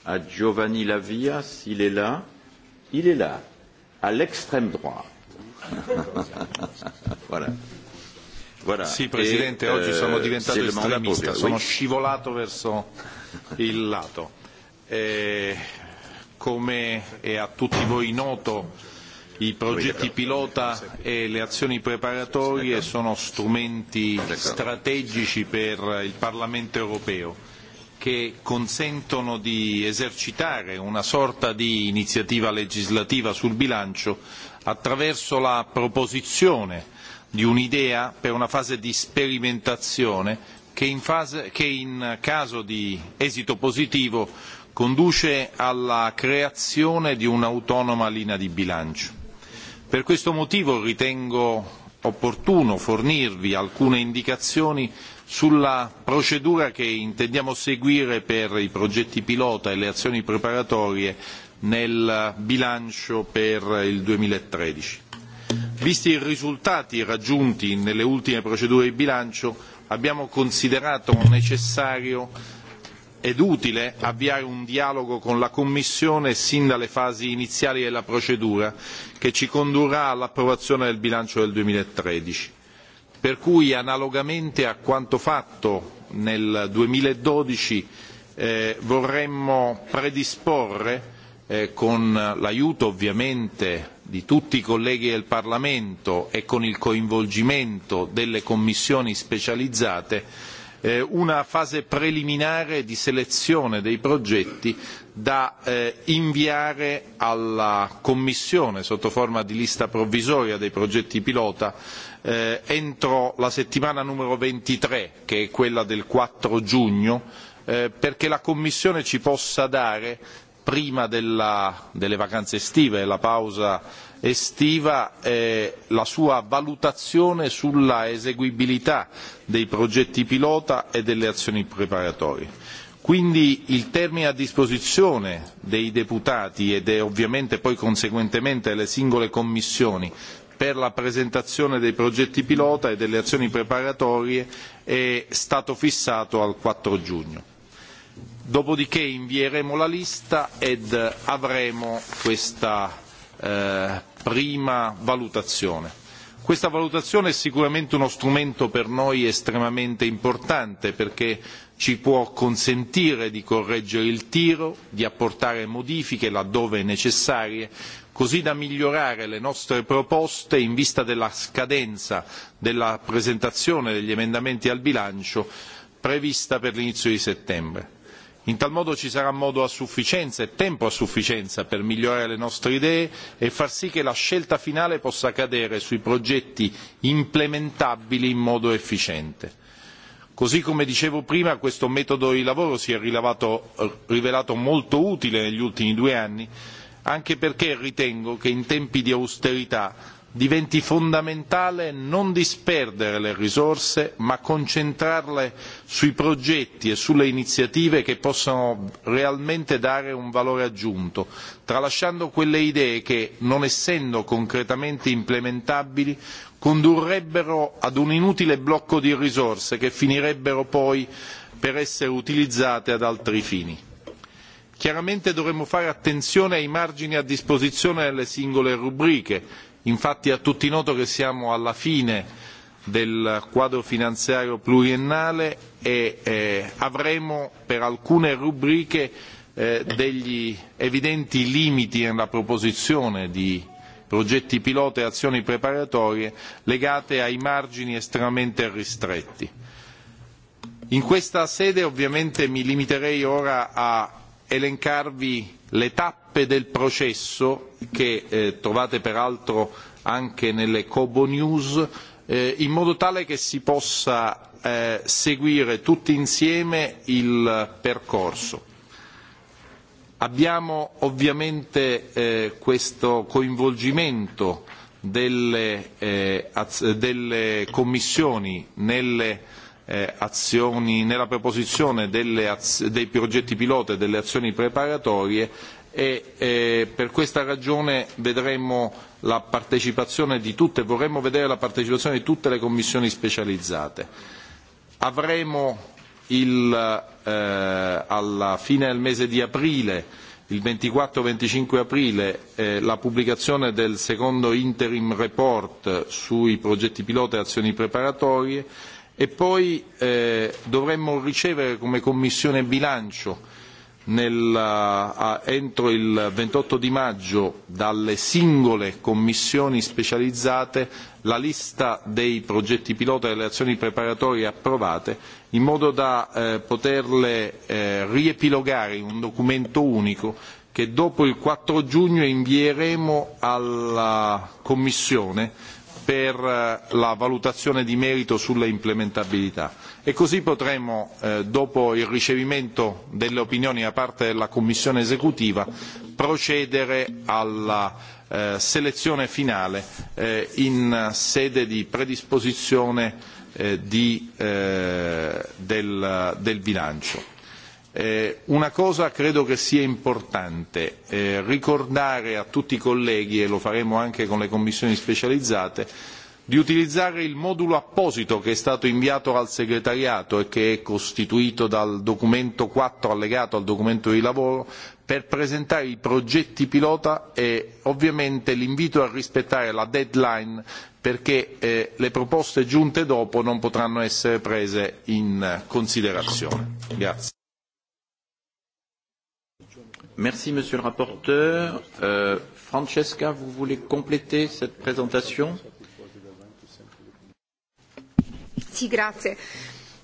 à Giovanni Lavia, s'il est là. Il est là, à l'extrême droite. voilà. voilà. Si, Presidente, et, euh, oggi euh, sono diventato estremista, sono oui. scivolato verso il lato. Eh, come è a tutti voi noto, I progetti pilota e le azioni preparatorie sono strumenti strategici per il Parlamento europeo che consentono di esercitare una sorta di iniziativa legislativa sul bilancio attraverso la proposizione di un'idea per una fase di sperimentazione che in, fase, che in caso di esito positivo conduce alla creazione di un'autonoma linea di bilancio per questo motivo ritengo opportuno fornirvi alcune indicazioni sulla procedura che intendiamo seguire per i progetti pilota e le azioni preparatorie nel bilancio per il duemilatredici visti i risultati raggiunti nelle ultime procedure di bilancio abbiamo considerato necessario ed utile avviare un dialogo con la commissione sin dalle fasi iniziali della procedura che ci condurrà all'approvazione del bilancio del duemilatredici per cui analogamente a quanto fatto nel duemiladodici eh, vorremmo predisporre eh, con l'aiuto ovviamente di tutti i colleghi del parlamento e con il coinvolgimento delle commissioni specializzate Eh, una fase preliminare di selezione dei progetti da eh, inviare alla commissione sotto forma di lista provvisoria dei progetti pilota eh, entro la settimana numero 23 che è quella del 4 giugno perché la commissione ci possa dare prima della, delle vacanze estive e la pausa estiva eh, la sua valutazione sulla eseguibilità dei progetti pilota e delle azioni preparatorie. Quindi il termine a disposizione dei deputati ed è ovviamente poi conseguentemente le singole commissioni per la presentazione dei progetti pilota e delle azioni preparatorie è stato fissato al 4 giugno dopodiché invieremo la lista ed avremo questa eh, prima valutazione. Questa valutazione è sicuramente uno strumento per noi estremamente importante perché ci può consentire di correggere il tiro, di apportare modifiche laddove necessarie, così da migliorare le nostre proposte in vista della scadenza della presentazione degli emendamenti al bilancio prevista per l'inizio di settembre in tal modo ci sarà modo a sufficienza e tempo a sufficienza per migliorare le nostre idee e far sì che la scelta finale possa cadere sui progetti implementabili in modo efficiente. così come dicevo prima questo metodo di lavoro si è rivelato molto utile negli ultimi due anni anche perché ritengo che in tempi di austerità diventi fondamentale non disperdere le risorse ma concentrarle sui progetti e sulle iniziative che possono realmente dare un valore aggiunto tralasciando quelle idee che non essendo concretamente implementabili condurrebbero ad un inutile blocco di risorse che finirebbero poi per essere utilizzate ad altri fini. chiaramente dovremo fare attenzione ai margini a disposizione delle singole rubriche infatti è a tutti noto che siamo alla fine del quadro finanziario pluriennale e eh, avremo per alcune rubriche eh, degli evidenti limiti nella proposizione di progetti pilota e azioni preparatorie legate ai margini estremamente ristretti. In questa sede ovviamente mi limiterei ora a elencarvi le tappe tappe del processo che eh, trovate peraltro anche nelle Kobo News, eh, in modo tale che si possa eh, seguire tutti insieme il percorso. Abbiamo ovviamente questo coinvolgimento delle, delle commissioni nelle azioni, nella proposizione delle, dei progetti pilota e delle azioni preparatorie e eh, per questa ragione vedremo la partecipazione di tutte, vorremmo vedere la partecipazione di tutte le commissioni specializzate. Avremo il, eh, alla fine del mese di aprile, il 24-25 aprile, eh, la pubblicazione del secondo interim report sui progetti pilota e azioni preparatorie e poi eh, dovremmo ricevere come commissione bilancio nel, uh, entro il 28 di maggio dalle singole commissioni specializzate la lista dei progetti pilota e delle azioni preparatorie approvate in modo da eh, poterle eh, riepilogare in un documento unico che dopo il 4 giugno invieremo alla Commissione per eh, la valutazione di merito sull'implementabilità e così potremo eh, dopo il ricevimento delle opinioni da parte della commissione esecutiva procedere alla eh, selezione finale in sede di predisposizione del bilancio. Eh, una cosa credo che sia importante eh, ricordare a tutti i colleghi e lo faremo anche con le commissioni specializzate di utilizzare il modulo apposito che è stato inviato al segretariato e che è costituito dal documento quattro allegato al documento di lavoro per presentare i progetti pilota e ovviamente l'invito a rispettare la deadline perché eh, le proposte giunte dopo non potranno essere prese in considerazione. Merci, monsieur le rapporteur. Euh, Francesca, vous voulez compléter cette présentation Sì, grazie.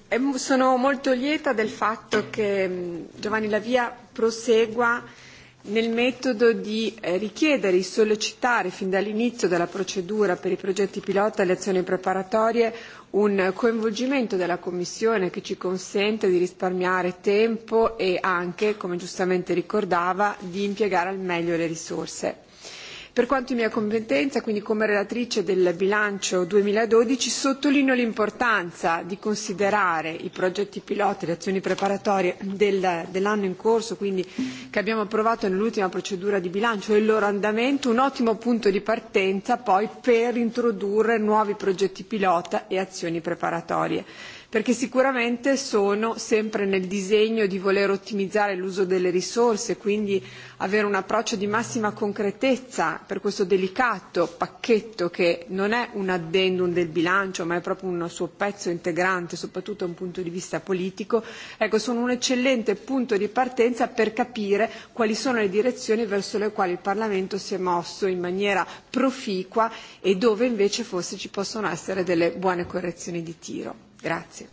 E sono molto lieta del fatto che mm, Giovanni Lavia prosegua eh, Nel metodo di eh, richiedere e sollecitare fin dall'inizio della procedura per i progetti pilota e le azioni preparatorie un coinvolgimento della Commissione che ci consente di risparmiare tempo e anche, come giustamente ricordava, di impiegare al meglio le risorse. Per quanto in mia competenza, quindi come relatrice del bilancio 2012, sottolineo l'importanza di considerare i progetti pilota e le azioni preparatorie del, dell'anno in corso, quindi che abbiamo approvato nell'ultima procedura di bilancio e il loro andamento, un ottimo punto di partenza poi per introdurre nuovi progetti pilota e azioni preparatorie perché sicuramente sono sempre nel disegno di voler ottimizzare l'uso delle risorse quindi avere un approccio di massima concretezza per questo delicato pacchetto che non è un addendum del bilancio ma è proprio un suo pezzo integrante soprattutto da un punto di vista politico ecco sono un eccellente punto di partenza per capire quali sono le direzioni verso le quali il Parlamento si è mosso in maniera proficua e dove invece forse ci possono essere delle buone correzioni di tiro. Grazie.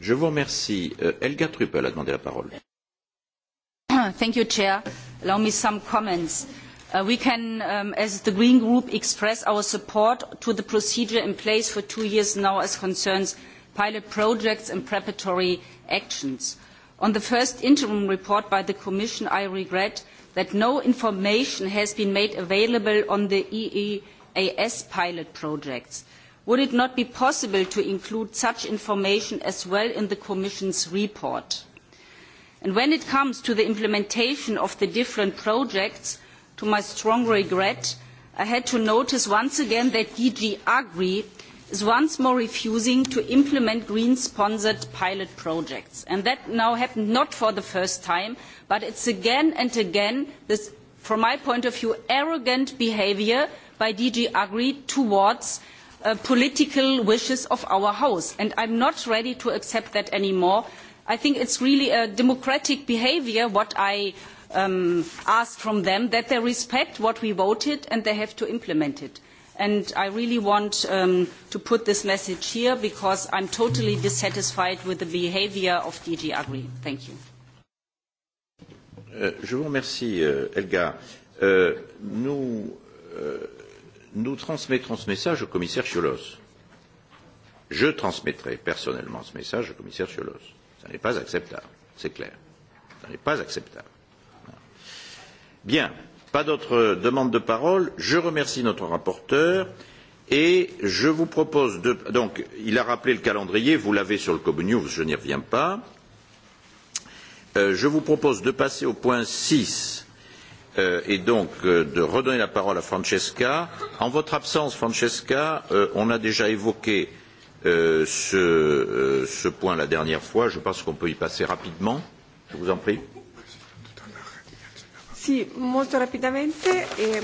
Je vous remercie. Euh, Helga Truppel a demandé la parole. Thank you, Chair. Allow me some comments. Uh, we can, um, as the Green Group, express our support to the procedure in place for two years now as concerns pilot projects and preparatory actions. On the first interim report by the Commission, I regret that no information has been made available on the EEAS pilot projects would it not be possible to include such information as well in the Commission's report? And when it comes to the implementation of the different projects, to my strong regret, I had to notice once again that DG Agri is once more refusing to implement green-sponsored pilot projects. And that now happened not for the first time, but it's again and again this, from my point of view, arrogant behavior by DG Agri towards uh, political wishes of our house. And I'm not ready to accept that anymore. I think it's really a democratic behavior what I um, asked from them, that they respect what we voted and they have to implement it. And I really want um, to put this message here because I'm totally dissatisfied with the behavior of DG Agri. Thank you. Euh, je vous remercie, euh, Elga. Euh, nous, euh, nous transmettrons ce message au commissaire Ciolo. Je transmettrai personnellement ce message au commissaire Ciolo. Ce n'est pas acceptable, c'est clair. Ce n'est pas acceptable. Bien, pas d'autres demandes de parole. Je remercie notre rapporteur et je vous propose de. Donc, il a rappelé le calendrier, vous l'avez sur le Cobu News, je n'y reviens pas. Euh, je vous propose de passer au point 6. Euh, et donc euh, de redonner la parole à Francesca. En votre absence, Francesca, euh, on a déjà évoqué ce, ce point la dernière fois. Je pense qu'on peut y passer rapidement. Je vous en prie. Sì, molto rapidamente. Ehm,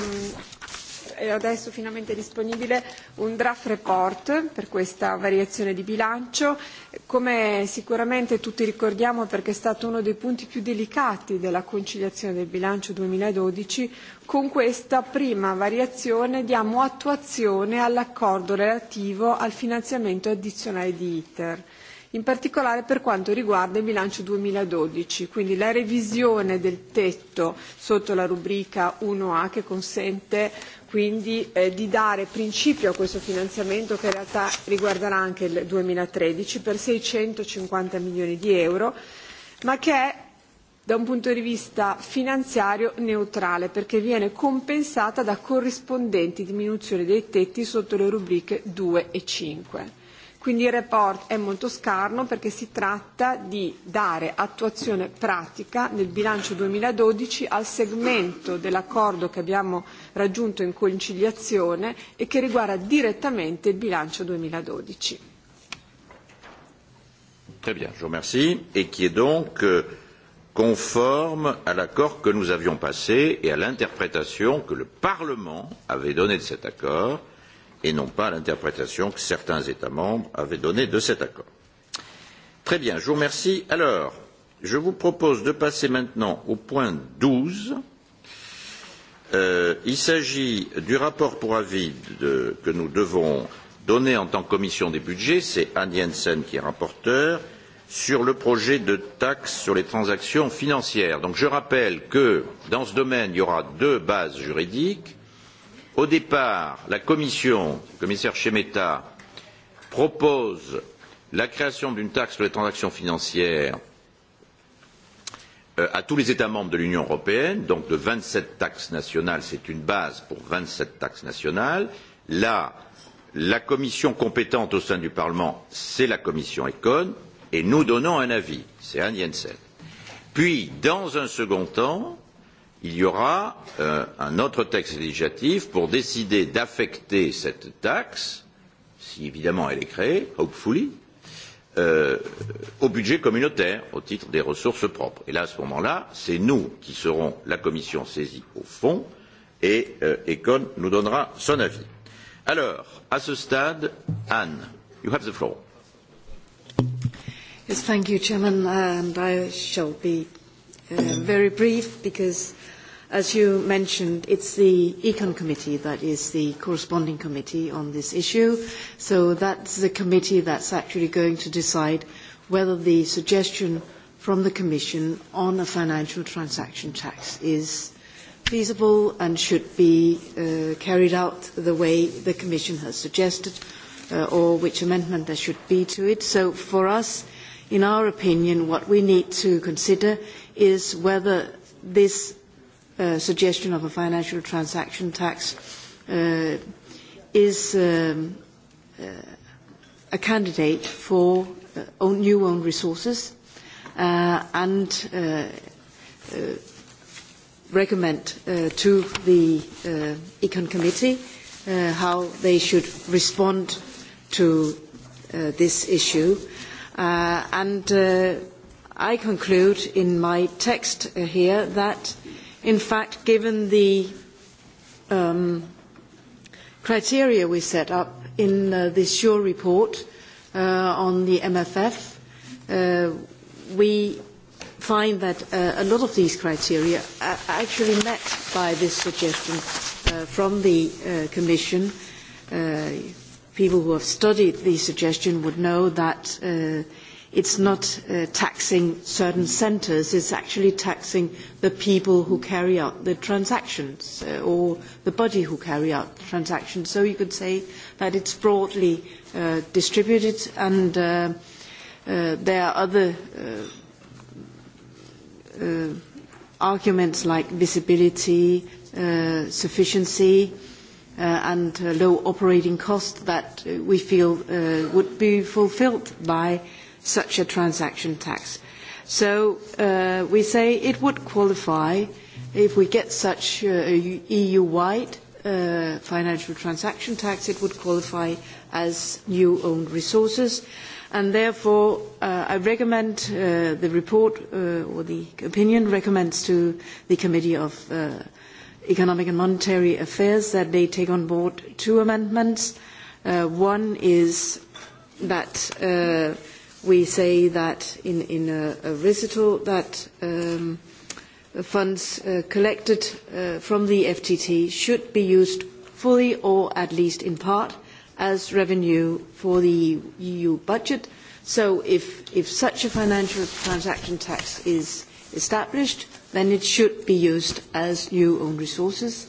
adesso finalmente disponibile un draft report per questa variazione di bilancio. Come sicuramente tutti ricordiamo, perché è stato uno dei punti più delicati della conciliazione del bilancio 2012, con questa prima variazione diamo attuazione all'accordo relativo al finanziamento addizionale di ITER in particolare per quanto riguarda il bilancio 2012, quindi la revisione del tetto sotto la rubrica 1A che consente quindi eh, di dare principio a questo finanziamento che in realtà riguarderà anche il 2013 per 650 milioni di euro, ma che è da un punto di vista finanziario neutrale perché viene compensata da corrispondenti diminuzioni dei tetti sotto le rubriche 2 e 5. Quindi il report è molto scarno perché si tratta di dare attuazione pratica nel bilancio 2012 al segmento dell'accordo che abbiamo raggiunto in conciliazione e che riguarda direttamente il bilancio 2012. Très bien, je vous remercie. Et qui est donc euh, conforme à l'accord que nous avions passé et à l'interprétation que le Parlement avait donnée de cet accord et non pas à l'interprétation que certains États membres avaient donnée de cet accord. Très bien, je vous remercie. Alors, je vous propose de passer maintenant au point 12 euh, il s'agit du rapport pour avis de, de, que nous devons donner en tant que commission des budgets, c'est Anne Jensen qui est rapporteur, sur le projet de taxe sur les transactions financières. Donc je rappelle que dans ce domaine, il y aura deux bases juridiques. Au départ, la commission, le commissaire Chemeta, propose la création d'une taxe sur les transactions financières Euh, à tous les États membres de l'Union européenne, donc de 27 taxes nationales, c'est une base pour 27 taxes nationales. Là, la commission compétente au sein du Parlement, c'est la commission ECON, et nous donnons un avis, c'est Anne Jensen. Puis, dans un second temps, il y aura euh, un autre texte législatif pour décider d'affecter cette taxe, si évidemment elle est créée, hopefully, euh, euh, au budget communautaire au titre des ressources propres. Et là, à ce moment-là, c'est nous qui serons la commission saisie au fond et euh, Econ nous donnera son avis. Alors, à ce stade, Anne, you have the floor. Yes, thank you, Chairman, and I shall be uh, very brief because As you mentioned, it's the Econ Committee that is the corresponding committee on this issue. So that's the committee that's actually going to decide whether the suggestion from the Commission on a financial transaction tax is feasible and should be uh, carried out the way the Commission has suggested uh, or which amendment there should be to it. So for us, in our opinion, what we need to consider is whether this Uh, suggestion of a financial transaction tax uh, is um, uh, a candidate for uh, own, new own resources uh, and uh, uh, recommend uh, to the uh, Econ Committee uh, how they should respond to uh, this issue. Uh, and uh, I conclude in my text uh, here that uh, in fact, given the um, criteria we set up in uh, this SURE report uh, on the MFF, uh, we find that uh, a lot of these criteria are actually met by this suggestion uh, from the uh, Commission. Uh, people who have studied the suggestion would know that uh, it's not uh, taxing certain centers, it's actually taxing the people who carry out the transactions uh, or the body who carry out the transactions. So you could say that it's broadly uh, distributed and uh, uh, there are other uh, uh, arguments like visibility, uh, sufficiency, uh, and uh, low operating costs that uh, we feel uh, would be fulfilled by uh, such a transaction tax. So uh, we say it would qualify if we get such uh, EU-wide uh, financial transaction tax, it would qualify as new owned resources. And therefore, uh, I recommend uh, the report uh, or the opinion recommends to the Committee of uh, Economic and Monetary Affairs that they take on board two amendments. Uh, one is that uh, we say that in, in a, a recital that um, funds uh, collected uh, from the FTT should be used fully or at least in part as revenue for the EU budget. So if, if such a financial transaction tax is established, then it should be used as new own resources.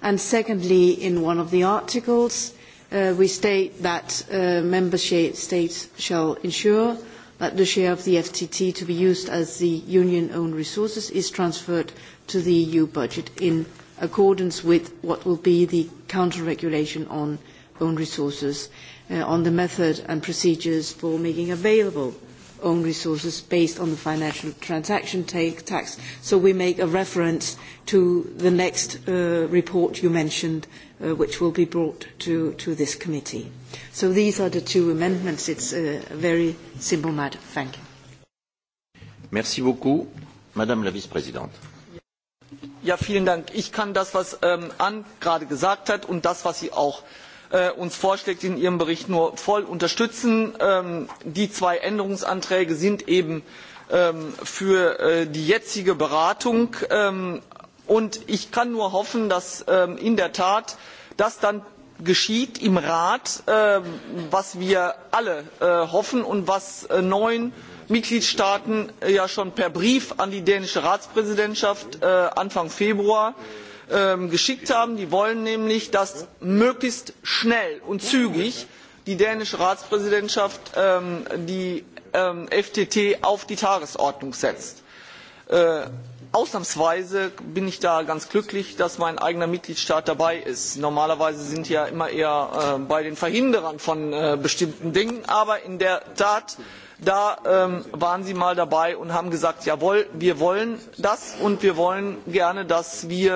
And secondly, in one of the articles, uh, uh, we state that uh, member states shall ensure that the share of the FTT to be used as the union-owned resources is transferred to the EU budget in accordance with what will be the counter-regulation on own resources uh, on the method and procedures for making available own resources based on the financial transaction take tax. So we make a reference to the next uh, report you mentioned, uh, which will be brought to, to this committee. So these are the two amendments. It's a very simple matter. Thank you. Merci beaucoup, Madame la Vice-Présidente. Ja, vielen Dank. Ich kann das, was ähm, Anne gerade gesagt hat und das, was sie auch Äh, uns vorschlägt in ihrem bericht nur voll unterstützen. Ähm, die zwei änderungsanträge sind eben ähm, für äh, die jetzige beratung ähm, und ich kann nur hoffen dass in der tat das dann geschieht im rat was wir alle äh, hoffen und was neun mitgliedstaaten ja schon per brief an die dänische ratspräsidentschaft anfang februar Ähm, geschickt haben die wollen nämlich dass möglichst schnell und zügig die dänische ratspräsidentschaft ähm, die ähm, ftt auf die tagesordnung setzt. Äh, ausnahmsweise bin ich da ganz glücklich dass mein eigener mitgliedstaat dabei ist. normalerweise sind wir ja immer eher äh, bei den verhinderern von äh, bestimmten dingen aber in der tat da ähm, waren sie mal dabei und haben gesagt jawohl wir wollen das und wir wollen gerne dass die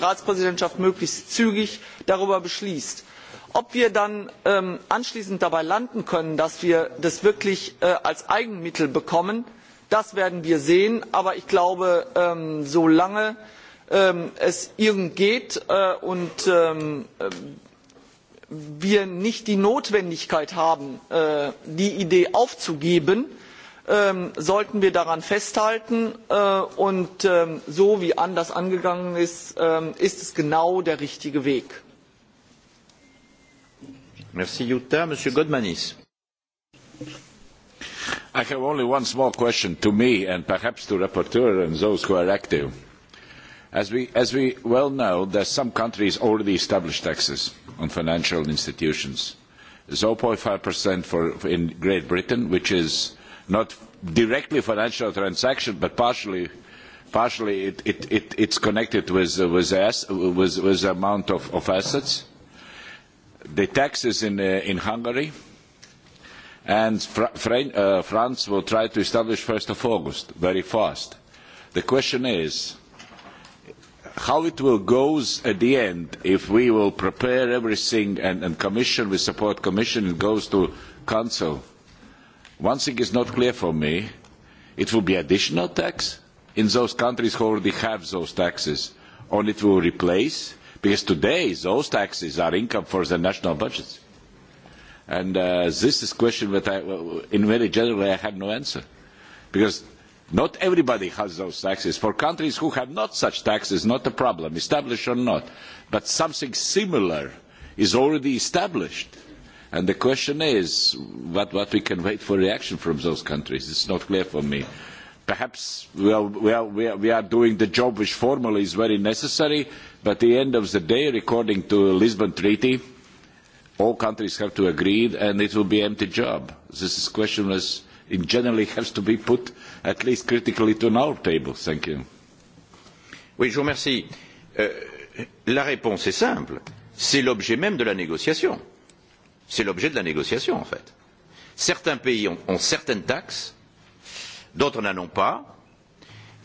ratspräsidentschaft möglichst zügig darüber beschließt. ob wir dann ähm, anschließend dabei landen können dass wir das wirklich äh, als eigenmittel bekommen das werden wir sehen. aber ich glaube ähm, solange es irgend geht äh, und wir nicht die notwendigkeit haben äh, die idee aufzugeben ähm, sollten wir daran festhalten äh, und ähm, so wie anders angegangen ist ähm, ist es genau der richtige weg. i have only one small question to me and perhaps to the rapporteur and those who are active. As we, as we well know, there are some countries already established taxes on financial institutions. 0.5% for, for in Great Britain, which is not directly financial transaction, but partially, partially it, it, it, it's connected with, uh, with, as, with, with the amount of, of assets. The taxes in, uh, in Hungary and Fr Fr uh, France will try to establish 1st of August, very fast. The question is, how it will go at the end, if we will prepare everything and, and commission, we support commission, it goes to council. One thing is not clear for me, it will be additional tax in those countries who already have those taxes, or it will replace, because today those taxes are income for the national budgets. And uh, this is a question that I, in very general, I have no answer. Because not everybody has those taxes. For countries who have not such taxes, not a problem, established or not, but something similar is already established. And the question is what, what we can wait for reaction from those countries. It's not clear for me. Perhaps we are, we, are, we, are, we are doing the job which formally is very necessary, but at the end of the day, according to the Lisbon Treaty, all countries have to agree and it will be an empty job. This is questionless. question in generally has to be put at least critically to on our table. Thank you. Oui, je vous remercie. Euh, la réponse est simple. C'est l'objet même de la négociation. C'est l'objet de la négociation, en fait. Certains pays ont, ont certaines taxes, d'autres n'en ont pas,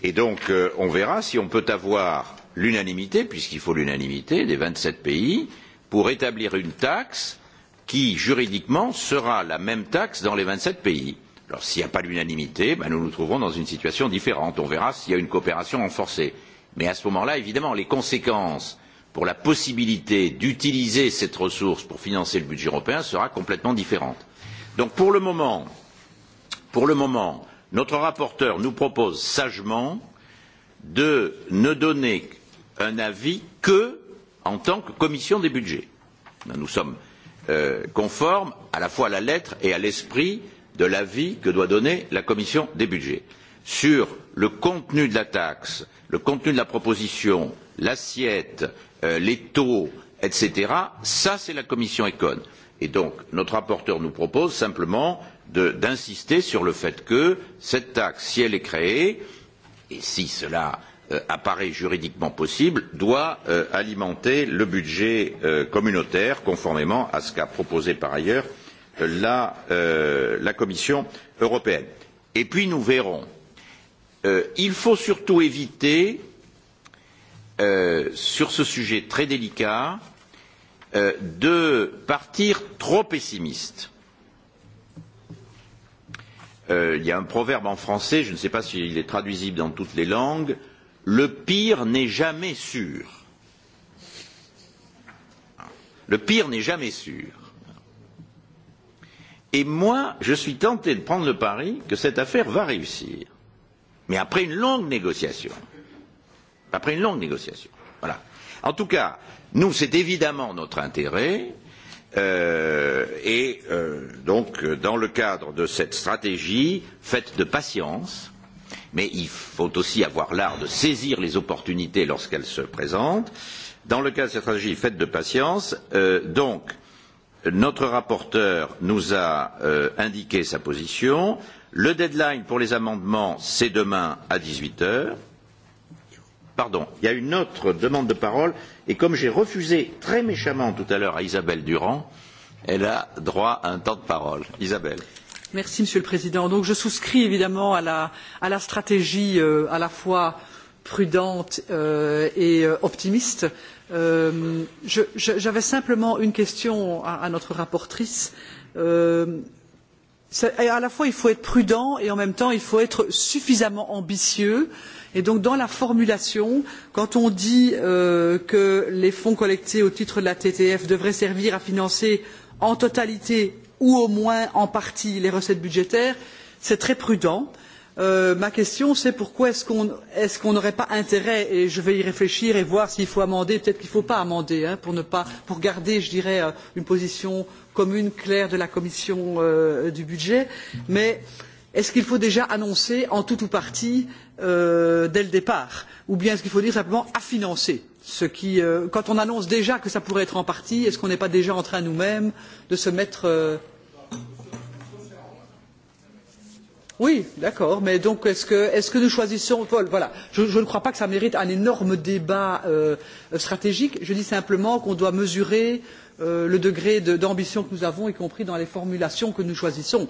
et donc euh, on verra si on peut avoir l'unanimité, puisqu'il faut l'unanimité des 27 pays, pour établir une taxe qui, juridiquement, sera la même taxe dans les 27 pays. Alors s'il n'y a pas l'unanimité, ben, nous nous trouverons dans une situation différente. On verra s'il y a une coopération renforcée. Mais à ce moment-là, évidemment, les conséquences pour la possibilité d'utiliser cette ressource pour financer le budget européen sera complètement différente. Donc pour le moment, pour le moment notre rapporteur nous propose sagement de ne donner un avis que en tant que commission des budgets. Nous sommes euh, conformes à la fois à la lettre et à l'esprit de l'avis que doit donner la commission des budgets. Sur le contenu de la taxe, le contenu de la proposition, l'assiette, euh, les taux, etc., ça c'est la commission Econ. Et donc notre rapporteur nous propose simplement d'insister sur le fait que cette taxe, si elle est créée, et si cela euh, apparaît juridiquement possible, doit euh, alimenter le budget euh, communautaire conformément à ce qu'a proposé par ailleurs Euh, la commission européenne. et puis nous verrons. Euh, il faut surtout éviter euh, sur ce sujet très délicat de partir trop pessimiste. il y a un proverbe en français je ne sais pas s'il est traduisible dans toutes les langues le pire n'est jamais sûr. le pire n'est jamais sûr et moi je suis tenté de prendre le pari que cette affaire va réussir mais après une longue négociation après une longue négociation voilà en tout cas nous c'est évidemment notre intérêt euh, et euh, donc dans le cadre de cette stratégie faite de patience mais il faut aussi avoir l'art de saisir les opportunités lorsqu'elles se présentent dans le cas de cette stratégie faite de patience euh, donc euh, notre rapporteur nous a euh, indiqué sa position le deadline pour les amendements c'est demain à dix huit heures pardon il y a une autre demande de parole et comme j'ai refusé très méchamment tout à l'heure à isabelle durand elle a droit à un temps de parole isabelle merci monsieur le président donc je souscris évidemment à la, à la stratégie euh, à la fois prudente euh, et euh, optimiste euh, Euh, j'avais simplement une question à, à notre rapporteure. Euh, à la fois, il faut être prudent et en même temps, il faut être suffisamment ambitieux. Et donc, dans la formulation, quand on dit euh, que les fonds collectés au titre de la TTF devraient servir à financer en totalité ou au moins en partie les recettes budgétaires, c'est très prudent. Euh, Euh, ma question c'est pourquoi est ce qu'on n'aurait pas intérêt et je vais y réfléchir et voir s'il faut amender peut être qu'il ne faut pas amender pour ne pas pour garder je dirais euh, une position commune claire de la commission euh, du budget mais est ce qu'il faut déjà annoncer en tout ou partie euh, dès le départ ou bien est ce qu'il faut dire simplement à financer ce qui euh, quand on annonce déjà que ça pourrait être en partie est ce qu'on n'est pas déjà en train nous mêmes de se mettre euh, oui d'accord mais donc est ce que est ce que nous choisissons voilà je, je ne crois pas que ça mérite un énorme débat euh, stratégique je dis simplement qu'on doit mesurer euh, le degré d'ambition de, que nous avons y compris dans les formulations que nous choisissons.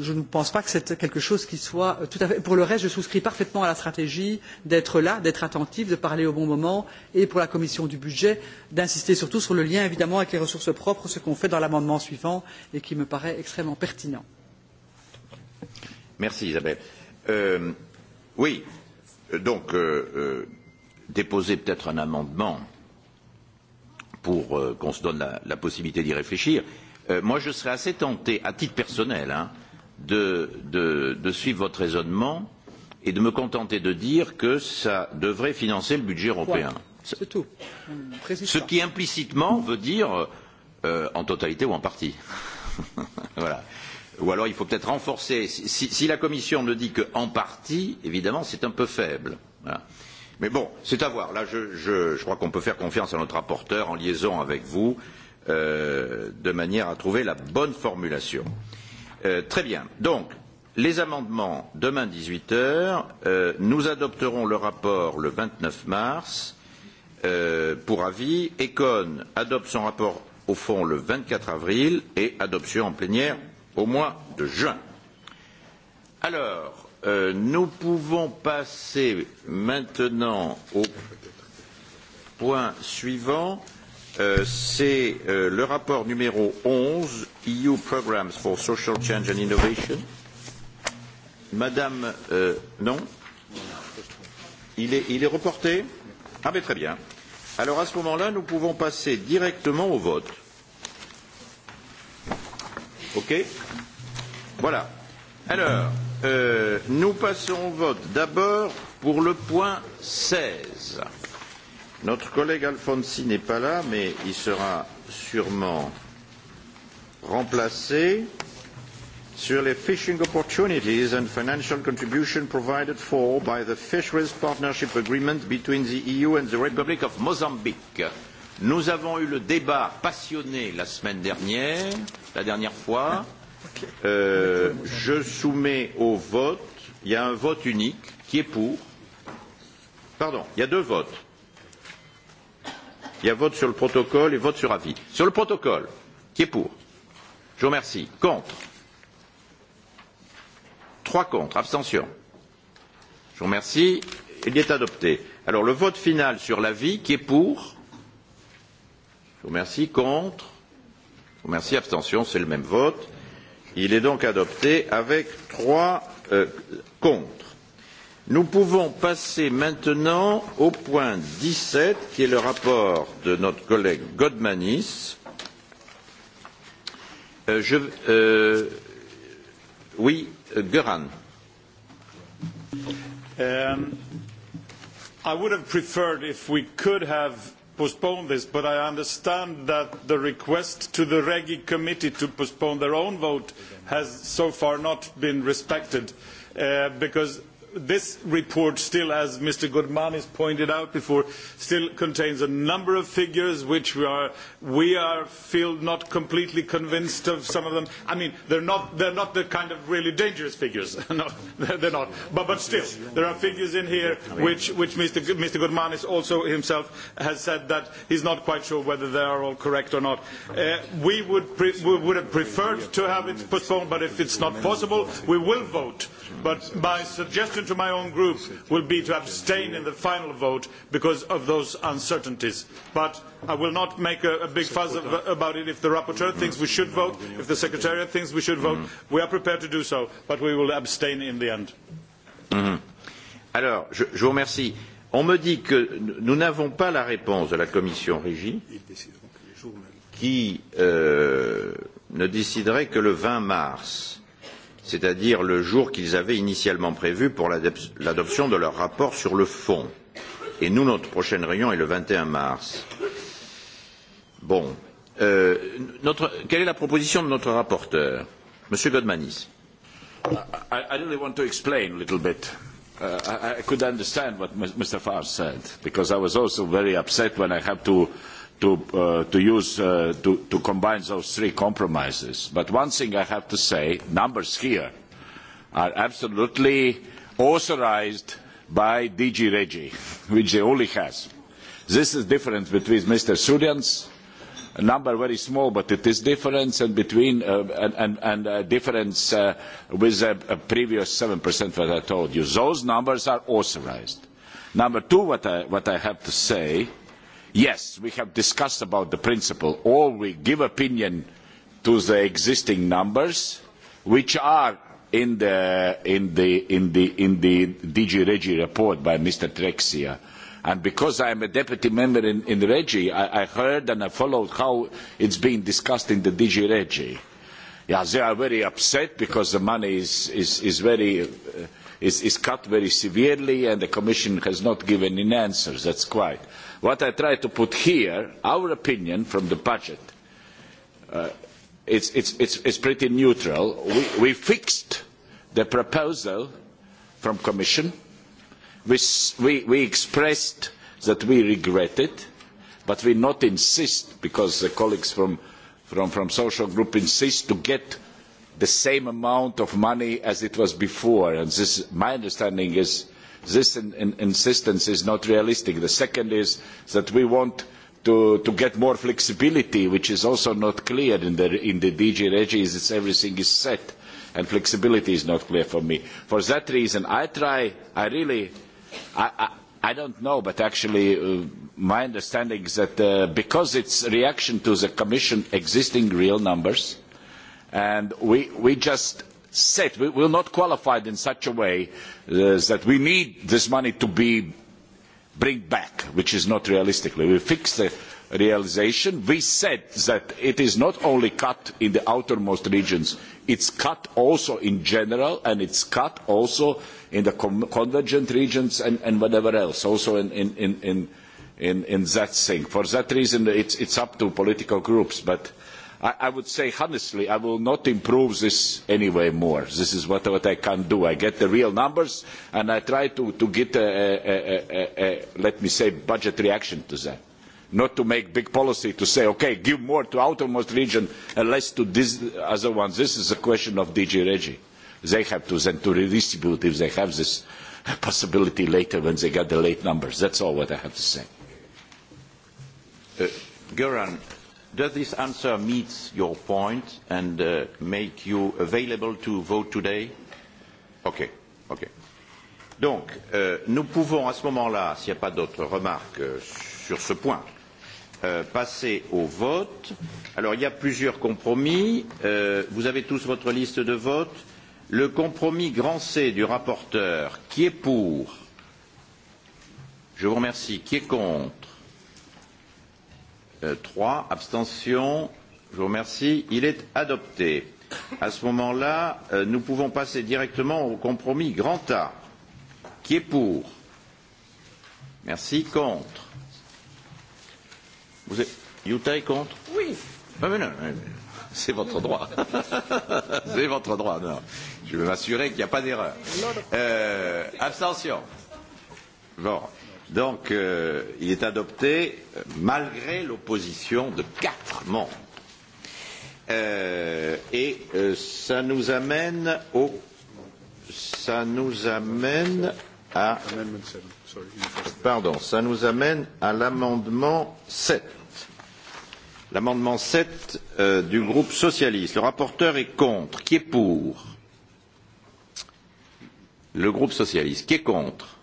Je ne pense pas que c'est quelque chose qui soit euh, tout à fait. Pour le reste, je souscris parfaitement à la stratégie d'être là, d'être attentif, de parler au bon moment, et pour la commission du budget, d'insister surtout sur le lien évidemment avec les ressources propres, ce qu'on fait dans l'amendement suivant et qui me paraît extrêmement pertinent. Merci Isabelle. Euh, oui, euh, donc euh, euh, déposer peut-être un amendement pour euh, qu'on se donne la, la possibilité d'y réfléchir. Euh, moi, je serais assez tenté, à titre personnel, hein, de, de, de suivre votre raisonnement et de me contenter de dire que ça devrait financer le budget européen. Ouais, c'est tout. Ce qui implicitement veut dire euh, en totalité ou en partie. voilà. Euh, Ou alors il faut peut-être renforcer. Si, si, si la Commission me dit qu'en partie, évidemment, c'est un peu faible. Voilà. Mais bon, c'est à voir. Là, je, je, je crois qu'on peut faire confiance à notre rapporteur en liaison avec vous, euh, de manière à trouver la bonne formulation. Euh, très bien. Donc, les amendements, demain 18h, euh, nous adopterons le rapport le 29 mars euh, pour avis. Econ adopte son rapport au fond le 24 avril et adoption en plénière au mois de juin. Alors, euh, nous pouvons passer maintenant au point suivant. Euh, C'est euh, le rapport numéro 11, EU Programs for Social Change and Innovation. Madame, euh, non il est, il est reporté Ah, mais très bien. Alors, à ce moment-là, nous pouvons passer directement au vote. OK Voilà. Alors, euh, nous passons au vote d'abord pour le point 16. Notre collègue Alfonsi n'est pas là, mais il sera sûrement remplacé sur les fishing opportunities and financial contribution provided for by the fisheries partnership agreement between the EU and the Republic of Mozambique. Nous avons eu le débat passionné la semaine dernière, la dernière fois. Euh, je soumets au vote, il y a un vote unique qui est pour. Pardon, il y a deux votes. Il y a vote sur le protocole et vote sur avis. Sur le protocole, qui est pour Je vous remercie. Contre Trois contre, abstention. Je vous remercie. Il est adopté. Alors le vote final sur l'avis, qui est pour vous remercie. Contre, je vous remercie. Abstention, c'est le même vote. Il est donc adopté avec trois euh, contre. Nous pouvons passer maintenant au point 17, qui est le rapport de notre collègue Godmanis. Euh, je, euh, oui, euh, Göran. Um, I would have preferred if we could have postpone this but i understand that the request to the regi committee to postpone their own vote has so far not been respected uh, because this report still, as Mr. Godmanis pointed out before, still contains a number of figures which we are, we are feel not completely convinced of some of them. I mean, they're not, they're not the kind of really dangerous figures. no, they're not. But, but still, there are figures in here which, which Mr. Mr. Godmanis also himself has said that he's not quite sure whether they are all correct or not. Uh, we, would pre- we would have preferred to have it postponed, but if it's not possible, we will vote. But my suggestion to my own group will be to abstain in the final vote because of those uncertainties but i will not make a, a big fuss of, about it if the rapporteur thinks we should vote if the secretariat thinks we should vote mm-hmm. we are prepared to do so but we will abstain in the end mm -hmm. alors je, je vous remercie on me dit que nous n'avons pas la réponse de la commission régie qui euh, ne déciderait que le 20 mars c'est-à-dire le jour qu'ils avaient initialement prévu pour l'adoption de leur rapport sur le fond. Et nous, notre prochaine réunion est le 21 mars. Bon. Euh, notre, quelle est la proposition de notre rapporteur, Monsieur Godmanis I, I really want to explain a little bit. Uh, I, I could understand what Mr. Farr said, because I was also very upset when I had to uh, to, uh, to use uh, to, to combine those three compromises. But one thing I have to say, numbers here are absolutely authorized by DG Regi, which they only has. This is different between Mr. Sudian's a number very small, but it is difference and between uh, and, and, and uh, difference uh, with the uh, previous seven percent that I told you. Those numbers are authorized. Number two, what I, what I have to say yes we have discussed about the principle or we give opinion to the existing numbers which are in the in the in the in the DG Regi report by Mr Trexia. And because I am a deputy member in, in Regi, I, I heard and I followed how it's being discussed in the DG Regi. Yeah, they are very upset because the money is, is, is very uh, is, is cut very severely and the Commission has not given in answers, that's quite what I try to put here, our opinion from the budget, uh, it's, it's, it's, it's pretty neutral. We, we fixed the proposal from Commission. We, we, we expressed that we regret it, but we not insist, because the colleagues from, from, from social group insist to get the same amount of money as it was before. And this, my understanding is this in, in, insistence is not realistic. The second is that we want to, to get more flexibility, which is also not clear in the, in the DG regis. It's everything is set, and flexibility is not clear for me. For that reason, I try, I really, I, I, I don't know, but actually, uh, my understanding is that uh, because it's reaction to the Commission existing real numbers, and we, we just set. We, we're not qualified in such a way uh, that we need this money to be bring back, which is not realistically. We fixed the realization. We said that it is not only cut in the outermost regions, it's cut also in general, and it's cut also in the com- convergent regions and, and whatever else, also in, in, in, in, in, in that thing. For that reason, it's, it's up to political groups, but... I, I would say honestly, I will not improve this anyway more. This is what, what I can do. I get the real numbers and I try to, to get a, a, a, a, a, let me say, budget reaction to that. Not to make big policy to say, okay, give more to outermost region and less to this other ones. This is a question of DG Regi. They have to then to redistribute if they have this possibility later when they get the late numbers. That's all what I have to say. Uh, Göran. Does this answer meet your point and uh, make you available to vote today Ok, ok. Donc, euh, nous pouvons à ce moment-là, s'il n'y a pas d'autres remarques euh, sur ce point, euh, passer au vote. Alors, il y a plusieurs compromis. Euh, vous avez tous votre liste de votes. Le compromis grand C du rapporteur, qui est pour Je vous remercie. Qui est contre 3. Euh, abstention. Je vous remercie. Il est adopté. À ce moment-là, euh, nous pouvons passer directement au compromis grand A. Qui est pour Merci. Contre Vous êtes... Utah est contre Oui. Ah, mais non, mais... C'est votre droit. C'est votre droit. Non. Je veux m'assurer qu'il n'y a pas d'erreur. Euh, abstention. Bon. Euh, Donc, euh, il est adopté malgré l'opposition de quatre membres. Euh, et euh, ça nous amène au. Ça nous amène à. Pardon, ça nous amène à l'amendement 7. L'amendement 7 euh, du groupe socialiste. Le rapporteur est contre. Qui est pour Le groupe socialiste. Qui est contre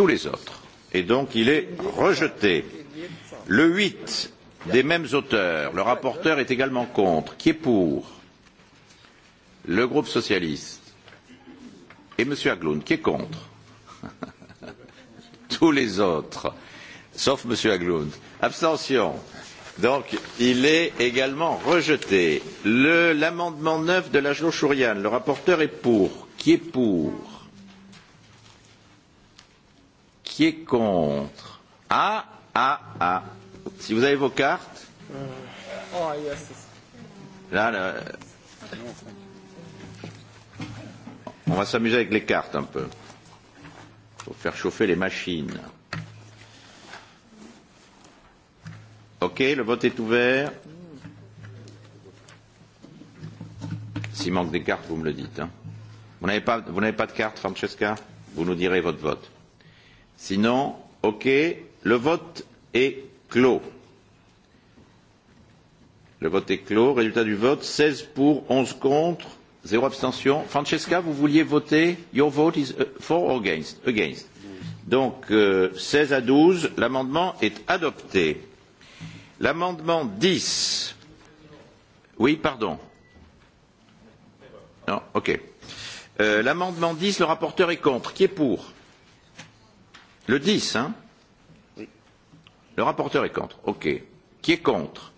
tous les autres et donc il est rejeté. Le 8 des mêmes auteurs, le rapporteur est également contre. Qui est pour Le groupe socialiste et M. Agloun, qui est contre Tous les autres, sauf M. Agloun. Abstention. Donc, il est également rejeté. L'amendement 9 de la Chourian, le rapporteur est pour. Qui est pour qui est contre Ah, ah, ah. Si vous avez vos cartes. Euh, oh, là, là. On va s'amuser avec les cartes un peu. Pour faire chauffer les machines. Ok, le vote est ouvert. S'il manque des cartes, vous me le dites. Hein. Vous n'avez pas, pas de cartes, Francesca Vous nous direz votre vote sinon ok le vote est clos le vote est clos résultat du vote 16 pour 11 contre zéro abstention Francesca vous vouliez voter your vote is uh, for or against against donc euh, 16 à 12 l'amendement est adopté l'amendement 10 oui pardon non ok euh, l'amendement 10 le rapporteur est contre qui est pour Le 10, hein Oui. Le rapporteur est contre. OK. Qui est contre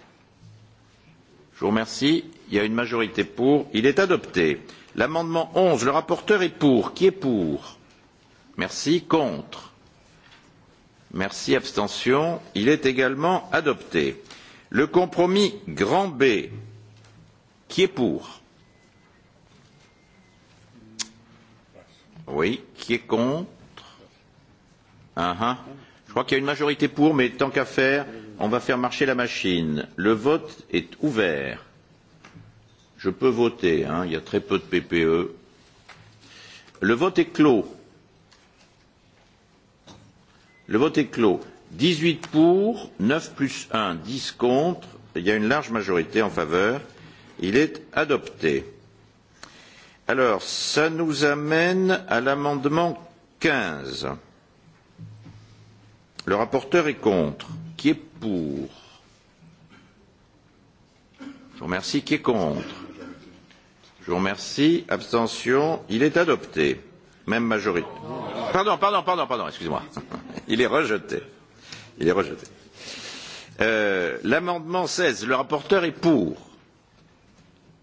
Je vous remercie. Il y a une majorité pour. Il est adopté. L'amendement 11, le rapporteur est pour. Qui est pour Merci. Contre Merci. Abstention. Il est également adopté. Le compromis grand B, qui est pour Oui. Qui est contre uh -huh. Je crois qu'il y a une majorité pour, mais tant qu'à faire, on va faire marcher la machine. Le vote est ouvert. Je peux voter, hein, il y a très peu de PPE. Le vote est clos. Le vote est clos. 18 pour, 9 plus 1, 10 contre. Il y a une large majorité en faveur. Il est adopté. Alors, ça nous amène à l'amendement 15. Le rapporteur est contre. Qui est pour Je vous remercie. Qui est contre Je vous remercie. Abstention. Il est adopté. Même majorité. Pardon, pardon, pardon, pardon, excusez-moi. Il est rejeté. Il est rejeté. Euh, L'amendement 16, le rapporteur est pour.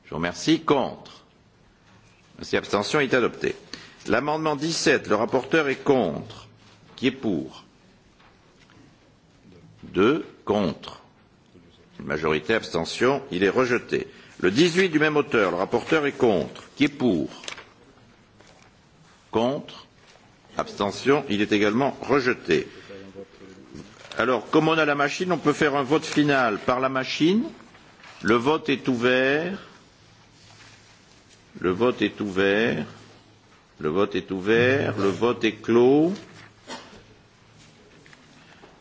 Je vous remercie. Contre. Merci. Abstention. Il est adopté. L'amendement 17, le rapporteur est contre. Qui est pour 2 contre. Majorité abstention, il est rejeté. Le 18 du même auteur, le rapporteur est contre. Qui est pour Contre. Abstention, il est également rejeté. Alors, comme on a la machine, on peut faire un vote final par la machine. Le vote est ouvert. Le vote est ouvert. Le vote est ouvert. Le vote est clos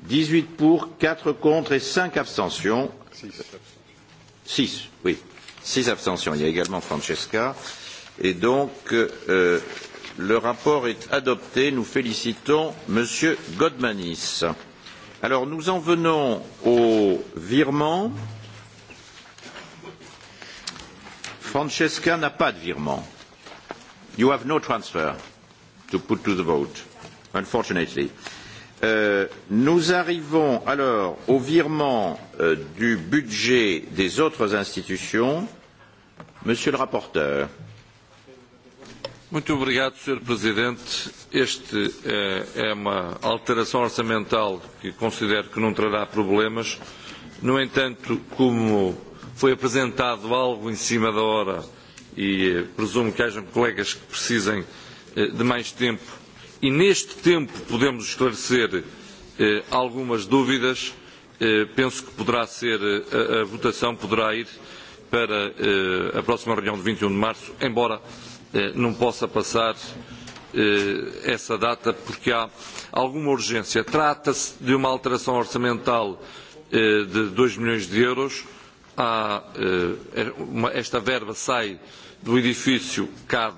dix huit pour quatre contre et cinq abstentions six oui six abstentions il y a également francesca et donc euh, le rapport est adopté nous félicitons monsieur godmanis alors nous en venons au virement francesca n'a pas de virement you have no transfer to put to the vote unfortunately Euh, nous arrivons alors au virement euh, du budget des autres institutions. Monsieur le rapporteur. Muito obrigado, Sr. Presidente. Este é, eh, é uma alteração orçamental que considero que não trará problemas. No entanto, como foi apresentado algo em cima da hora e eh, presumo que hajam colegas que precisem eh, de mais tempo e neste tempo podemos esclarecer eh, algumas dúvidas, eh, penso que poderá ser, eh, a votação poderá ir para eh, a próxima reunião de 21 e um de março, embora eh, não possa passar eh, essa data, porque há alguma urgência. Trata-se de uma alteração orçamental eh, de 2 milhões de euros, há, eh, uma, esta verba sai do edifício CAD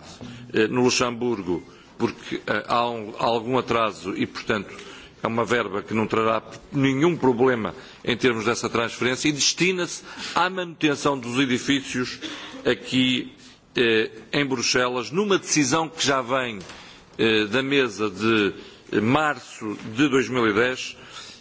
eh, no Luxemburgo, porque eh, há, um, há algum atraso e, portanto, é uma verba que não trará nenhum problema em termos dessa transferência e destina-se à manutenção dos edifícios aqui eh, em Bruxelas, numa decisão que já vem eh, da mesa de eh, março de 2010.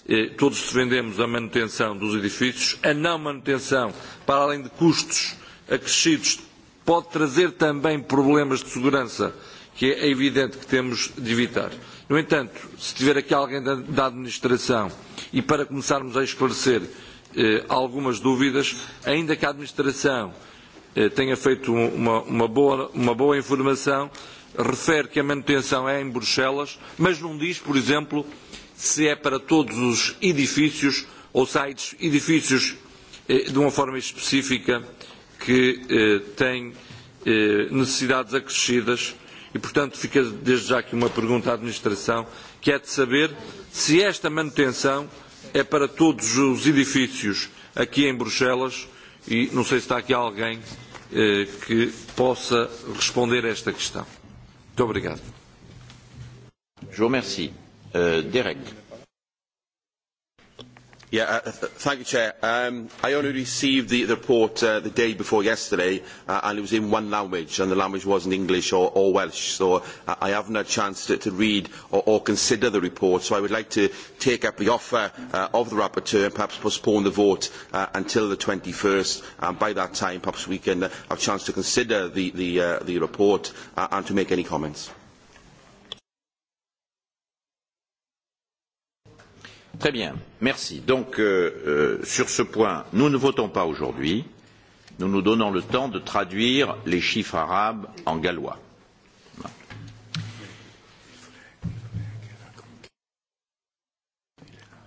E eh, todos defendemos a manutenção dos edifícios. A não manutenção, para além de custos acrescidos, pode trazer também problemas de segurança eh, que é evidente que temos de evitar. No entanto, se tiver aqui alguém da, da administração e para começarmos a esclarecer eh, algumas dúvidas, ainda que a administração eh, tenha feito um, uma, uma, boa, uma boa informação, refere que a manutenção é em Bruxelas, mas não diz, por exemplo, se é para todos os edifícios ou sites edifícios eh, de uma forma específica que eh, têm eh, necessidades acrescidas. E, portanto, fica desde já aqui uma pergunta à administração, que é de saber se esta manutenção é para todos os edifícios aqui em Bruxelas, e não sei se está aqui alguém eh, que possa responder a esta questão. Muito obrigado. Eu, merci. Uh, eh, Derek. Uh, um, i only received the report uh, the day before yesterday uh, and it was in one language and the language was not english or welsh so i have not had a chance to read or consider the report so i would like to take up the offer of the rapporteur and perhaps postpone the vote until the twenty first and by that time perhaps we can have a chance to consider the report and to make any comments. Très bien, merci. Donc, euh, euh, sur ce point, nous ne votons pas aujourd'hui. Nous nous donnons le temps de traduire les chiffres arabes en gallois.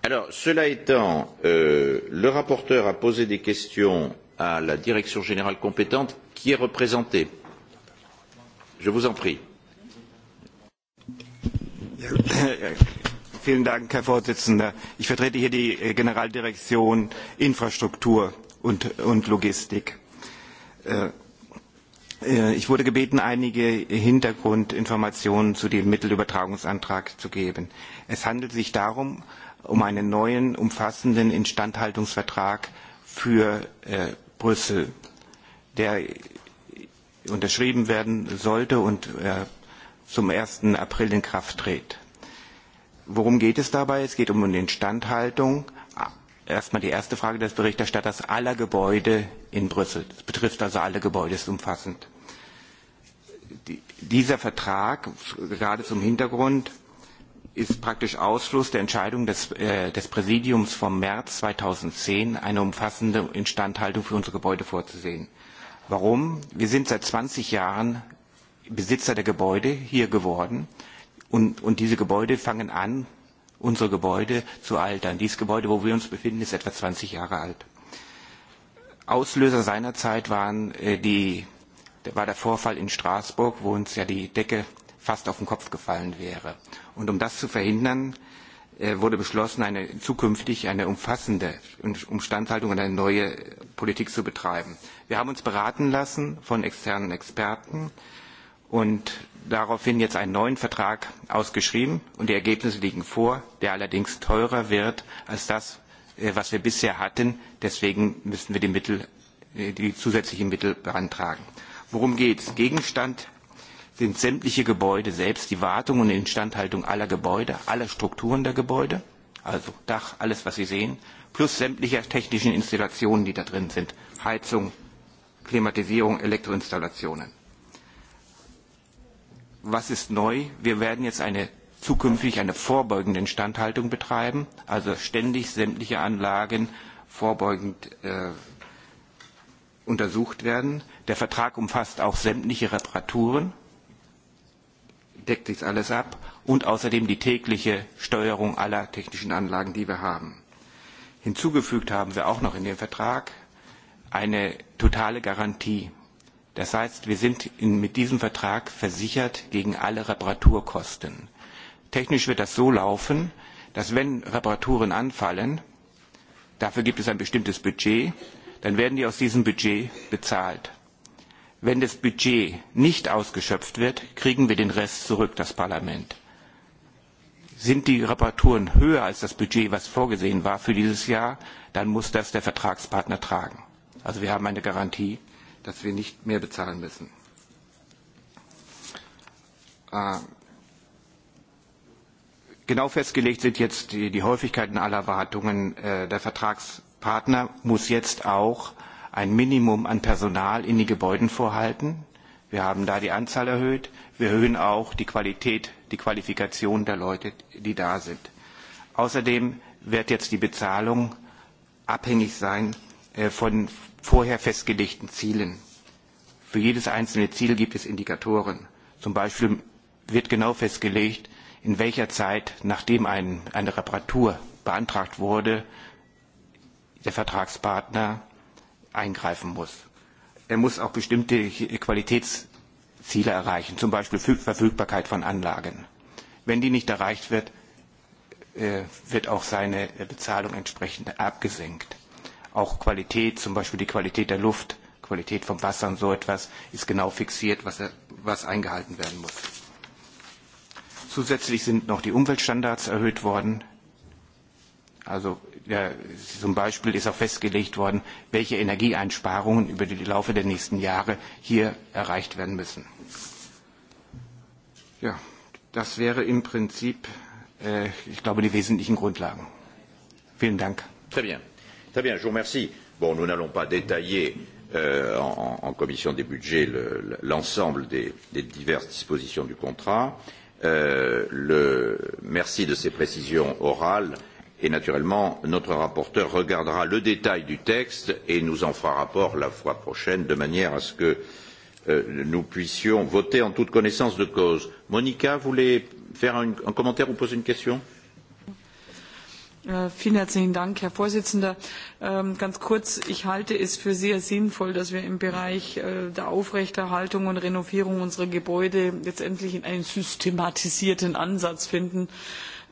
Alors, cela étant, euh, le rapporteur a posé des questions à la direction générale compétente qui est représentée. Je vous en prie. herr präsident! ich vertrete hier die äh, generaldirektion infrastruktur und logistik. Äh, äh, ich wurde gebeten einige hintergrundinformationen zu dem mittelübertragungsantrag zu geben. es handelt sich darum um einen neuen umfassenden instandhaltungsvertrag für brüssel der unterschrieben werden sollte und zum. eins april in kraft tritt worum geht es dabei? Es geht um die Instandhaltung. Erstmal die erste Frage des Berichterstatters aller Gebäude in Brüssel. Das betrifft also alle Gebäude, ist umfassend. Die, dieser Vertrag, gerade zum Hintergrund, ist praktisch Ausschluss der Entscheidung des, äh, des Präsidiums vom März 2010, eine umfassende Instandhaltung für unsere Gebäude vorzusehen. Warum? Wir sind seit 20 Jahren Besitzer der Gebäude hier geworden. Und, und diese Gebäude fangen an, unsere Gebäude zu altern. Dieses Gebäude, wo wir uns befinden, ist etwa 20 Jahre alt. Auslöser seinerzeit waren äh, die, war der Vorfall in Straßburg, wo uns ja die Decke fast auf den Kopf gefallen wäre. Und um das zu verhindern, äh, wurde beschlossen, eine zukünftig eine umfassende Umstandhaltung und eine neue Politik zu betreiben. Wir haben uns beraten lassen von externen Experten und daraufhin jetzt einen neuen Vertrag ausgeschrieben. Und die Ergebnisse liegen vor, der allerdings teurer wird als das, äh, was wir bisher hatten. Deswegen müssen wir die, Mittel, äh, die zusätzlichen Mittel beantragen. Worum geht es? Gegenstand sind sämtliche Gebäude selbst, die Wartung und Instandhaltung aller Gebäude, aller Strukturen der Gebäude, also Dach, alles, was Sie sehen, plus sämtliche technischen Installationen, die da drin sind, Heizung, Klimatisierung, Elektroinstallationen was ist neu? Wir werden jetzt eine zukünftig eine vorbeugende Instandhaltung betreiben, also ständig sämtliche Anlagen vorbeugend äh, untersucht werden. Der Vertrag umfasst auch sämtliche Reparaturen, deckt sich alles ab und außerdem die tägliche Steuerung aller technischen Anlagen, die wir haben. Hinzugefügt haben wir auch noch in den Vertrag eine totale Garantie Das heißt, wir sind in, mit diesem Vertrag versichert gegen alle Reparaturkosten. Technisch wird das so laufen, dass wenn Reparaturen anfallen, dafür gibt es ein bestimmtes Budget, dann werden die aus diesem Budget bezahlt. Wenn das Budget nicht ausgeschöpft wird, kriegen wir den Rest zurück, das Parlament. Sind die Reparaturen höher als das Budget, was vorgesehen war für dieses Jahr, dann muss das der Vertragspartner tragen. Also wir haben eine Garantie dass wir nicht mehr bezahlen müssen. Äh, genau festgelegt sind jetzt die, die Häufigkeiten aller Erwartungen. Äh, der Vertragspartner muss jetzt auch ein Minimum an Personal in die Gebäuden vorhalten. Wir haben da die Anzahl erhöht. Wir erhöhen auch die Qualität, die Qualifikation der Leute, die da sind. Außerdem wird jetzt die Bezahlung abhängig sein, Äh, von vorher festgelegten Zielen. Für jedes einzelne Ziel gibt es Indikatoren. Zum Beispiel wird genau festgelegt, in welcher Zeit, nachdem ein, eine Reparatur beantragt wurde, der Vertragspartner eingreifen muss. Er muss auch bestimmte Qualitätsziele erreichen, zum Beispiel Verfügbarkeit von Anlagen. Wenn die nicht erreicht wird, äh, wird auch seine Bezahlung entsprechend abgesenkt auch Qualität, zum Beispiel die Qualität der Luft, Qualität vom Wasser und so etwas, ist genau fixiert, was, was eingehalten werden muss. Zusätzlich sind noch die Umweltstandards erhöht worden. Also ja, zum Beispiel ist auch festgelegt worden, welche Energieeinsparungen über den Laufe der nächsten Jahre hier erreicht werden müssen. Ja, das wäre im Prinzip, äh, ich glaube, die wesentlichen Grundlagen. Vielen Dank. Sehr bien. Très bien, je vous remercie. Bon, nous n'allons pas détailler euh, en, en commission des budgets l'ensemble le, des, des diverses dispositions du contrat. Euh, le, merci de ces précisions orales. Et naturellement, notre rapporteur regardera le détail du texte et nous en fera rapport la fois prochaine de manière à ce que euh, nous puissions voter en toute connaissance de cause. Monica, vous voulez faire un, un commentaire ou poser une question Äh, vielen herzlichen Dank, Herr Vorsitzender. Ähm, ganz kurz, ich halte es für sehr sinnvoll, dass wir im Bereich äh, der Aufrechterhaltung und Renovierung unserer Gebäude letztendlich einen systematisierten Ansatz finden.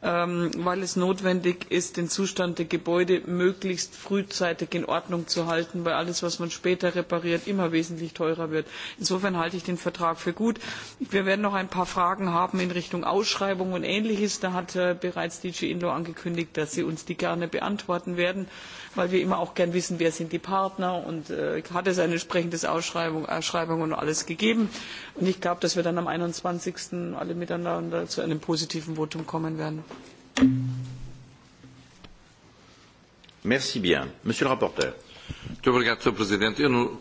Ähm, weil es notwendig ist, den Zustand der Gebäude möglichst frühzeitig in Ordnung zu halten, weil alles, was man später repariert, immer wesentlich teurer wird. Insofern halte ich den Vertrag für gut. Wir werden noch ein paar Fragen haben in Richtung Ausschreibung und Ähnliches. Da hat äh, bereits DJ Inlo angekündigt, dass sie uns die gerne beantworten werden, weil wir immer auch gern wissen, wer sind die Partner und äh, hat es eine entsprechende Ausschreibung Erschreibung und alles gegeben. Und ich glaube, dass wir dann am 21. alle miteinander zu einem positiven Votum kommen werden. Merci bien. Monsieur le rapporteur. Muito obrigado, Sr. Presidente. Eu não,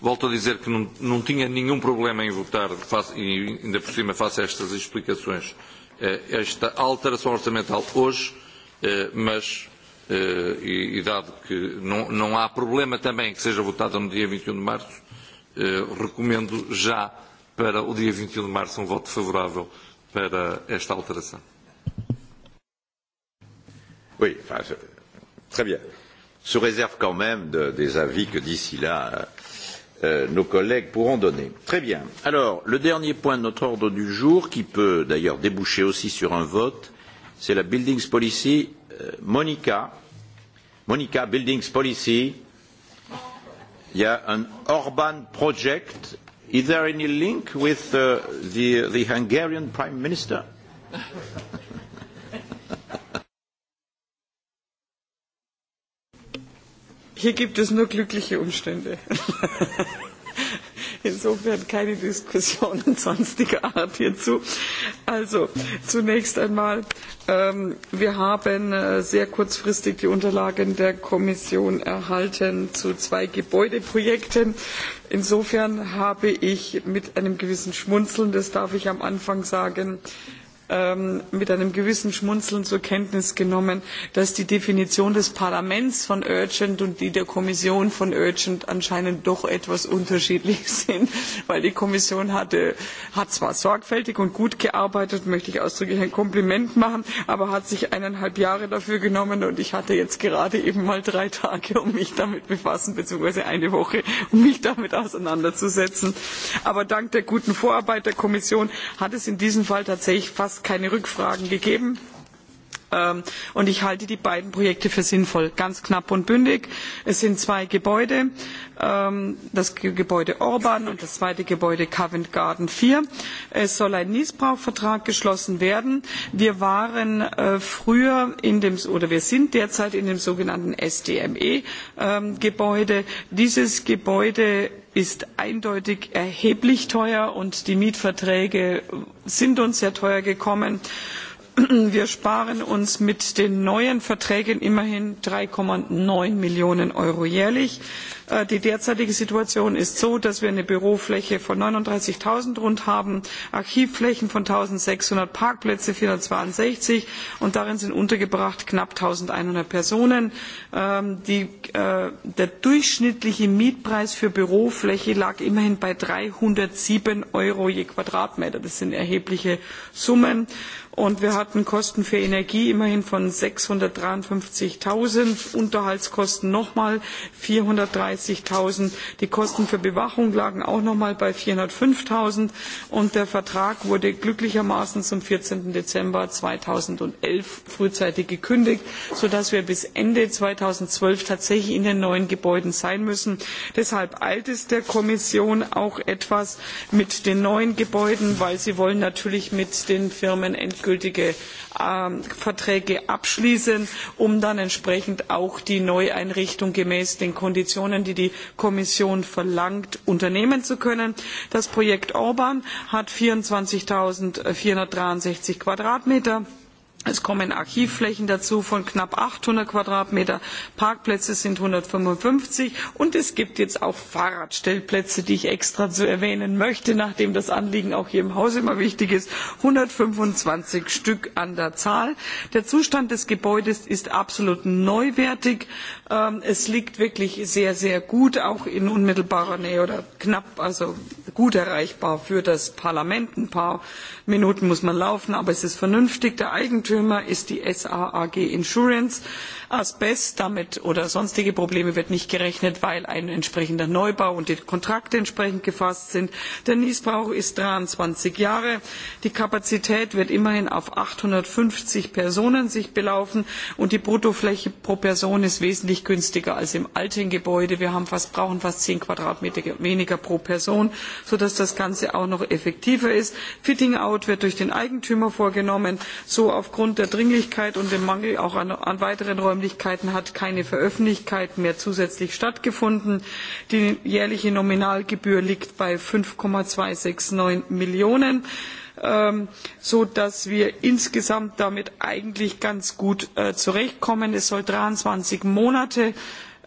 volto a dizer que não, não tinha nenhum problema em votar, face, e ainda por cima, face a estas explicações, eh, esta alteração orçamental hoje, eh, mas, eh, e, e dado que não, não há problema também que seja votada no dia 21 e um de março, recomendo já para o dia 21 e um de março um voto favorável para esta alteração. Oui, enfin, je... très bien. Sous réserve quand même de, des avis que d'ici là euh, euh, nos collègues pourront donner. Très bien. Alors, le dernier point de notre ordre du jour, qui peut d'ailleurs déboucher aussi sur un vote, c'est la Buildings Policy euh, Monica. Monica, Buildings Policy. Il y a un Orban Project. Is there any link with uh, the, the Hungarian Prime Minister? Hier gibt es nur glückliche Umstände. Insofern keine Diskussionen sonstiger Art hierzu. Also zunächst einmal, ähm, wir haben äh, sehr kurzfristig die Unterlagen der Kommission erhalten zu zwei Gebäudeprojekten. Insofern habe ich mit einem gewissen Schmunzeln, das darf ich am Anfang sagen, äh, ähm, mit einem gewissen Schmunzeln zur Kenntnis genommen, dass die Definition des Parlaments von urgent und die der Kommission von urgent anscheinend doch etwas unterschiedlich sind, weil die Kommission hatte, hat zwar sorgfältig und gut gearbeitet, möchte ich ausdrücklich ein Kompliment machen, aber hat sich eineinhalb Jahre dafür genommen und ich hatte jetzt gerade eben mal drei Tage, um mich damit befassen, beziehungsweise eine Woche, um mich damit auseinanderzusetzen. Aber dank der guten Vorarbeit der Kommission hat es in diesem Fall tatsächlich fast keine rückfragen gegeben. Ähm, und ich halte die beiden projekte für sinnvoll ganz knapp und bündig. es sind zwei gebäude ähm, das gebäude orbn und das zweite gebäude covent garden. vier es soll ein nießbrauchvertrag geschlossen werden. wir waren äh, früher in dem oder wir sind derzeit in dem sogenannten sdme ähm, gebäude. dieses gebäude ist eindeutig erheblich teuer und die mietverträge sind uns sehr teuer gekommen. wir sparen uns mit den neuen verträgen immerhin drei neun millionen euro jährlich. Äh, die derzeitige situation ist so dass wir eine bürofläche von rund neununddreißig null haben archivflächen von eins sechshundert parkplätze vierhundertzweiundsechzig und darin sind untergebracht knapp eins einhundert personen. Ähm, äh, der durchschnittliche mietpreis für bürofläche lag immerhin bei dreihundertsieben euro je quadratmeter das sind erhebliche summen und wir hatten Kosten für Energie immerhin von 653.000, Unterhaltskosten nochmal 430.000, die Kosten für Bewachung lagen auch nochmal bei 405.000 und der Vertrag wurde glücklichermaßen zum 14. Dezember 2011 frühzeitig gekündigt, sodass wir bis Ende 2012 tatsächlich in den neuen Gebäuden sein müssen. Deshalb eilt es der Kommission auch etwas mit den neuen Gebäuden, weil sie wollen natürlich mit den Firmen endgültig endgültige ähm, verträge abschließen um dann entsprechend auch die neueinrichtung gemäß den konditionen die die kommission verlangt unternehmen zu können. das projekt orbn hat vierundzwanzig vierhundertdreiundsechzig quadratmeter Es kommen Archivflächen dazu von knapp 800 Quadratmeter, Parkplätze sind 155 und es gibt jetzt auch Fahrradstellplätze, die ich extra zu erwähnen möchte, nachdem das Anliegen auch hier im Haus immer wichtig ist, 125 Stück an der Zahl. Der Zustand des Gebäudes ist absolut neuwertig. Ähm, es liegt wirklich sehr, sehr gut, auch in unmittelbarer Nähe oder knapp, also gut erreichbar für das Parlament. Ein paar Minuten muss man laufen, aber es ist vernünftig. Der Eigentümer ist die SAAG Insurance asbest oder sonstige probleme wird nicht gerechnet weil ein entsprechender neubau und die kontrakte entsprechend gefasst sind der nießbrauch ist dreiundzwanzig jahre die kapazität wird sich immerhin auf achthundertfünfzig personen belaufen und die bruttofläche pro person ist wesentlich günstiger als im alten gebäude wir brauchen fast zehn quadratmeter weniger pro person sodass das ganze auch noch effektiver ist. fitting out wird durch den eigentümer vorgenommen so aufgrund der dringlichkeit und des mangels an weiteren räumlichkeiten Räumlichkeiten hat keine Veröffentlichkeit mehr zusätzlich stattgefunden. Die jährliche Nominalgebühr liegt bei 5,269 Millionen, ähm, so dass wir insgesamt damit eigentlich ganz gut äh, zurechtkommen. Es soll 23 Monate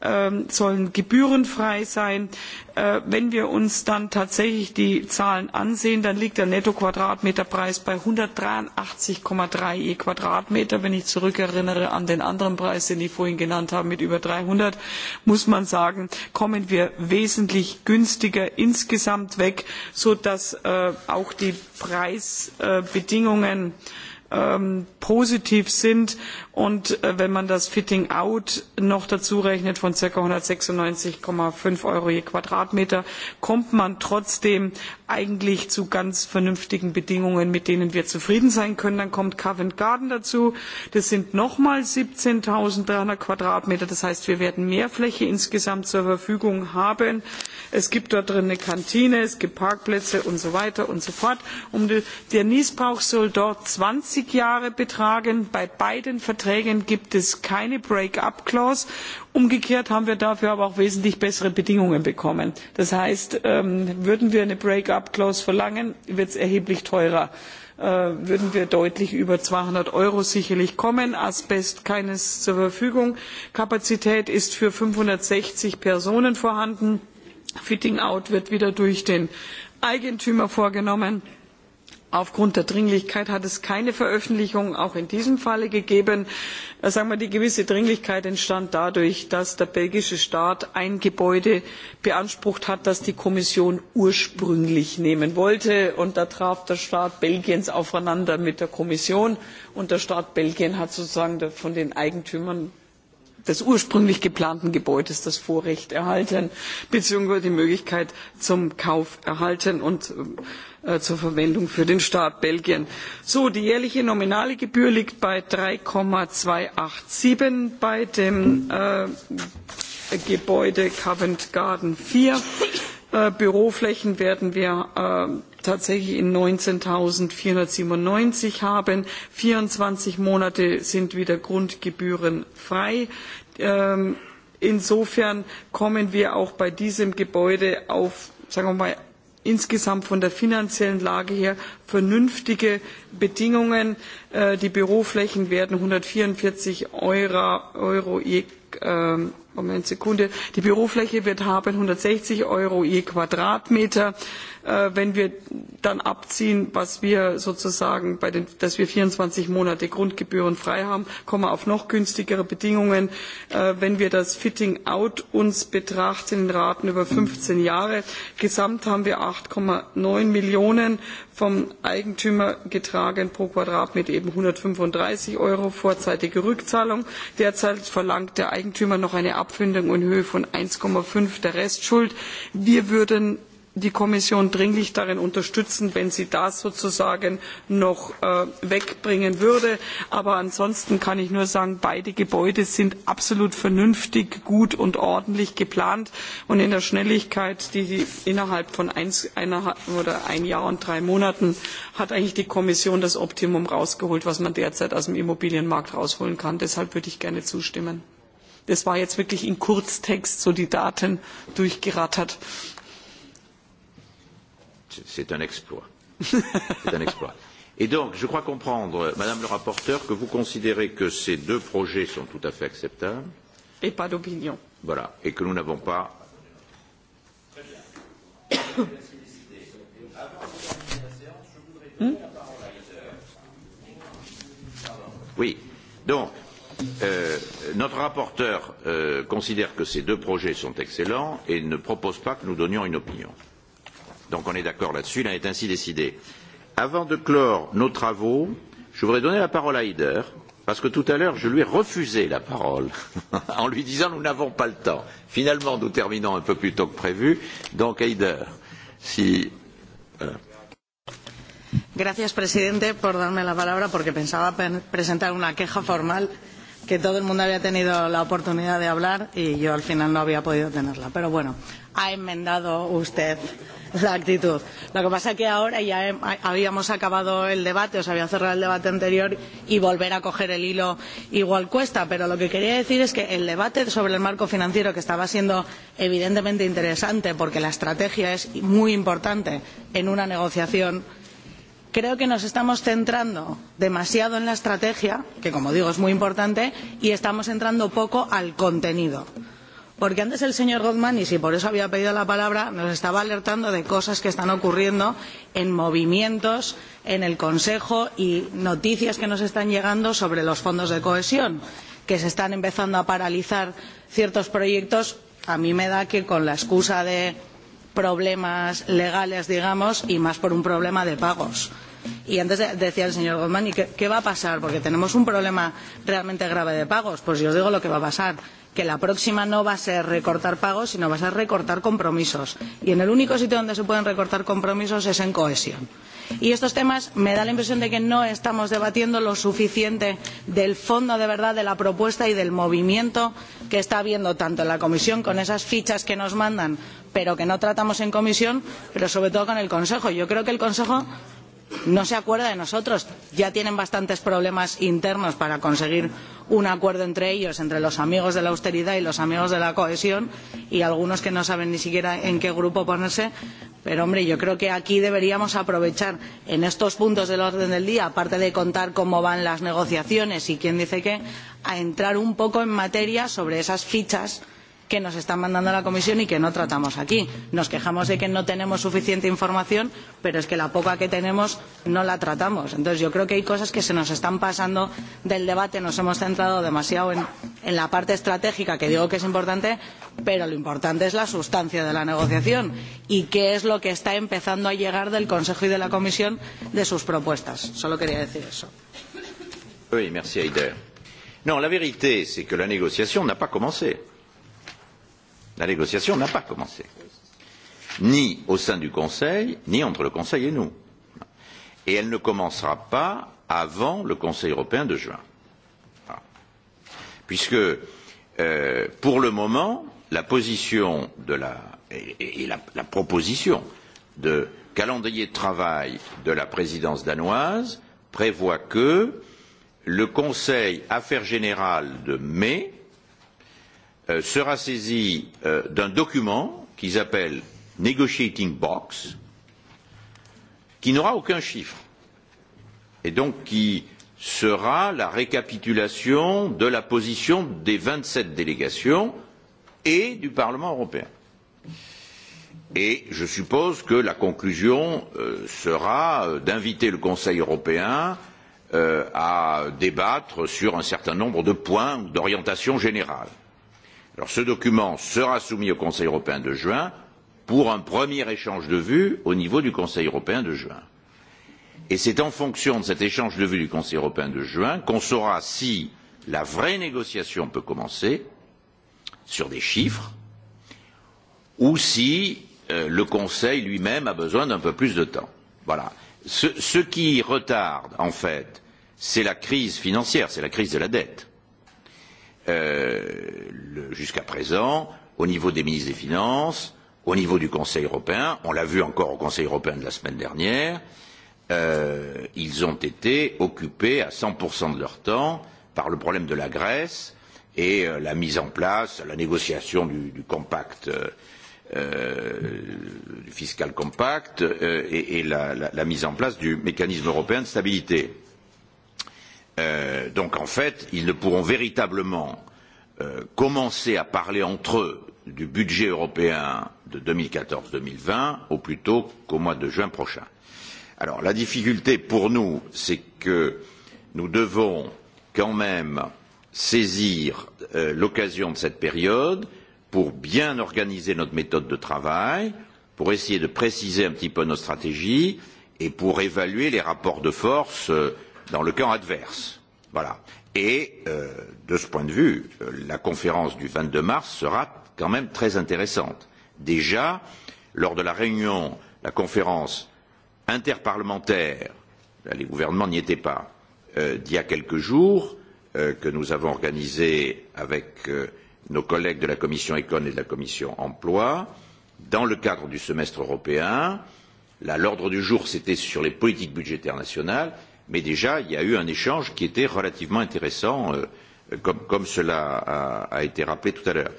Ähm, sollen gebührenfrei sein. Äh, wenn wir uns dann tatsächlich die Zahlen ansehen, dann liegt der Netto-Quadratmeterpreis bei 183,3 je Quadratmeter. Wenn ich zurückerinnere an den anderen Preis, den ich vorhin genannt habe, mit über 300, muss man sagen, kommen wir wesentlich günstiger insgesamt weg, sodass äh, auch die Preisbedingungen äh, Ähm, positiv sind und äh, wenn man das Fitting Out noch dazu rechnet von ca. 196,5 Euro je Quadratmeter, kommt man trotzdem eigentlich zu ganz vernünftigen Bedingungen, mit denen wir zufrieden sein können. Dann kommt Covent Garden dazu. Das sind nochmal 17.300 Quadratmeter. Das heißt, wir werden mehr Fläche insgesamt zur Verfügung haben. Es gibt dort drin eine Kantine, es gibt Parkplätze und so weiter und so fort. Und um der Niesbauch soll dort 20 dreißig jahre betragen bei beiden verträgen gibt es keine break up clause umgekehrt haben wir dafür aber auch wesentlich bessere bedingungen bekommen. das heißt ähm, würden wir eine break up clause verlangen wird es erheblich teurer äh, würden wir deutlich über zweihundert euro sicherlich kommen asbest keine zur verfügung kapazität ist für fünfhundertsechzig personen vorhanden fitting out wird wieder durch den eigentümer vorgenommen aufgrund der dringlichkeit hat es keine veröffentlichung auch in diesem falle gegeben. Äh, die gewisse dringlichkeit entstand dadurch dass der belgische staat ein gebäude beansprucht hat das die kommission ursprünglich nehmen wollte und da traf der staat belgiens aufeinander mit der kommission und der staat belgien hat sozusagen von den eigentümern des ursprünglich geplanten Gebäudes das Vorrecht erhalten bzw. die Möglichkeit zum Kauf erhalten und äh, zur Verwendung für den Staat Belgien. So, die jährliche nominale Gebühr liegt bei 3,287 bei dem äh, Gebäude Covent Garden 4. Äh, Büroflächen werden wir äh, tatsächlich in 19.497 haben. 24 Monate sind wieder grundgebührenfrei. Ähm, insofern kommen wir auch bei diesem Gebäude auf, sagen wir mal, insgesamt von der finanziellen Lage her vernünftige Bedingungen. Äh, die Büroflächen werden 144 Euro, Euro je äh, die bürofläche wird haben einhundertsechzig euro je quadratmeter äh, wenn wir dann abziehen dass wir sozusagen vierundzwanzig monate grundgebührenfrei haben kommen wir auf noch günstigere bedingungen. Äh, wenn wir uns das fitting out betrachten in raten über fünfzehn jahre gesamt haben wir acht neun millionen vom Eigentümer getragen pro Quadratmeter eben 135 Euro vorzeitige Rückzahlung. Derzeit verlangt der Eigentümer noch eine Abfindung in Höhe von 1,5 der Restschuld. Wir würden die Kommission dringlich darin unterstützen, wenn sie das sozusagen noch äh, wegbringen würde. Aber ansonsten kann ich nur sagen, beide Gebäude sind absolut vernünftig, gut und ordentlich geplant. Und in der Schnelligkeit, die sie innerhalb von eins, einer, oder ein Jahr und drei Monaten hat eigentlich die Kommission das Optimum rausgeholt, was man derzeit aus dem Immobilienmarkt rausholen kann. Deshalb würde ich gerne zustimmen. Das war jetzt wirklich in Kurztext, so die Daten durchgerattert. C'est un exploit. C'est un exploit. Et donc, je crois comprendre, Madame le rapporteur, que vous considérez que ces deux projets sont tout à fait acceptables. Et pas d'opinion. Voilà. Et que nous n'avons pas. Hmm? Oui. Donc, euh, notre rapporteur euh, considère que ces deux projets sont excellents et ne propose pas que nous donnions une opinion. Donc on est d'accord là-dessus, il en est ainsi décidé. Avant de clore nos travaux, je voudrais donner la parole à Heider, parce que tout à l'heure, je lui ai refusé la parole, en lui disant nous n'avons pas le temps. Finalement, nous terminons un peu plus tôt que prévu. Donc Heider, si. Voilà. Euh. Gracias, presidente, por darme la palabra, porque pensaba pre presentar una queja formal. Euh, que todo el mundo había tenido la oportunidad de hablar y yo al final no había podido tenerla. Pero bueno, ha enmendado usted la actitud. Lo que pasa es que ahora ya he, habíamos acabado el debate, os había cerrado el debate anterior y volver a coger el hilo igual cuesta. Pero lo que quería decir es que el debate sobre el marco financiero, que estaba siendo evidentemente interesante porque la estrategia es muy importante en una negociación creo que nos estamos centrando demasiado en la estrategia que como digo es muy importante y estamos entrando poco al contenido porque antes el señor Goldman y si por eso había pedido la palabra nos estaba alertando de cosas que están ocurriendo en movimientos en el consejo y noticias que nos están llegando sobre los fondos de cohesión que se están empezando a paralizar ciertos proyectos a mí me da que con la excusa de problemas legales, digamos, y más por un problema de pagos. Y antes decía el señor Goldman, ¿y qué, qué va a pasar? Porque tenemos un problema realmente grave de pagos. Pues yo os digo lo que va a pasar que la próxima no va a ser recortar pagos, sino va a ser recortar compromisos. Y en el único sitio donde se pueden recortar compromisos es en cohesión. Y estos temas me da la impresión de que no estamos debatiendo lo suficiente del fondo de verdad de la propuesta y del movimiento que está habiendo tanto en la comisión con esas fichas que nos mandan, pero que no tratamos en comisión, pero sobre todo con el Consejo. Yo creo que el Consejo no se acuerda de nosotros. Ya tienen bastantes problemas internos para conseguir un acuerdo entre ellos, entre los amigos de la austeridad y los amigos de la cohesión, y algunos que no saben ni siquiera en qué grupo ponerse. Pero, hombre, yo creo que aquí deberíamos aprovechar en estos puntos del orden del día, aparte de contar cómo van las negociaciones y quién dice qué, a entrar un poco en materia sobre esas fichas que nos está mandando la comisión y que no tratamos aquí. Nos quejamos de que no tenemos suficiente información, pero es que la poca que tenemos no la tratamos. Entonces, yo creo que hay cosas que se nos están pasando del debate. Nos hemos centrado demasiado en, en la parte estratégica, que digo que es importante, pero lo importante es la sustancia de la negociación y qué es lo que está empezando a llegar del Consejo y de la Comisión de sus propuestas. Solo quería decir eso. Oui, merci Aider. Non, la vérité, c'est que la négociation n'a pas commencé. Euh, la négociation n'a pas commencé, ni au sein du Conseil, ni entre le Conseil et nous. Et elle ne commencera pas avant le Conseil européen de juin. Puisque, euh, pour le moment, la position de la, et, et la, la proposition de calendrier de travail de la présidence danoise prévoit que le Conseil Affaires générales de mai, Euh, sera saisi euh, d'un document qu'ils appellent Negotiating Box, qui n'aura aucun chiffre, et donc qui sera la récapitulation de la position des 27 délégations et du Parlement européen. Et je suppose que la conclusion euh, sera euh, d'inviter le Conseil européen euh, à débattre sur un certain nombre de points d'orientation générale ce document sera soumis au conseil européen de juin pour un premier échange de vues au niveau du conseil européen de juin et c'est en fonction de cet échange de vues du conseil européen de juin qu'on saura si la vraie négociation peut commencer sur des chiffres ou si euh, le conseil lui même a besoin d'un peu plus de temps. voilà ce, ce qui retarde en fait c'est la crise financière c'est la crise de la dette euh, jusqu'à présent, au niveau des ministres des Finances, au niveau du Conseil européen, on l'a vu encore au Conseil européen de la semaine dernière, euh, ils ont été occupés à 100% de leur temps par le problème de la Grèce et euh, la mise en place, la négociation du, du compact, euh, euh du fiscal compact euh, et, et la, la, la mise en place du mécanisme européen de stabilité. Euh, Euh, donc en fait, ils ne pourront véritablement euh, commencer à parler entre eux du budget européen de 2014-2020 au plus tôt qu'au mois de juin prochain. Alors la difficulté pour nous, c'est que nous devons quand même saisir euh, l'occasion de cette période pour bien organiser notre méthode de travail, pour essayer de préciser un petit peu nos stratégies et pour évaluer les rapports de force euh, dans le camp adverse. Voilà. Et euh, de ce point de vue, euh, la conférence du 22 mars sera quand même très intéressante. Déjà, lors de la réunion, la conférence interparlementaire, là, les gouvernements n'y étaient pas, euh, d'il y a quelques jours, euh, que nous avons organisée avec euh, nos collègues de la commission Econ et de la commission Emploi, dans le cadre du semestre européen, là, l'ordre du jour, c'était sur les politiques budgétaires nationales, mais déjà il y a eu un échange qui était relativement intéressant, euh, comme, comme cela a, a été rappelé tout à l'heure.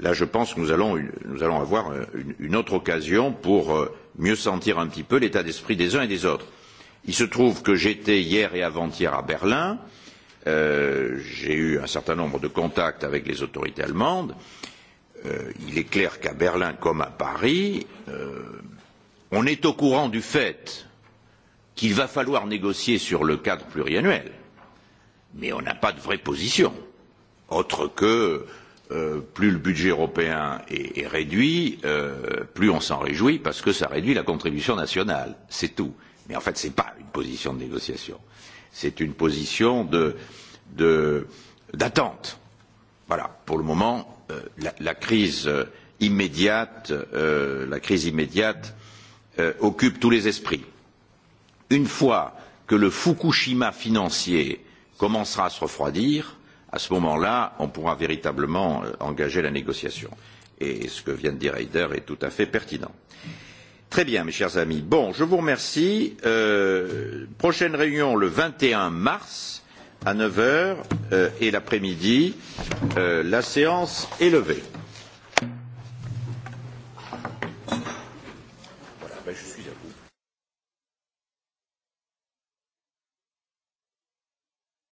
Là, je pense que nous allons, nous allons avoir euh, une, une autre occasion pour euh, mieux sentir un petit peu l'état d'esprit des uns et des autres. Il se trouve que j'étais hier et avant-hier à Berlin. Euh, J'ai eu un certain nombre de contacts avec les autorités allemandes. Euh, il est clair qu'à Berlin comme à Paris, euh, on est au courant du fait euh, qu'il va falloir négocier sur le cadre pluriannuel, mais on n'a pas de vraie position, autre que euh, plus le budget européen est, est réduit, euh, plus on s'en réjouit parce que ça réduit la contribution nationale, c'est tout. Mais en fait, ce n'est pas une position de négociation, c'est une position d'attente. De, de, voilà, pour le moment, euh, la, la crise euh, immédiate, euh, la crise immédiate euh, occupe tous les esprits une fois que le Fukushima financier commencera à se refroidir, à ce moment là, on pourra véritablement euh, engager la négociation. Et ce que vient de dire Heider est tout à fait pertinent. Très bien, mes chers amis. Bon, je vous remercie. Euh, prochaine réunion le 21 mars à 9h euh, et l'après-midi. Euh, la séance est levée.